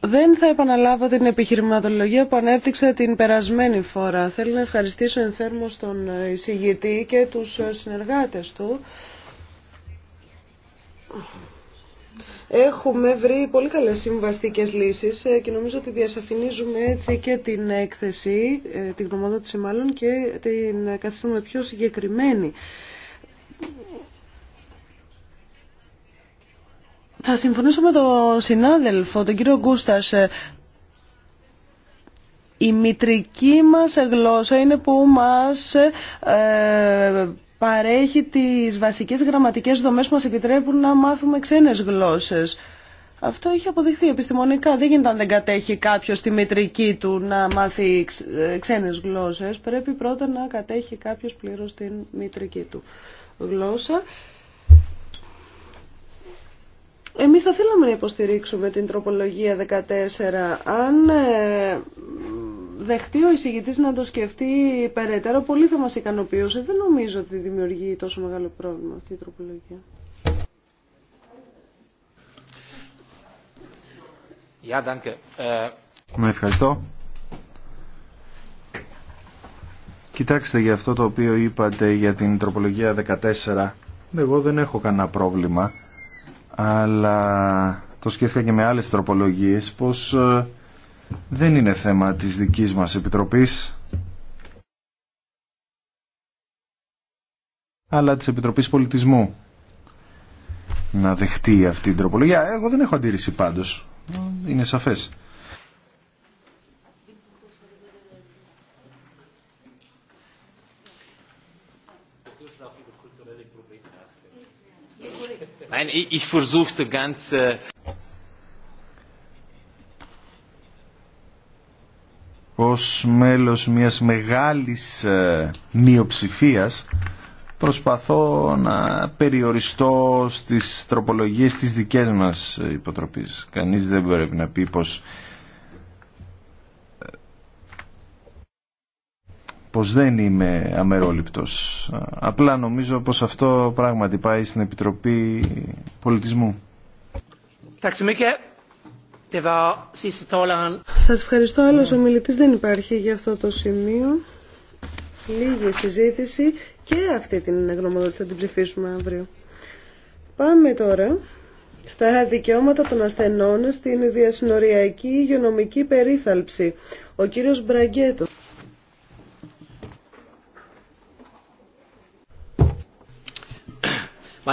Δεν θα επαναλάβω την επιχειρηματολογία που ανέπτυξα την περασμένη φορά. Θέλω να ευχαριστήσω ενθέρμως τον εισηγητή και τους συνεργάτες του. Έχουμε βρει πολύ καλές συμβαστικές λύσεις ε, και νομίζω ότι διασαφηνίζουμε έτσι και την έκθεση, ε, την γνωμοδότηση μάλλον και την καθιστούμε πιο συγκεκριμένη. Θα συμφωνήσω με τον συνάδελφο, τον κύριο Γκούστας, ε, η μητρική μας γλώσσα είναι που μας παρέχει τις βασικές γραμματικές δομές που μας επιτρέπουν να μάθουμε ξένες γλώσσες. Αυτό έχει αποδειχθεί επιστημονικά. Δεν γίνεται αν δεν κατέχει κάποιο τη μητρική του να μάθει ε, ξένες γλώσσες. Πρέπει πρώτα να κατέχει κάποιος πλήρως την μητρική του γλώσσα. Εμείς θα θέλαμε να υποστηρίξουμε την τροπολογία 14. Αν ε, δεχτεί ο εισηγητή να το σκεφτεί περαιτέρω, πολύ θα μας ικανοποιούσε. Δεν νομίζω ότι δημιουργεί τόσο μεγάλο πρόβλημα αυτή η τροπολογία. Ε, ναι, ευχαριστώ. Κοιτάξτε για αυτό το οποίο είπατε για την τροπολογία 14. Εγώ δεν έχω κανένα πρόβλημα, αλλά το σκέφτηκα και με άλλες τροπολογίες πως ε, δεν είναι θέμα της δικής μας Επιτροπής αλλά της Επιτροπής Πολιτισμού να δεχτεί αυτή την τροπολογία. Εγώ δεν έχω αντίρρηση πάντως. Είναι σαφές. ως μέλος μιας μεγάλης ε, μειοψηφίας προσπαθώ να περιοριστώ στις τροπολογίες της δικές μας ε, υποτροπής. Κανείς δεν μπορεί να πει πως, ε, πως δεν είμαι αμερόληπτος. Απλά νομίζω πως αυτό πράγματι πάει στην Επιτροπή Πολιτισμού. Σας ευχαριστώ. Άλλος ομιλητής δεν υπάρχει για αυτό το σημείο. Λίγη συζήτηση και αυτή την γνωμοδότηση θα την ψηφίσουμε αύριο. Πάμε τώρα στα δικαιώματα των ασθενών στην διασυνοριακή υγειονομική περίθαλψη. Ο κύριος Μπραγκέτο.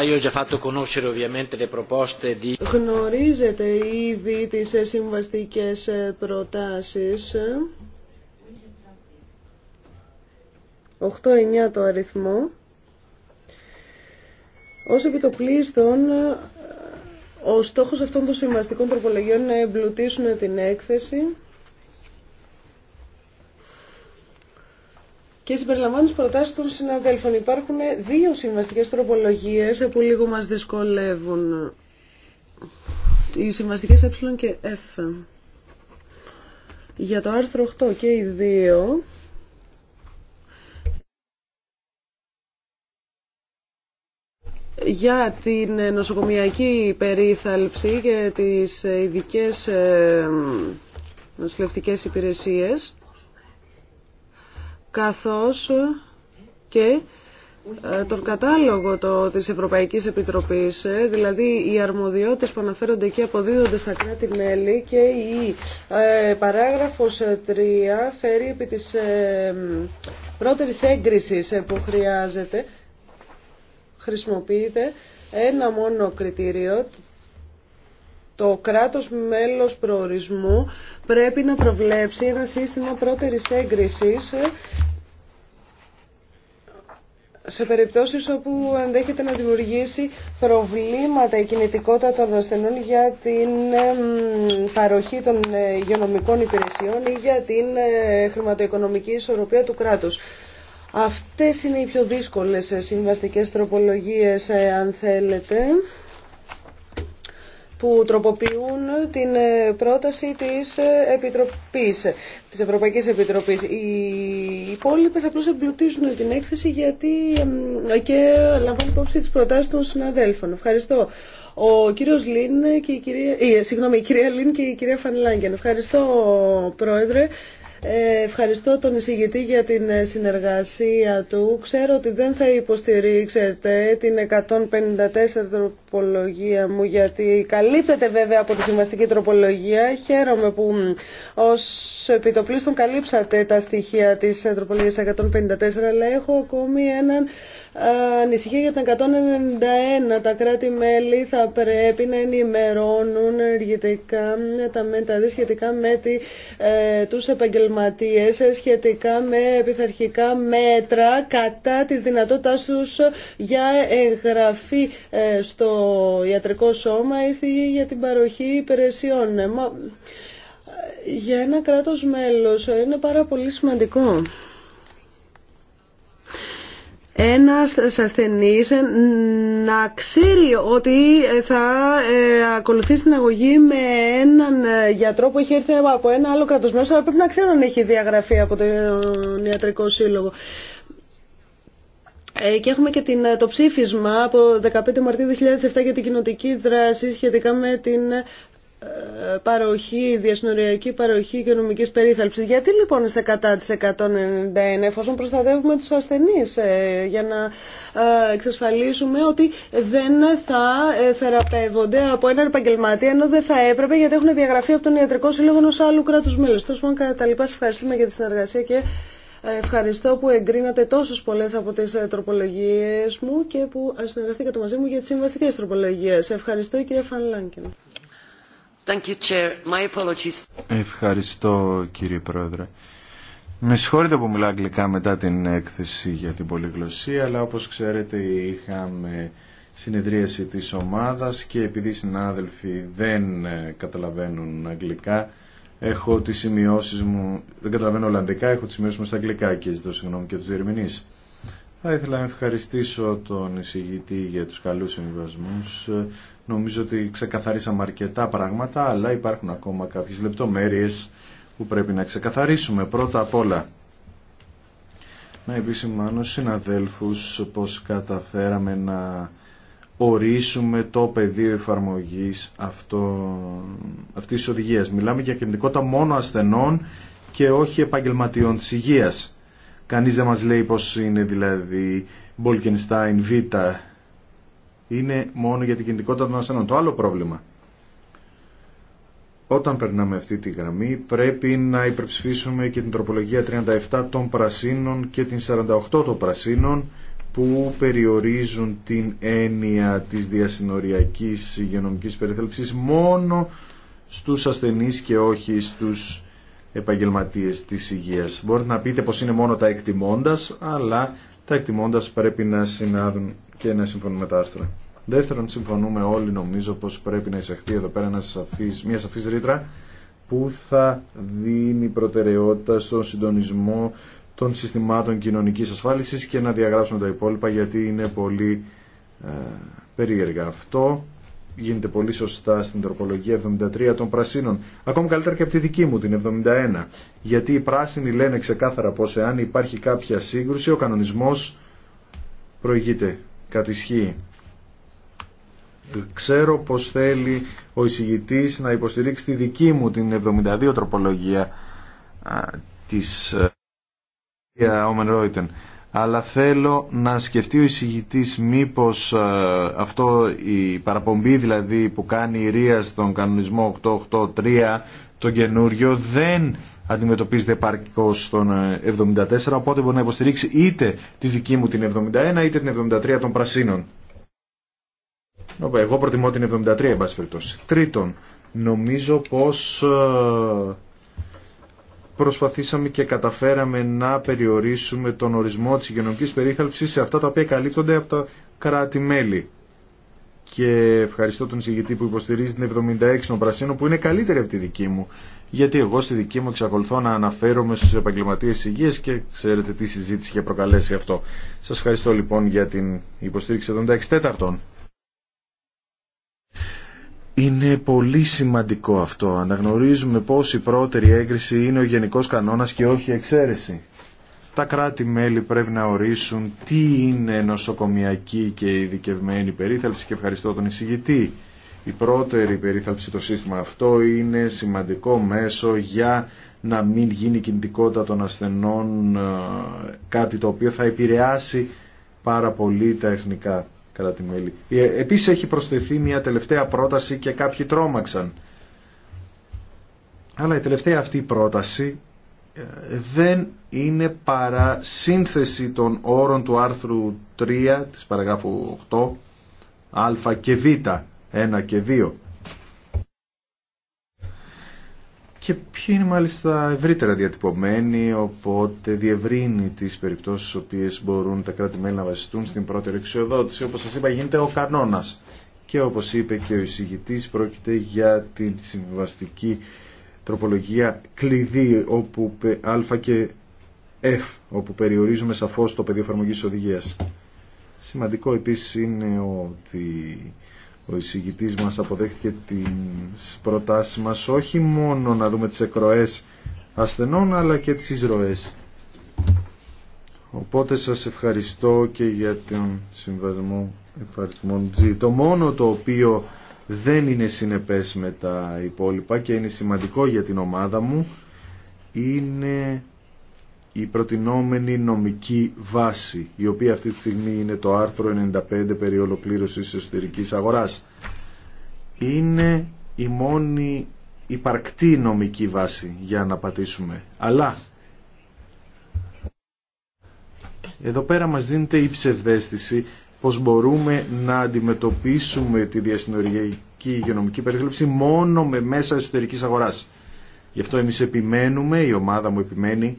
io ho già fatto conoscere ovviamente le proposte di... Γνωρίζετε ήδη τις συμβαστικές προτάσεις. 8-9 το αριθμό. Όσο και το πλήστον, ο στόχος αυτών των συμβαστικών τροπολογιών είναι να εμπλουτίσουν την έκθεση και συμπεριλαμβάνει τι προτάσει των συναδέλφων. Υπάρχουν δύο συμβαστικέ τροπολογίε που λίγο μα δυσκολεύουν. Οι συμβαστικέ ε και F. Για το άρθρο 8 και οι δύο. για την νοσοκομιακή περίθαλψη και τις ειδικές ε, νοσηλευτικές υπηρεσίες καθώς και ε, τον κατάλογο το, της Ευρωπαϊκής Επιτροπής, ε, δηλαδή οι αρμοδιότητες που αναφέρονται εκεί αποδίδονται στα κράτη-μέλη και η ε, παράγραφος 3 φέρει επί της ε, πρώτερης έγκρισης που χρειάζεται, χρησιμοποιείται ένα μόνο κριτήριο, το κράτος μέλος προορισμού πρέπει να προβλέψει ένα σύστημα πρώτερης έγκρισης ε, σε περιπτώσεις όπου ενδέχεται να δημιουργήσει προβλήματα η κινητικότητα των ασθενών για την παροχή των ε, υγειονομικών υπηρεσιών ή για την ε, χρηματοοικονομική ισορροπία του κράτους. Αυτές είναι οι πιο δύσκολες συμβαστικές τροπολογίες, αν θέλετε που τροποποιούν την ε, πρόταση της ε, Επιτροπής, της Ευρωπαϊκής Επιτροπής. Οι υπόλοιπε απλώς εμπλουτίζουν την έκθεση γιατί και λαμβάνουν υπόψη τις προτάσεις των συναδέλφων. Ευχαριστώ. Ο κύριος Λίν και η κυρία, ε, συγγνώμη, η κυρία Λίν και η κυρία Φανλάγκεν. Ευχαριστώ, Πρόεδρε. Ε, ευχαριστώ τον εισηγητή για την συνεργασία του. Ξέρω ότι δεν θα υποστηρίξετε την 154 τροπολογία μου γιατί καλύπτεται βέβαια από τη συμβαστική τροπολογία. Χαίρομαι που ως επιτοπλίστων καλύψατε τα στοιχεία της τροπολογίας 154 αλλά έχω ακόμη έναν ανησυχία για τα 191. Τα κράτη-μέλη θα πρέπει να ενημερώνουν ενεργητικά τα ΜΕΤΑΔΗ σχετικά με τη, ε, τους επαγγελματίες, ε, σχετικά με επιθαρχικά μέτρα κατά της δυνατότητάς τους για εγγραφή ε, στο ιατρικό σώμα ή στη, για την παροχή υπηρεσιών. για ένα κράτος μέλος είναι πάρα πολύ σημαντικό ένας ασθενής να ξέρει ότι θα ε, ακολουθεί στην αγωγή με έναν ε, γιατρό που έχει έρθει από ένα άλλο κράτος μέσα, αλλά πρέπει να ξέρει αν έχει διαγραφεί από τον Ιατρικό Σύλλογο. Ε, και έχουμε και την, το ψήφισμα από 15 Μαρτίου 2007 για την κοινοτική δράση σχετικά με την παροχή, διασυνοριακή παροχή και νομικής περίθαλψης. Γιατί λοιπόν είστε κατά τις 191 εφόσον προστατεύουμε τους ασθενείς ε, για να ε, εξασφαλίσουμε ότι δεν θα ε, θεραπεύονται από έναν επαγγελματία ενώ δεν θα έπρεπε γιατί έχουν διαγραφεί από τον ιατρικό σύλλογο ενός άλλου κράτους μέλους. Τέλος πάντων ευχαριστούμε για τη συνεργασία και ευχαριστώ που εγκρίνατε τόσες πολλές από τις τροπολογίες μου και που συνεργαστήκατε μαζί μου για τις συμβαστικές τροπολογίες. Ευχαριστώ κυρία Φανλάνκεν. Ευχαριστώ κύριε Πρόεδρε. Με συγχωρείτε που μιλάω αγγλικά μετά την έκθεση για την πολυγλωσία, αλλά όπως ξέρετε είχαμε συνεδρίαση της ομάδας και επειδή οι συνάδελφοι δεν ε, καταλαβαίνουν αγγλικά, έχω τις σημειώσεις μου, δεν καταλαβαίνω ολλανδικά, έχω τις σημειώσεις μου στα αγγλικά και ζητώ συγγνώμη και του διερμηνείς. Θα ήθελα να ευχαριστήσω τον εισηγητή για τους καλούς συμβάσμους. Νομίζω ότι ξεκαθαρίσαμε αρκετά πράγματα, αλλά υπάρχουν ακόμα κάποιες λεπτομέρειες που πρέπει να ξεκαθαρίσουμε. Πρώτα απ' όλα, να επισημάνω συναδέλφους πως καταφέραμε να ορίσουμε το πεδίο εφαρμογής αυτό, αυτής της οδηγίας. Μιλάμε για κινητικότητα μόνο ασθενών και όχι επαγγελματιών της υγείας. Κανείς δεν μας λέει πως είναι δηλαδή Μπολκενστάιν Β. Είναι μόνο για την κινητικότητα των ασθενών. Το άλλο πρόβλημα. Όταν περνάμε αυτή τη γραμμή πρέπει να υπερψηφίσουμε και την τροπολογία 37 των πρασίνων και την 48 των πρασίνων που περιορίζουν την έννοια της διασυνοριακής υγειονομικής περιθέλψης μόνο στους ασθενείς και όχι στους επαγγελματίες της υγείας. Μπορείτε να πείτε πως είναι μόνο τα εκτιμώντας, αλλά τα εκτιμώντας πρέπει να συνάδουν και να συμφωνούν με τα άρθρα. Δεύτερον, συμφωνούμε όλοι νομίζω πως πρέπει να εισαχθεί εδώ πέρα μια σαφής ρήτρα που θα δίνει προτεραιότητα στον συντονισμό των συστημάτων κοινωνικής ασφάλισης και να διαγράψουμε τα υπόλοιπα γιατί είναι πολύ ε, περίεργα. Αυτό γίνεται πολύ σωστά στην τροπολογία 73 των πρασίνων. Ακόμη καλύτερα και από τη δική μου την 71. Γιατί οι πράσινοι λένε ξεκάθαρα πως εάν υπάρχει κάποια σύγκρουση ο κανονισμός προηγείται κατησχεί. Ξέρω πως θέλει ο εισηγητής να υποστηρίξει τη δική μου την 72 τροπολογία της ε, Ομεν αλλά θέλω να σκεφτεί ο εισηγητής μήπως ε, αυτό η παραπομπή δηλαδή που κάνει η Ρία στον κανονισμό 883 τον καινούριο δεν αντιμετωπίζεται επαρκώς στον 74 ε, οπότε μπορεί να υποστηρίξει είτε τη δική μου την 71 είτε την 73 των Πρασίνων. Εγώ προτιμώ την 73 εν πάση Τρίτον, νομίζω πως ε, προσπαθήσαμε και καταφέραμε να περιορίσουμε τον ορισμό της υγειονομικής περίθαλψης σε αυτά τα οποία καλύπτονται από τα κράτη-μέλη. Και ευχαριστώ τον συγγητή που υποστηρίζει την 76 των Πρασίνων που είναι καλύτερη από τη δική μου. Γιατί εγώ στη δική μου εξακολουθώ να αναφέρομαι στους επαγγελματίες υγεία και ξέρετε τι συζήτηση είχε προκαλέσει αυτό. Σας ευχαριστώ λοιπόν για την υποστήριξη των τέταρτων. Είναι πολύ σημαντικό αυτό. Αναγνωρίζουμε πως η πρώτερη έγκριση είναι ο γενικός κανόνας και όχι η εξαίρεση. Τα κράτη-μέλη πρέπει να ορίσουν τι είναι νοσοκομιακή και ειδικευμένη περίθαλψη και ευχαριστώ τον εισηγητή. Η πρώτερη περίθαλψη το σύστημα αυτό είναι σημαντικό μέσο για να μην γίνει κινητικότητα των ασθενών ε, κάτι το οποίο θα επηρεάσει πάρα πολύ τα εθνικά τη μελη ε, Επίσης έχει προσθεθεί μια τελευταία πρόταση και κάποιοι τρόμαξαν. Αλλά η τελευταία αυτή πρόταση ε, δεν είναι παρά σύνθεση των όρων του άρθρου 3 της παραγράφου 8 α και β, 1 και 2 και ποιοι είναι μάλιστα ευρύτερα διατυπωμένοι, οπότε διευρύνει τις περιπτώσεις στι οποίε μπορούν τα κράτη-μέλη να βασιστούν στην πρώτη εξοδότηση. Όπως σας είπα γίνεται ο κανόνας και όπως είπε και ο εισηγητή, πρόκειται για τη συμβιβαστική τροπολογία κλειδί όπου α και F, όπου περιορίζουμε σαφώς το πεδίο εφαρμογής οδηγίας. Σημαντικό επίσης είναι ότι ο εισηγητής μας αποδέχτηκε τις προτάσεις μας όχι μόνο να δούμε τις εκροές ασθενών αλλά και τις εισρωές. Οπότε σας ευχαριστώ και για τον συμβασμό επαριθμών G. Το μόνο το οποίο δεν είναι συνεπές με τα υπόλοιπα και είναι σημαντικό για την ομάδα μου είναι η προτινόμενη νομική βάση, η οποία αυτή τη στιγμή είναι το άρθρο 95 περί ολοκλήρωσης εσωτερικής αγοράς. Είναι η μόνη υπαρκτή νομική βάση για να πατήσουμε. Αλλά εδώ πέρα μας δίνεται η ψευδέστηση πως μπορούμε να αντιμετωπίσουμε τη διασυνοριακή υγειονομική περιθλίψη μόνο με μέσα εσωτερικής αγοράς. Γι' αυτό εμείς επιμένουμε, η ομάδα μου επιμένει,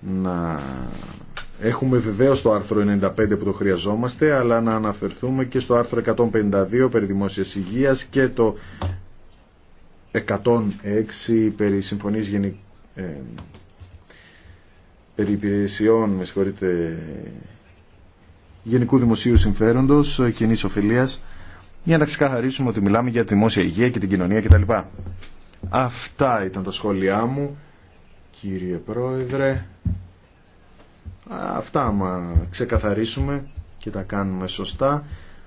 να έχουμε βεβαίως το άρθρο 95 που το χρειαζόμαστε αλλά να αναφερθούμε και στο άρθρο 152 περί δημόσιας υγείας και το 106 περί συμφωνίας ε, περί υπηρεσιών με συγχωρείτε, γενικού δημοσίου συμφέροντος ε, κοινή οφειλίας για να ξεκαθαρίσουμε ότι μιλάμε για τη δημόσια υγεία και την κοινωνία κτλ. Αυτά ήταν τα σχόλιά μου κύριε Πρόεδρε. Αυτά άμα ξεκαθαρίσουμε και τα κάνουμε σωστά,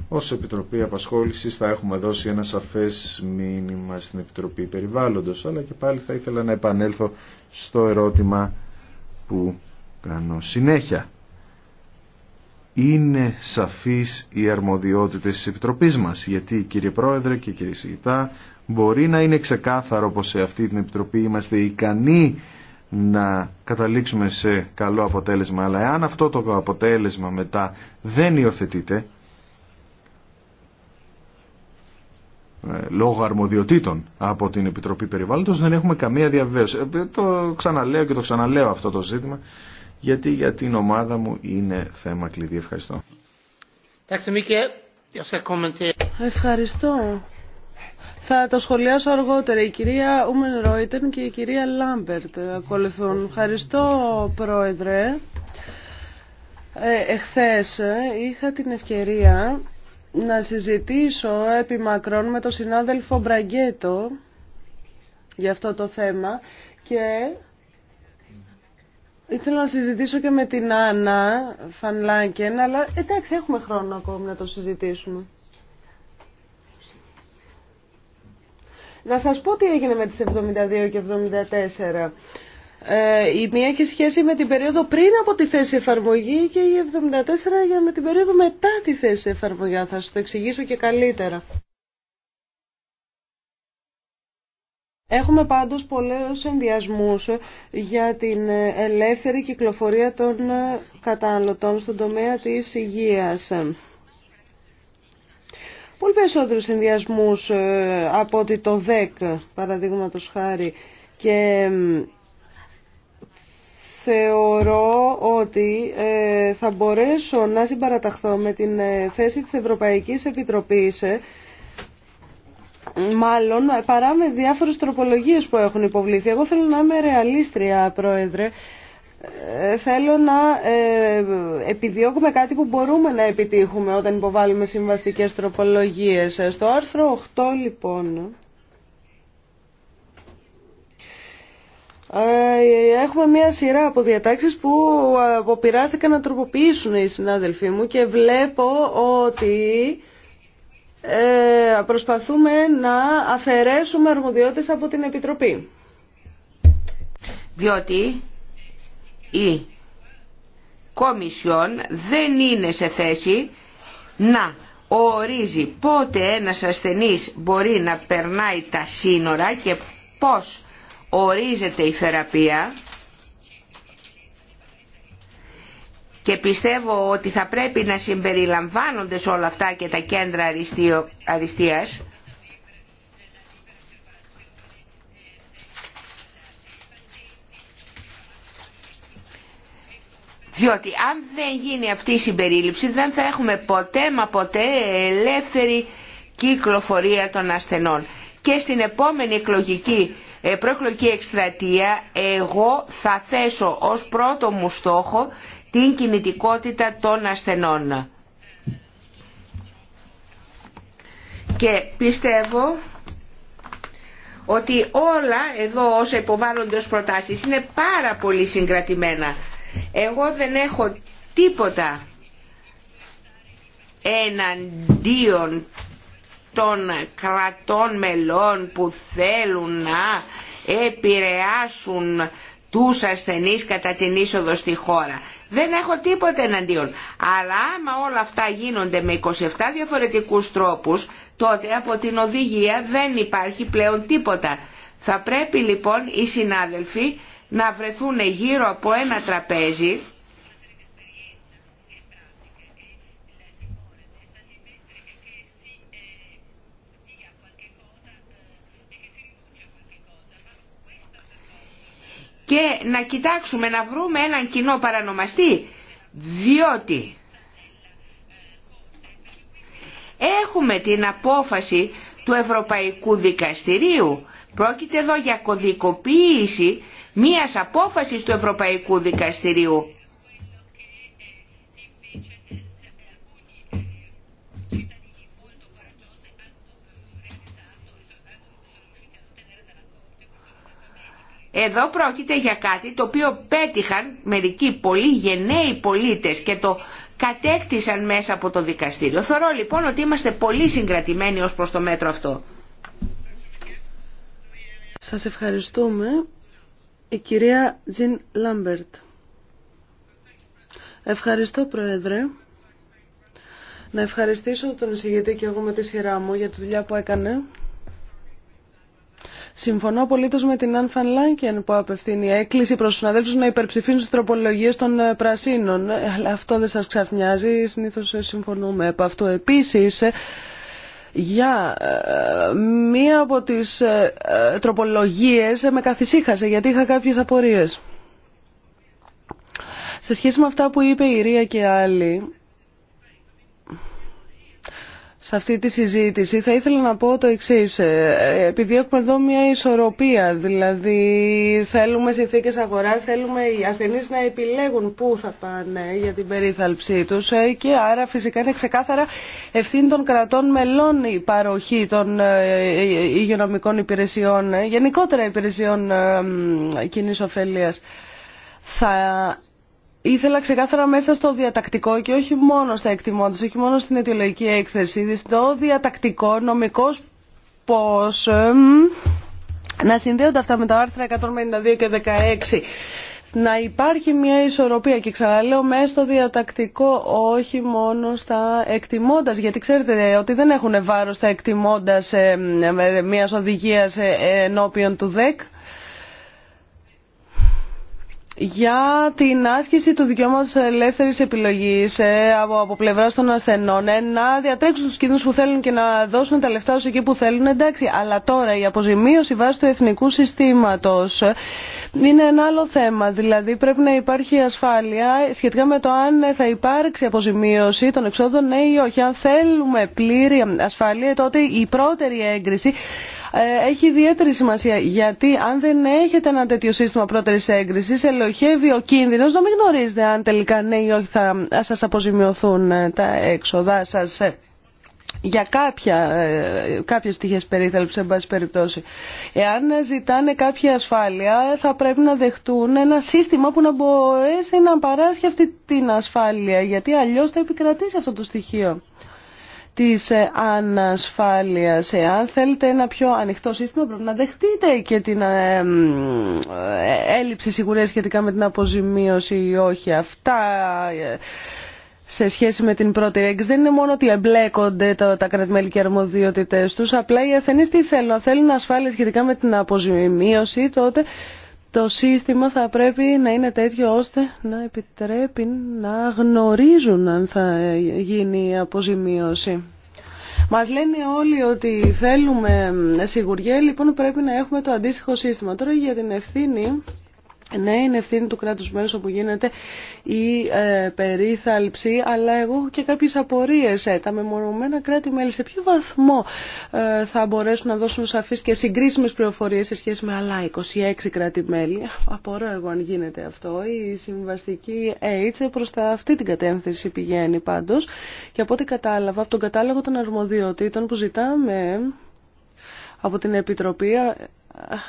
ως Επιτροπή Απασχόλησης θα έχουμε δώσει ένα σαφές μήνυμα στην Επιτροπή Περιβάλλοντος, αλλά και πάλι θα ήθελα να επανέλθω στο ερώτημα που κάνω συνέχεια. Είναι σαφής οι αρμοδιότητες της Επιτροπής μας, γιατί κύριε Πρόεδρε και κύριε Σιγητά, μπορεί να είναι ξεκάθαρο πως σε αυτή την Επιτροπή είμαστε ικανοί να καταλήξουμε σε καλό αποτέλεσμα, αλλά εάν αυτό το αποτέλεσμα μετά δεν υιοθετείται, ε, λόγω αρμοδιοτήτων από την Επιτροπή Περιβάλλοντος δεν έχουμε καμία διαβεβαίωση. Ε, το ξαναλέω και το ξαναλέω αυτό το ζήτημα γιατί για την ομάδα μου είναι θέμα κλειδί. Ευχαριστώ. Ευχαριστώ. Θα το σχολιάσω αργότερα. Η κυρία Ούμεν Ρόιτεν και η κυρία Λάμπερτ ακολουθούν. Ευχαριστώ, Πρόεδρε. Ε, εχθές ε, είχα την ευκαιρία να συζητήσω επί μακρόν με τον συνάδελφο Μπραγκέτο για αυτό το θέμα και ήθελα να συζητήσω και με την Άννα Φανλάκεν, αλλά εντάξει έχουμε χρόνο ακόμη να το συζητήσουμε. Να σας πω τι έγινε με τις 72 και 74. Ε, η μία έχει σχέση με την περίοδο πριν από τη θέση εφαρμογή και η 74 για με την περίοδο μετά τη θέση εφαρμογή. Θα σας το εξηγήσω και καλύτερα. Έχουμε πάντως πολλούς ενδιασμούς για την ελεύθερη κυκλοφορία των καταναλωτών στον τομέα της υγείας πολύ περισσότερους συνδυασμούς ε, από ότι το ΔΕΚ παραδείγματος χάρη και θεωρώ ότι ε, θα μπορέσω να συμπαραταχθώ με την ε, θέση της Ευρωπαϊκής Επιτροπής μάλλον παρά με διάφορες τροπολογίες που έχουν υποβληθεί. Εγώ θέλω να είμαι ρεαλίστρια, Πρόεδρε. Ε, θέλω να ε, επιδιώκουμε κάτι που μπορούμε να επιτύχουμε όταν υποβάλλουμε συμβαστικές τροπολογίες. Στο άρθρο 8 λοιπόν... Ε, έχουμε μια σειρά από διατάξεις που αποπειράθηκαν να τροποποιήσουν οι συνάδελφοί μου και βλέπω ότι προσπαθούμε να αφαιρέσουμε αρμοδιότητες από την Επιτροπή. Διότι η Κομισιόν δεν είναι σε θέση να ορίζει πότε ένας ασθενής μπορεί να περνάει τα σύνορα και πώς ορίζεται η θεραπεία και πιστεύω ότι θα πρέπει να συμπεριλαμβάνονται σε όλα αυτά και τα κέντρα αριστείας Διότι αν δεν γίνει αυτή η συμπερίληψη δεν θα έχουμε ποτέ μα ποτέ ελεύθερη κυκλοφορία των ασθενών. Και στην επόμενη εκλογική, ε, προεκλογική εκστρατεία εγώ θα θέσω ως πρώτο μου στόχο την κινητικότητα των ασθενών. Και πιστεύω ότι όλα εδώ όσα υποβάλλονται ως προτάσεις είναι πάρα πολύ συγκρατημένα. Εγώ δεν έχω τίποτα εναντίον των κρατών μελών που θέλουν να επηρεάσουν τους ασθενείς κατά την είσοδο στη χώρα. Δεν έχω τίποτα εναντίον. Αλλά άμα όλα αυτά γίνονται με 27 διαφορετικούς τρόπους, τότε από την οδηγία δεν υπάρχει πλέον τίποτα. Θα πρέπει λοιπόν οι συνάδελφοι να βρεθούν γύρω από ένα τραπέζι και να κοιτάξουμε να βρούμε έναν κοινό παρανομαστή διότι έχουμε την απόφαση του Ευρωπαϊκού Δικαστηρίου. Πρόκειται εδώ για κωδικοποίηση μίας απόφασης του Ευρωπαϊκού Δικαστηρίου. Εδώ πρόκειται για κάτι το οποίο πέτυχαν μερικοί πολύ γενναίοι πολίτες και το κατέκτησαν μέσα από το δικαστήριο. Θεωρώ λοιπόν ότι είμαστε πολύ συγκρατημένοι ως προς το μέτρο αυτό. Σας ευχαριστούμε. Η κυρία Τζιν Λάμπερτ. Ευχαριστώ Πρόεδρε. Να ευχαριστήσω τον συγγετή και εγώ με τη σειρά μου για τη δουλειά που έκανε Συμφωνώ απολύτω με την Αν Φαν που απευθύνει έκκληση προ του συναδέλφου να υπερψηφίσουν τι τροπολογίε των ε, πρασίνων. Ε, αλλά αυτό δεν σα ξαφνιάζει. Συνήθω ε, συμφωνούμε από αυτό. Επίση, για μία από τις τροπολογίες με καθησύχασε γιατί είχα κάποιες απορίες. Σε σχέση με αυτά που είπε η Ρία και άλλοι, σε αυτή τη συζήτηση. Θα ήθελα να πω το εξή. Ε, επειδή έχουμε εδώ μια ισορροπία, δηλαδή θέλουμε συνθήκε αγορά, θέλουμε οι ασθενεί να επιλέγουν πού θα πάνε για την περίθαλψή του ε, και άρα φυσικά είναι ξεκάθαρα ευθύνη των κρατών μελών η παροχή των ε, υγειονομικών υπηρεσιών, γενικότερα υπηρεσιών κοινή ωφέλεια. Θα Ήθελα ξεκάθαρα μέσα στο διατακτικό και όχι μόνο στα εκτιμώντα, όχι μόνο στην αιτιολογική έκθεση, στο διατακτικό νομικό πώ να συνδέονται αυτά με τα άρθρα 152 και 16 να υπάρχει μια ισορροπία και ξαναλέω μέσα στο διατακτικό όχι μόνο στα εκτιμώντας γιατί ξέρετε ότι δεν έχουν βάρος τα εκτιμώντα ε, μιας οδηγίας ε, ενώπιον του ΔΕΚ για την άσκηση του δικαιώματος ελεύθερης επιλογής ε, από, από πλευρά των ασθενών ε, να διατρέξουν του κινδύνους που θέλουν και να δώσουν τα λεφτά τους εκεί που θέλουν εντάξει αλλά τώρα η αποζημίωση βάσει του εθνικού συστήματος ε, είναι ένα άλλο θέμα δηλαδή πρέπει να υπάρχει ασφάλεια σχετικά με το αν θα υπάρξει αποζημίωση των εξόδων ναι ή όχι αν θέλουμε πλήρη ασφάλεια τότε η πρώτερη έγκριση ε, έχει ιδιαίτερη σημασία. Γιατί αν δεν έχετε ένα τέτοιο σύστημα πρώτερη έγκριση, ελοχεύει ο κίνδυνο να μην γνωρίζετε αν τελικά ναι ή όχι θα σα αποζημιωθούν ε, τα έξοδά σα ε, για κάποια, κάποιες στοιχείες περίθαλψη, εν πάση περιπτώσει. Εάν ζητάνε κάποια ασφάλεια, θα πρέπει να δεχτούν ένα σύστημα που να μπορέσει να παράσχει αυτή την ασφάλεια, γιατί αλλιώς θα επικρατήσει αυτό το στοιχείο της ε, ανασφάλειας. Εάν θέλετε ένα πιο ανοιχτό σύστημα πρέπει να δεχτείτε και την ε, ε, έλλειψη σιγουρία σχετικά με την αποζημίωση ή όχι. Αυτά σε σχέση με την πρώτη έγκριση δεν είναι μόνο ότι εμπλέκονται τα, τα κρατημέλη και αρμοδιότητε του, απλά οι ασθενείς τι θέλουν. θέλουν ασφάλεια σχετικά με την αποζημίωση, τότε το σύστημα θα πρέπει να είναι τέτοιο ώστε να επιτρέπει να γνωρίζουν αν θα γίνει η αποζημίωση. Μας λένε όλοι ότι θέλουμε σιγουριέ, λοιπόν πρέπει να έχουμε το αντίστοιχο σύστημα. Τώρα για την ευθύνη ναι, είναι ευθύνη του κράτους μέρους όπου γίνεται η ε, περίθαλψη, αλλά εγώ έχω και κάποιες απορίες. Ε, τα μεμονωμένα κράτη-μέλη σε ποιο βαθμό ε, θα μπορέσουν να δώσουν σαφείς και συγκρίσιμες πληροφορίες σε σχέση με άλλα 26 κράτη-μέλη. Απορώ εγώ αν γίνεται αυτό. Η συμβαστική AIDS προς τα αυτή την κατεύθυνση πηγαίνει πάντως. Και από ό,τι κατάλαβα, από τον κατάλογο των αρμοδιοτήτων που ζητάμε από την Επιτροπή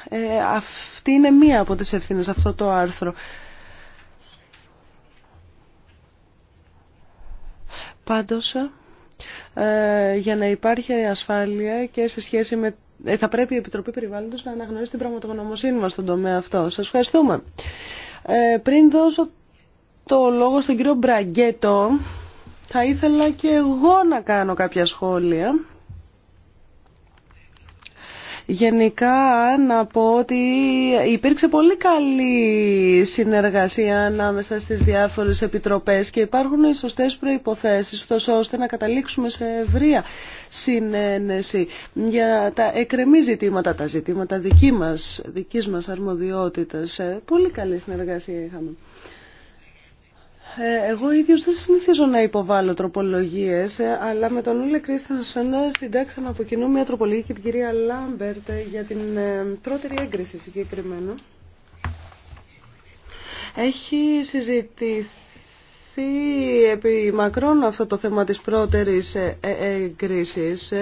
ε, αυτή είναι μία από τις ευθύνες, αυτό το άρθρο. Πάντως, ε, για να υπάρχει ασφάλεια και σε σχέση με... Ε, θα πρέπει η Επιτροπή Περιβάλλοντος να αναγνωρίσει την πραγματογνωμοσύνη μας στον τομέα αυτό. Σας ευχαριστούμε. Ε, πριν δώσω το λόγο στον κύριο Μπραγκέτο, θα ήθελα και εγώ να κάνω κάποια σχόλια. Γενικά να πω ότι υπήρξε πολύ καλή συνεργασία ανάμεσα στις διάφορες επιτροπές και υπάρχουν οι σωστές προϋποθέσεις ώστε να καταλήξουμε σε ευρεία συνένεση για τα εκρεμή ζητήματα, τα ζητήματα δική μας, δικής μας αρμοδιότητας. Ε, πολύ καλή συνεργασία είχαμε. Ε, εγώ ίδιος δεν συνηθίζω να υποβάλω τροπολογίες, ε, αλλά με τον Ούλε Κρίστανσον συντάξαμε από κοινού μια τροπολογία και την κυρία Λάμπερτ για την ε, πρώτερη έγκριση συγκεκριμένα. Έχει συζητηθεί επί μακρόν αυτό το θέμα της πρώτερης έγκρισης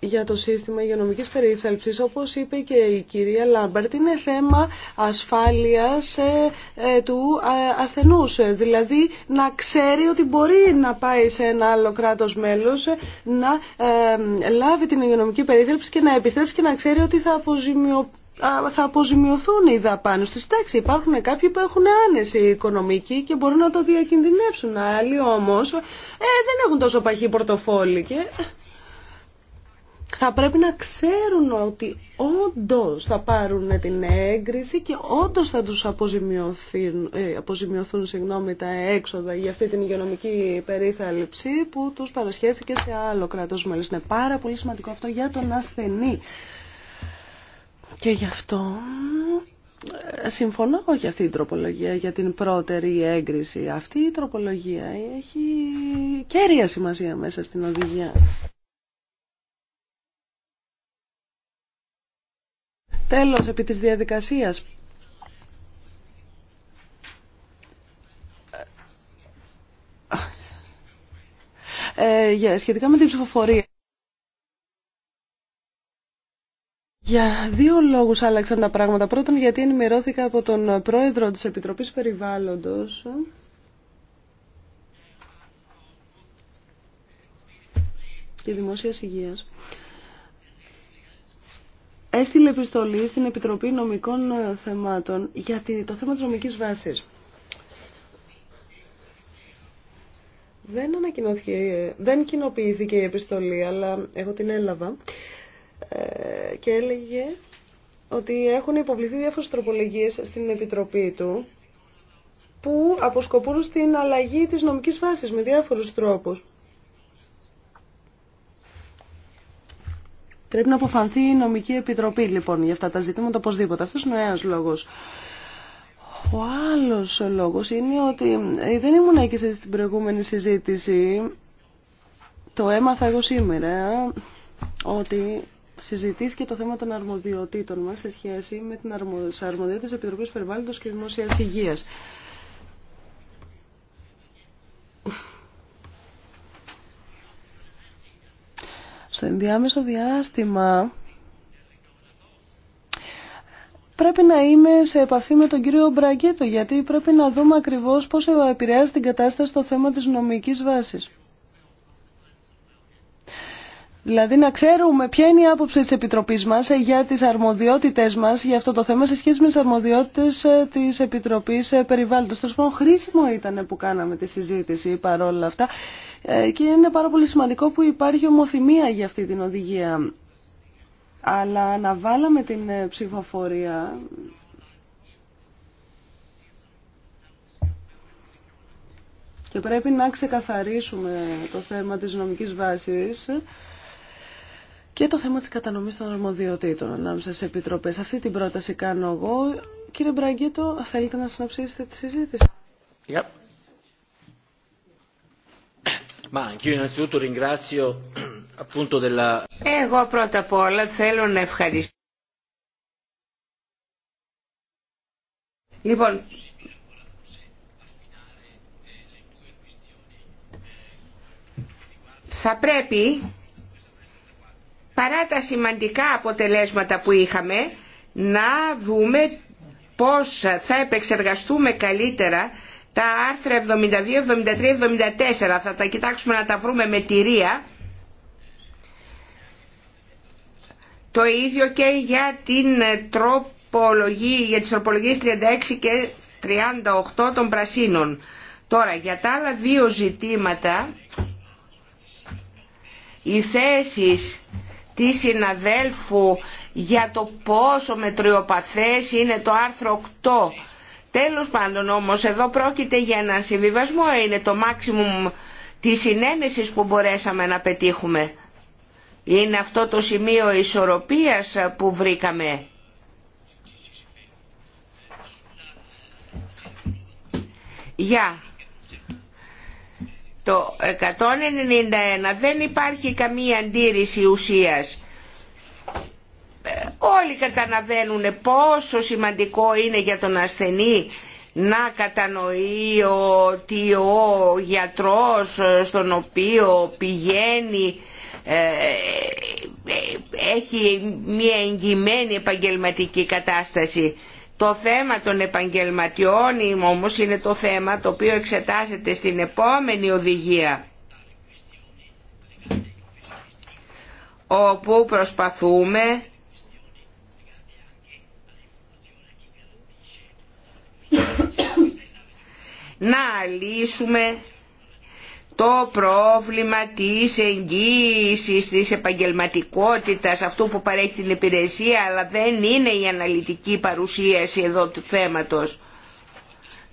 για το σύστημα υγειονομική περίθαλψης, όπως είπε και η κυρία Λάμπερτ, είναι θέμα ασφάλειας ε, ε, του ε, ασθενούς. Δηλαδή να ξέρει ότι μπορεί να πάει σε ένα άλλο κράτος μέλος, να λάβει την υγειονομική περίθαλψη και να επιστρέψει και να ξέρει ότι θα θα αποζημιωθούν οι δαπάνε του. Εντάξει, υπάρχουν κάποιοι που έχουν άνεση οικονομική και μπορούν να το διακινδυνεύσουν. Άλλοι όμω δεν έχουν τόσο παχύ πορτοφόλι και θα πρέπει να ξέρουν ότι όντως θα πάρουν την έγκριση και όντως θα τους αποζημιωθούν, ε, αποζημιωθούν συγγνώμη, τα έξοδα για αυτή την υγειονομική περίθαλψη που τους παρασχέθηκε σε άλλο κράτος μέλος. Είναι πάρα πολύ σημαντικό αυτό για τον ασθενή. Και γι' αυτό ε, συμφωνώ για αυτή την τροπολογία, για την πρώτερη έγκριση. Αυτή η τροπολογία έχει κέρια σημασία μέσα στην οδηγία. Τέλος, επί της διαδικασίας. Ε, σχετικά με την ψηφοφορία. Για δύο λόγους άλλαξαν τα πράγματα. Πρώτον, γιατί ενημερώθηκα από τον πρόεδρο της Επιτροπής Περιβάλλοντος και Δημόσιας Υγείας έστειλε επιστολή στην Επιτροπή Νομικών ε, Θεμάτων για το θέμα της νομικής βάσης. Δεν ανακοινώθηκε, δεν κοινοποιήθηκε η επιστολή, αλλά εγώ την έλαβα ε, και έλεγε ότι έχουν υποβληθεί διάφορες τροπολογίες στην Επιτροπή του που αποσκοπούν στην αλλαγή της νομικής βάσης με διάφορους τρόπους. Πρέπει να αποφανθεί η νομική επιτροπή λοιπόν για αυτά τα ζητήματα οπωσδήποτε. Αυτός είναι ο ένας λόγος. Ο άλλος λόγος είναι ότι ε, δεν ήμουν εκεί στην προηγούμενη συζήτηση. Το έμαθα εγώ σήμερα ότι συζητήθηκε το θέμα των αρμοδιοτήτων μας σε σχέση με την αρμοδιότητα της Επιτροπής Περιβάλλοντος και Δημόσιας Υγείας. Στο ενδιάμεσο διάστημα πρέπει να είμαι σε επαφή με τον κύριο Μπραγκέτο γιατί πρέπει να δούμε ακριβώς πώς επηρεάζει την κατάσταση στο θέμα της νομικής βάσης. Δηλαδή να ξέρουμε ποια είναι η άποψη της Επιτροπής μας για τις αρμοδιότητες μας για αυτό το θέμα σε σχέση με τις αρμοδιότητες ε, της Επιτροπής ε, Περιβάλλοντος. Τόσο χρήσιμο ήταν που κάναμε τη συζήτηση παρόλα αυτά ε, και είναι πάρα πολύ σημαντικό που υπάρχει ομοθυμία για αυτή την οδηγία. Αλλά αναβάλαμε την ε, ψηφοφορία και πρέπει να ξεκαθαρίσουμε το θέμα της νομικής βάσης και το θέμα της κατανομής των αρμοδιοτήτων ανάμεσα σε επιτροπές. Αυτή την πρόταση κάνω εγώ. Κύριε Μπραγκέτο, θέλετε να συνοψίσετε τη συζήτηση. Εγώ πρώτα απ' όλα θέλω να ευχαριστήσω. Λοιπόν, θα πρέπει παρά τα σημαντικά αποτελέσματα που είχαμε να δούμε πώς θα επεξεργαστούμε καλύτερα τα άρθρα 72, 73, 74 θα τα κοιτάξουμε να τα βρούμε με ρία το ίδιο και για την τροπολογία για τις τροπολογίες 36 και 38 των πρασίνων τώρα για τα άλλα δύο ζητήματα οι θέσεις τη συναδέλφου για το πόσο μετριοπαθές είναι το άρθρο 8 Τέλος πάντων όμως εδώ πρόκειται για έναν συμβιβασμό, είναι το μάξιμουμ της συνένεσης που μπορέσαμε να πετύχουμε. Είναι αυτό το σημείο ισορροπίας που βρήκαμε. Για το 191 δεν υπάρχει καμία αντίρρηση ουσίας όλοι καταλαβαίνουν πόσο σημαντικό είναι για τον ασθενή να κατανοεί ότι ο γιατρός στον οποίο πηγαίνει ε, έχει μια εγγυημένη επαγγελματική κατάσταση. Το θέμα των επαγγελματιών όμως είναι το θέμα το οποίο εξετάζεται στην επόμενη οδηγία όπου προσπαθούμε να λύσουμε το πρόβλημα της εγγύησης, της επαγγελματικότητας, αυτού που παρέχει την υπηρεσία, αλλά δεν είναι η αναλυτική παρουσίαση εδώ του θέματος.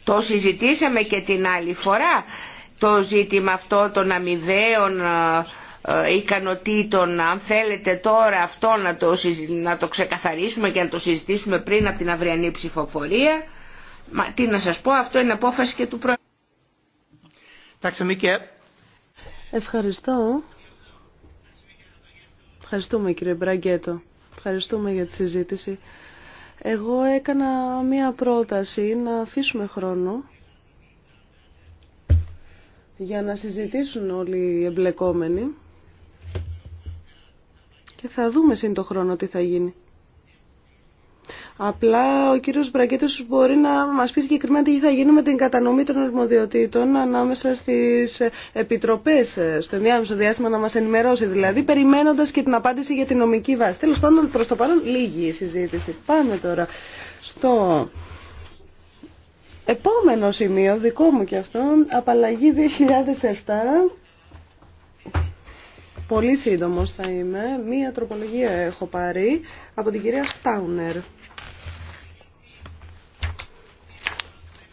Το συζητήσαμε και την άλλη φορά, το ζήτημα αυτό των αμοιβαίων ε, ε, ικανοτήτων, αν θέλετε τώρα αυτό να το, να το ξεκαθαρίσουμε και να το συζητήσουμε πριν από την αυριανή ψηφοφορία Μα τι να σας πω, αυτό είναι απόφαση και του πρόεδρου. Ευχαριστώ. Ευχαριστούμε κύριε Μπραγκέτο. Ευχαριστούμε για τη συζήτηση. Εγώ έκανα μία πρόταση να αφήσουμε χρόνο για να συζητήσουν όλοι οι εμπλεκόμενοι και θα δούμε σύντο χρόνο τι θα γίνει. Απλά ο κύριο Μπραγκέτο μπορεί να μα πει συγκεκριμένα τι θα γίνει με την κατανομή των αρμοδιοτήτων ανάμεσα στι επιτροπέ στο ενδιάμεσο διάστημα να μα ενημερώσει. Δηλαδή περιμένοντα και την απάντηση για την νομική βάση. Τέλο πάντων προ το παρόν λίγη η συζήτηση. Πάμε τώρα στο... Επόμενο σημείο, δικό μου και αυτό, απαλλαγή 2007. Πολύ σύντομος θα είμαι. Μία τροπολογία έχω πάρει από την κυρία Στάουνερ.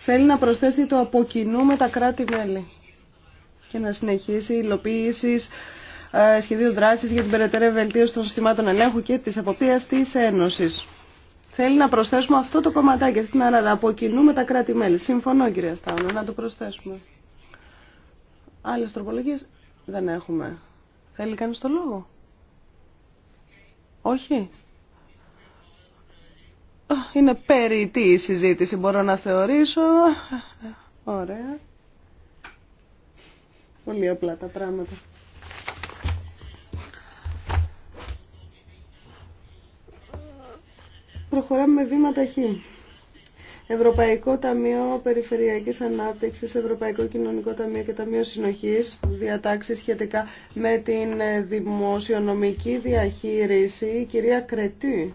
θέλει να προσθέσει το από κοινού με τα κράτη-μέλη και να συνεχίσει υλοποίηση ε, σχεδίου δράση για την περαιτέρω βελτίωση των συστημάτων ελέγχου και τη εποπτεία τη Ένωση. Θέλει να προσθέσουμε αυτό το κομματάκι, αυτή την αράδα από κοινού με τα κράτη-μέλη. Συμφωνώ, κυρία Στάνο, να το προσθέσουμε. Άλλε τροπολογίε δεν έχουμε. Θέλει κανεί το λόγο. Όχι είναι περίτη η συζήτηση, μπορώ να θεωρήσω. Ωραία. Πολύ απλά τα πράγματα. Προχωράμε με βήματα χ. Ευρωπαϊκό Ταμείο Περιφερειακής Ανάπτυξης, Ευρωπαϊκό Κοινωνικό Ταμείο και Ταμείο Συνοχής, διατάξεις σχετικά με την δημοσιονομική διαχείριση. Κυρία Κρετή.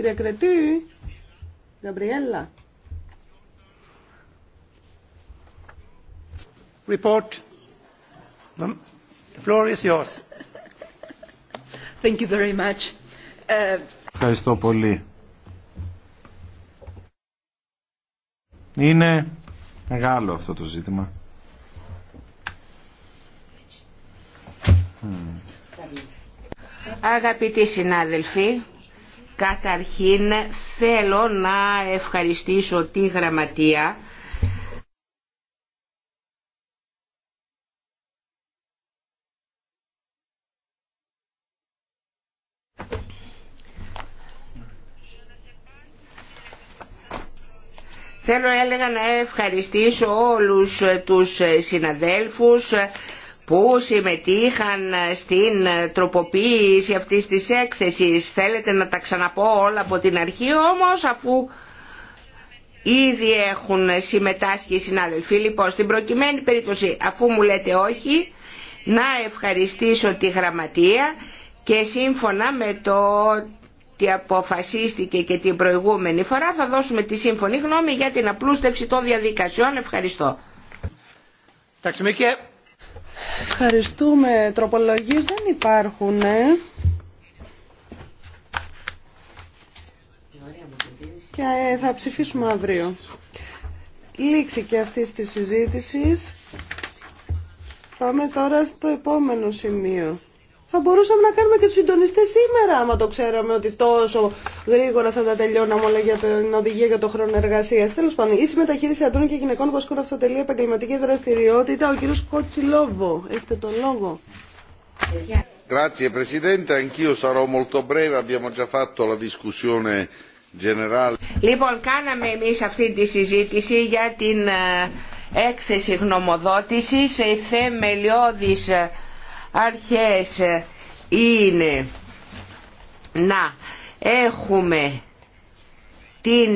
Κύριε Κρετή, Γαμπριέλα. Report. The floor is yours. Thank you very much. Uh, Ευχαριστώ πολύ. Είναι μεγάλο αυτό το ζήτημα. Αγαπητοί συνάδελφοι, Καταρχήν θέλω να ευχαριστήσω τη γραμματεία Θέλω έλεγα να ευχαριστήσω όλους τους συναδέλφους που συμμετείχαν στην τροποποίηση αυτής της έκθεσης. Θέλετε να τα ξαναπώ όλα από την αρχή όμως αφού ήδη έχουν συμμετάσχει οι συνάδελφοι. Λοιπόν, στην προκειμένη περίπτωση αφού μου λέτε όχι, να ευχαριστήσω τη γραμματεία και σύμφωνα με το ότι αποφασίστηκε και την προηγούμενη φορά θα δώσουμε τη σύμφωνη γνώμη για την απλούστευση των διαδικασιών. Ευχαριστώ. Ευχαριστώ. Ευχαριστούμε. Τροπολογίες δεν υπάρχουν. Ε. Και ε, θα ψηφίσουμε αύριο. Λήξη και αυτή τη συζήτηση. Πάμε τώρα στο επόμενο σημείο. Θα μπορούσαμε να κάνουμε και του συντονιστέ σήμερα, άμα το ξέραμε ότι τόσο γρήγορα θα τα τελειώναμε όλα για την οδηγία για το χρόνο εργασία. Τέλο πάντων, η συμμεταχείριση αντρών και γυναικών που ασκούν αυτοτελεία επαγγελματική δραστηριότητα. Ο κύριο Κοτσιλόβο, έχετε τον λόγο. Grazie Presidente, anch'io sarò molto breve, abbiamo già fatto la discussione generale. Λοιπόν, κάναμε εμεί αυτή τη συζήτηση για την ε, έκθεση γνωμοδότηση σε θεμελιώδης ε, αρχές είναι να έχουμε την,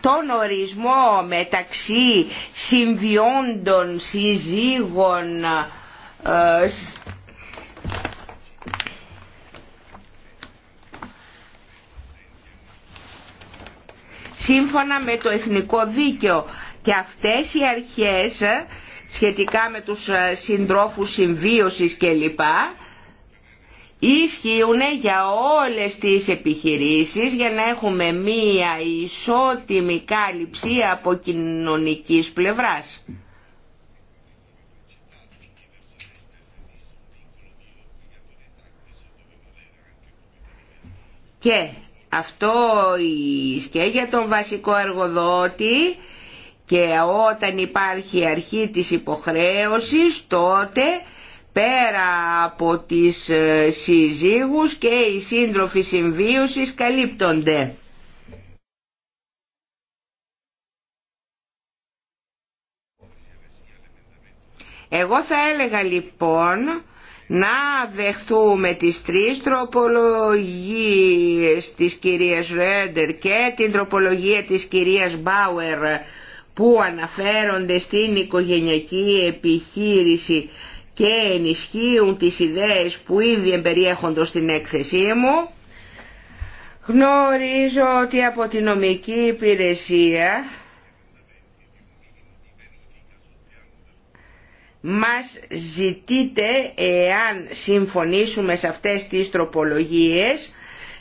τον ορισμό μεταξύ συμβιόντων, συζύγων, σύμφωνα με το εθνικό δίκαιο και αυτές οι αρχές σχετικά με τους ε, συντρόφους συμβίωσης κλπ. Ίσχυουν για όλες τις επιχειρήσεις για να έχουμε μία ισότιμη κάλυψη από κοινωνικής πλευράς. Και αυτό ισχύει για τον βασικό εργοδότη και όταν υπάρχει αρχή της υποχρέωσης τότε πέρα από τις ε, συζύγους και οι σύντροφοι συμβίωσης καλύπτονται. Εγώ θα έλεγα λοιπόν να δεχθούμε τις τρεις τροπολογίες της κυρίας Ρέντερ και την τροπολογία της κυρίας Μπάουερ που αναφέρονται στην οικογενειακή επιχείρηση και ενισχύουν τις ιδέες που ήδη εμπεριέχονται στην έκθεσή μου. Γνωρίζω ότι από την νομική υπηρεσία μας ζητείτε εάν συμφωνήσουμε σε αυτές τις τροπολογίες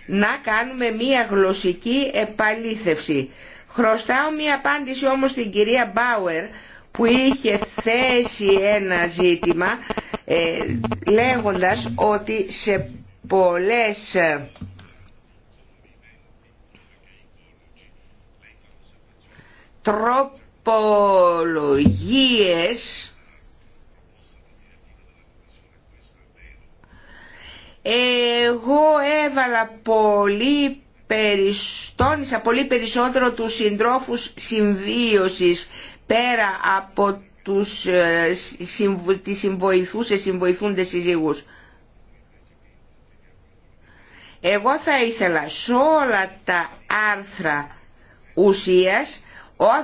να κάνουμε μία γλωσσική επαλήθευση Χρωστάω μία απάντηση όμως στην κυρία Μπάουερ που είχε θέσει ένα ζήτημα ε, λέγοντας ότι σε πολλές ε, τροπολογίες εγώ έβαλα πολύ περιστόνισα πολύ περισσότερο τους συντρόφους συμβίωσης πέρα από τους, ε, τις και συμβοηθούντες συζύγους. Εγώ θα ήθελα σε όλα τα άρθρα ουσίας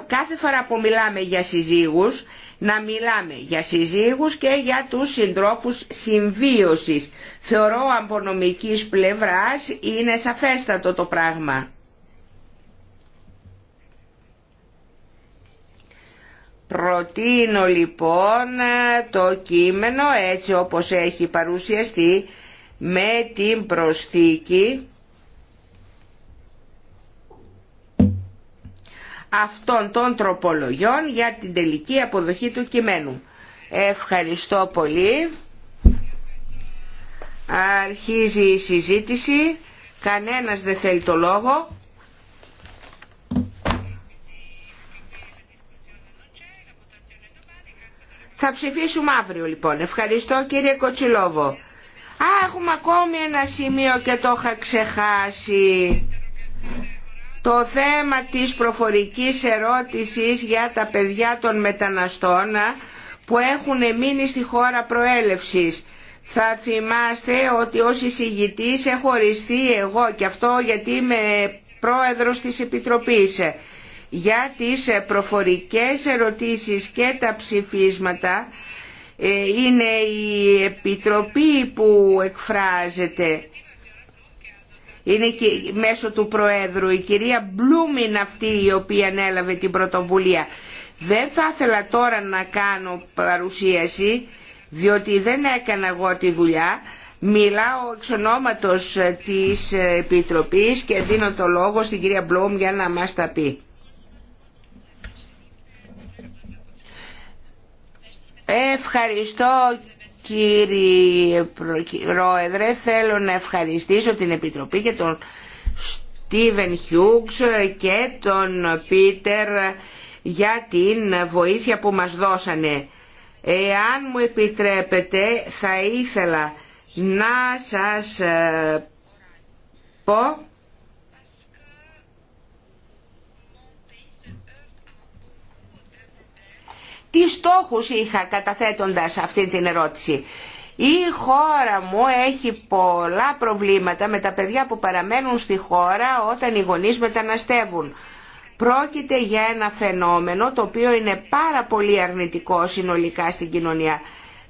κάθε φορά που μιλάμε για συζύγους να μιλάμε για συζύγους και για τους συντρόφους συμβίωσης. Θεωρώ από νομικής πλευράς είναι σαφέστατο το πράγμα. Προτείνω λοιπόν το κείμενο έτσι όπως έχει παρουσιαστεί με την προσθήκη αυτών των τροπολογιών για την τελική αποδοχή του κειμένου. Ευχαριστώ πολύ. Αρχίζει η συζήτηση. Κανένας δεν θέλει το λόγο. Θα ψηφίσουμε αύριο λοιπόν. Ευχαριστώ κύριε Κοτσιλόβο. Α, έχουμε ακόμη ένα σημείο και το είχα ξεχάσει. Το θέμα της προφορικής ερώτησης για τα παιδιά των μεταναστών που έχουν μείνει στη χώρα προέλευσης. Θα θυμάστε ότι ως εισηγητής έχω οριστεί εγώ και αυτό γιατί είμαι πρόεδρος της Επιτροπής για τις προφορικές ερωτήσεις και τα ψηφίσματα ε, είναι η Επιτροπή που εκφράζεται είναι μέσω του Προέδρου. Η κυρία Μπλούμ αυτή η οποία ανέλαβε την πρωτοβουλία. Δεν θα ήθελα τώρα να κάνω παρουσίαση, διότι δεν έκανα εγώ τη δουλειά. Μιλάω εξ ονόματος της Επιτροπής και δίνω το λόγο στην κυρία Μπλούμ για να μας τα πει. Ευχαριστώ Κύριε Πρόεδρε, θέλω να ευχαριστήσω την Επιτροπή και τον Στίβεν Χιούξ και τον Πίτερ για την βοήθεια που μας δώσανε. Εάν μου επιτρέπετε θα ήθελα να σας ε, πω τι στόχους είχα καταθέτοντας αυτή την ερώτηση. Η χώρα μου έχει πολλά προβλήματα με τα παιδιά που παραμένουν στη χώρα όταν οι γονείς μεταναστεύουν. Πρόκειται για ένα φαινόμενο το οποίο είναι πάρα πολύ αρνητικό συνολικά στην κοινωνία.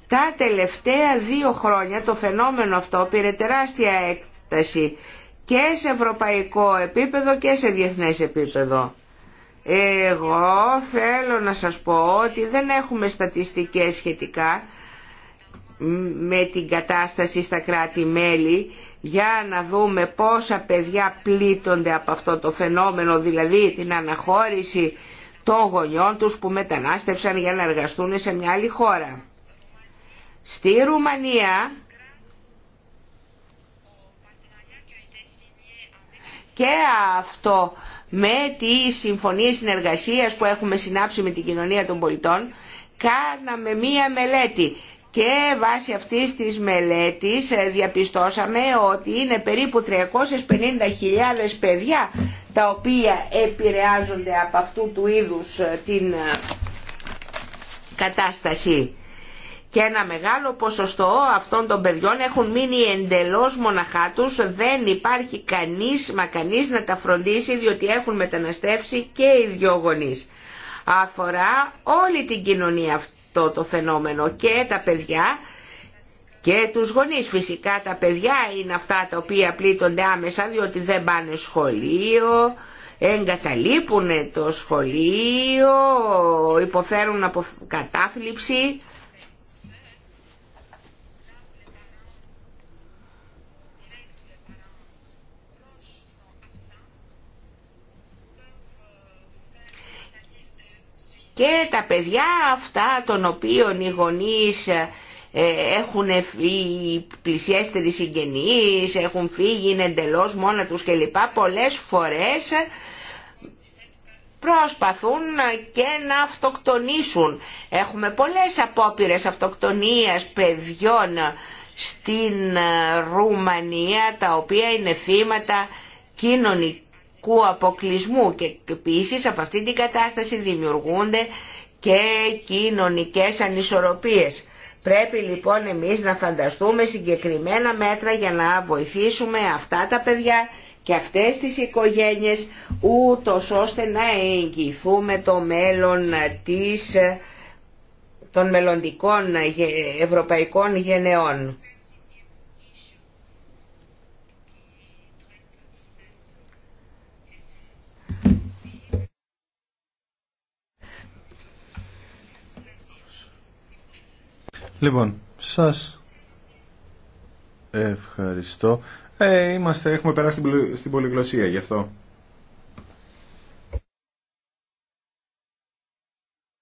Τα τελευταία δύο χρόνια το φαινόμενο αυτό πήρε τεράστια έκταση και σε ευρωπαϊκό επίπεδο και σε διεθνές επίπεδο. Εγώ θέλω να σας πω ότι δεν έχουμε στατιστικές σχετικά με την κατάσταση στα κράτη-μέλη για να δούμε πόσα παιδιά πλήττονται από αυτό το φαινόμενο, δηλαδή την αναχώρηση των γονιών τους που μετανάστευσαν για να εργαστούν σε μια άλλη χώρα. Στη Ρουμανία και αυτό με τη συμφωνίες συνεργασίας που έχουμε συνάψει με την κοινωνία των πολιτών κάναμε μία μελέτη και βάσει αυτής της μελέτης ε, διαπιστώσαμε ότι είναι περίπου 350.000 παιδιά τα οποία επηρεάζονται από αυτού του είδους ε, την ε, κατάσταση και ένα μεγάλο ποσοστό αυτών των παιδιών έχουν μείνει εντελώς μοναχά τους, δεν υπάρχει κανείς μα κανείς να τα φροντίσει διότι έχουν μεταναστεύσει και οι δυο γονείς. Αφορά όλη την κοινωνία αυτό το φαινόμενο και τα παιδιά και τους γονείς φυσικά τα παιδιά είναι αυτά τα οποία πλήττονται άμεσα διότι δεν πάνε σχολείο, εγκαταλείπουν το σχολείο, υποφέρουν από κατάθλιψη και τα παιδιά αυτά των οποίων οι γονείς ε, έχουν οι πλησιέστεροι συγγενείς, έχουν φύγει, είναι εντελώς μόνα τους κλπ. Πολλές φορές προσπαθούν και να αυτοκτονήσουν. Έχουμε πολλές απόπειρες αυτοκτονίας παιδιών στην ε, Ρουμανία τα οποία είναι θύματα κοινωνικής και επίση από αυτή την κατάσταση δημιουργούνται και κοινωνικές ανισορροπίες. Πρέπει λοιπόν εμείς να φανταστούμε συγκεκριμένα μέτρα για να βοηθήσουμε αυτά τα παιδιά και αυτές τις οικογένειες ούτω ώστε να εγγυηθούμε το μέλλον της, των μελλοντικών ευρωπαϊκών γενεών. Λοιπόν, σας ευχαριστώ. Ε, είμαστε, έχουμε περάσει στην πολυγλωσία γι' αυτό.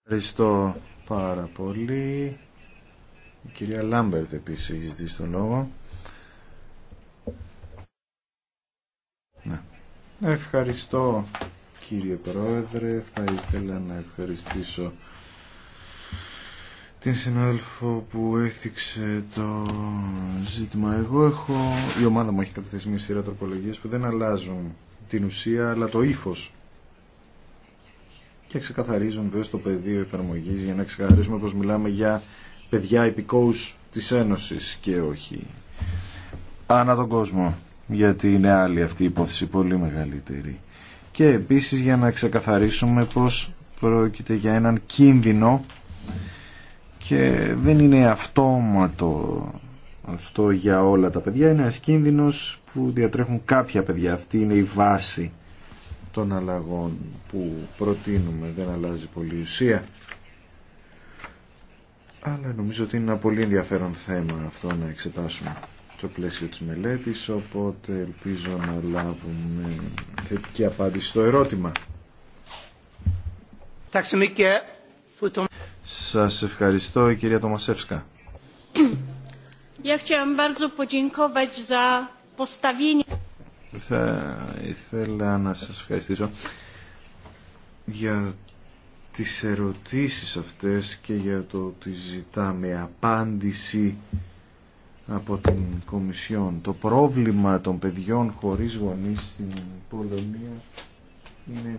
Ευχαριστώ πάρα πολύ. Η κυρία Λάμπερτ επίσης έχει τον λόγο. Ναι. Ευχαριστώ κύριε Πρόεδρε. Θα ήθελα να ευχαριστήσω την συνάδελφο που έθιξε το ζήτημα. Εγώ έχω, η ομάδα μου έχει μία σειρά τροπολογίες που δεν αλλάζουν την ουσία αλλά το ύφο. και ξεκαθαρίζουν βέβαια στο πεδίο εφαρμογή για να ξεκαθαρίσουμε πως μιλάμε για παιδιά υπηκόους της Ένωσης και όχι ανά τον κόσμο γιατί είναι άλλη αυτή η υπόθεση πολύ μεγαλύτερη και επίσης για να ξεκαθαρίσουμε πως πρόκειται για έναν κίνδυνο και δεν είναι αυτόματο αυτό για όλα τα παιδιά. Είναι ένας κίνδυνος που διατρέχουν κάποια παιδιά. Αυτή είναι η βάση των αλλαγών που προτείνουμε. Δεν αλλάζει πολύ ουσία. Αλλά νομίζω ότι είναι ένα πολύ ενδιαφέρον θέμα αυτό να εξετάσουμε το πλαίσιο της μελέτης, οπότε ελπίζω να λάβουμε θετική απάντηση στο ερώτημα. Σας ευχαριστώ η κυρία Τομασέφσκα. Θα ήθελα να σας ευχαριστήσω για τις ερωτήσεις αυτές και για το ότι ζητάμε απάντηση από την Κομισιόν. Το πρόβλημα των παιδιών χωρίς γονείς στην Πολωνία είναι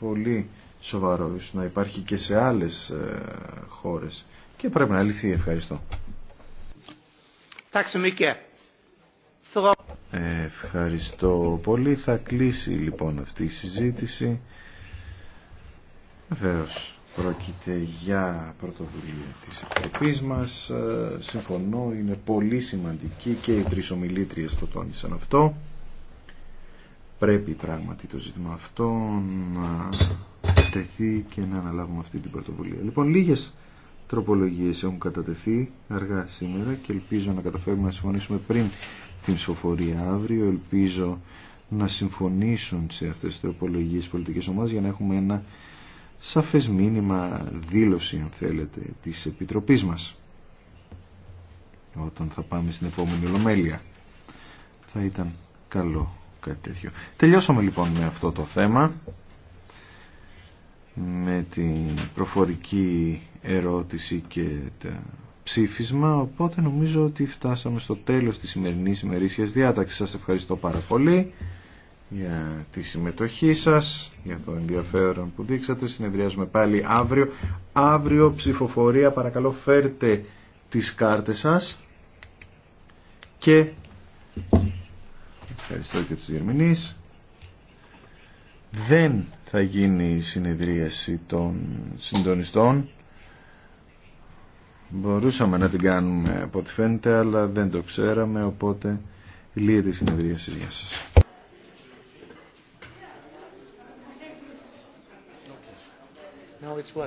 πολύ σοβαρό, ίσως να υπάρχει και σε άλλες ε, χώρες και πρέπει να λυθεί. Ευχαριστώ. Ευχαριστώ πολύ. Θα κλείσει λοιπόν αυτή η συζήτηση. Βεβαίω πρόκειται για πρωτοβουλία της Επιτροπής μας. Ε, συμφωνώ, είναι πολύ σημαντική και οι τρεις ομιλήτριες το τόνισαν αυτό. Πρέπει πράγματι το ζήτημα αυτό να κατατεθεί και να αναλάβουμε αυτή την πρωτοβουλία. Λοιπόν, λίγες τροπολογίες έχουν κατατεθεί αργά σήμερα και ελπίζω να καταφέρουμε να συμφωνήσουμε πριν την ψηφοφορία αύριο. Ελπίζω να συμφωνήσουν σε αυτές τις τροπολογίες πολιτικές ομάδες για να έχουμε ένα σαφές μήνυμα δήλωση αν θέλετε της Επιτροπής μας όταν θα πάμε στην επόμενη Ολομέλεια θα ήταν καλό κάτι τέτοιο τελειώσαμε λοιπόν με αυτό το θέμα με την προφορική ερώτηση και τα ψήφισμα οπότε νομίζω ότι φτάσαμε στο τέλος της σημερινής ημερήσιας διάταξης σας ευχαριστώ πάρα πολύ για τη συμμετοχή σας για το ενδιαφέρον που δείξατε συνεδριάζουμε πάλι αύριο αύριο ψηφοφορία παρακαλώ φέρτε τις κάρτες σας και ευχαριστώ και τους διερμηνείς. δεν θα γίνει η συνεδρίαση των συντονιστών. Μπορούσαμε να την κάνουμε από ό,τι φαίνεται, αλλά δεν το ξέραμε, οπότε λύεται η συνεδρίαση. Γεια σας.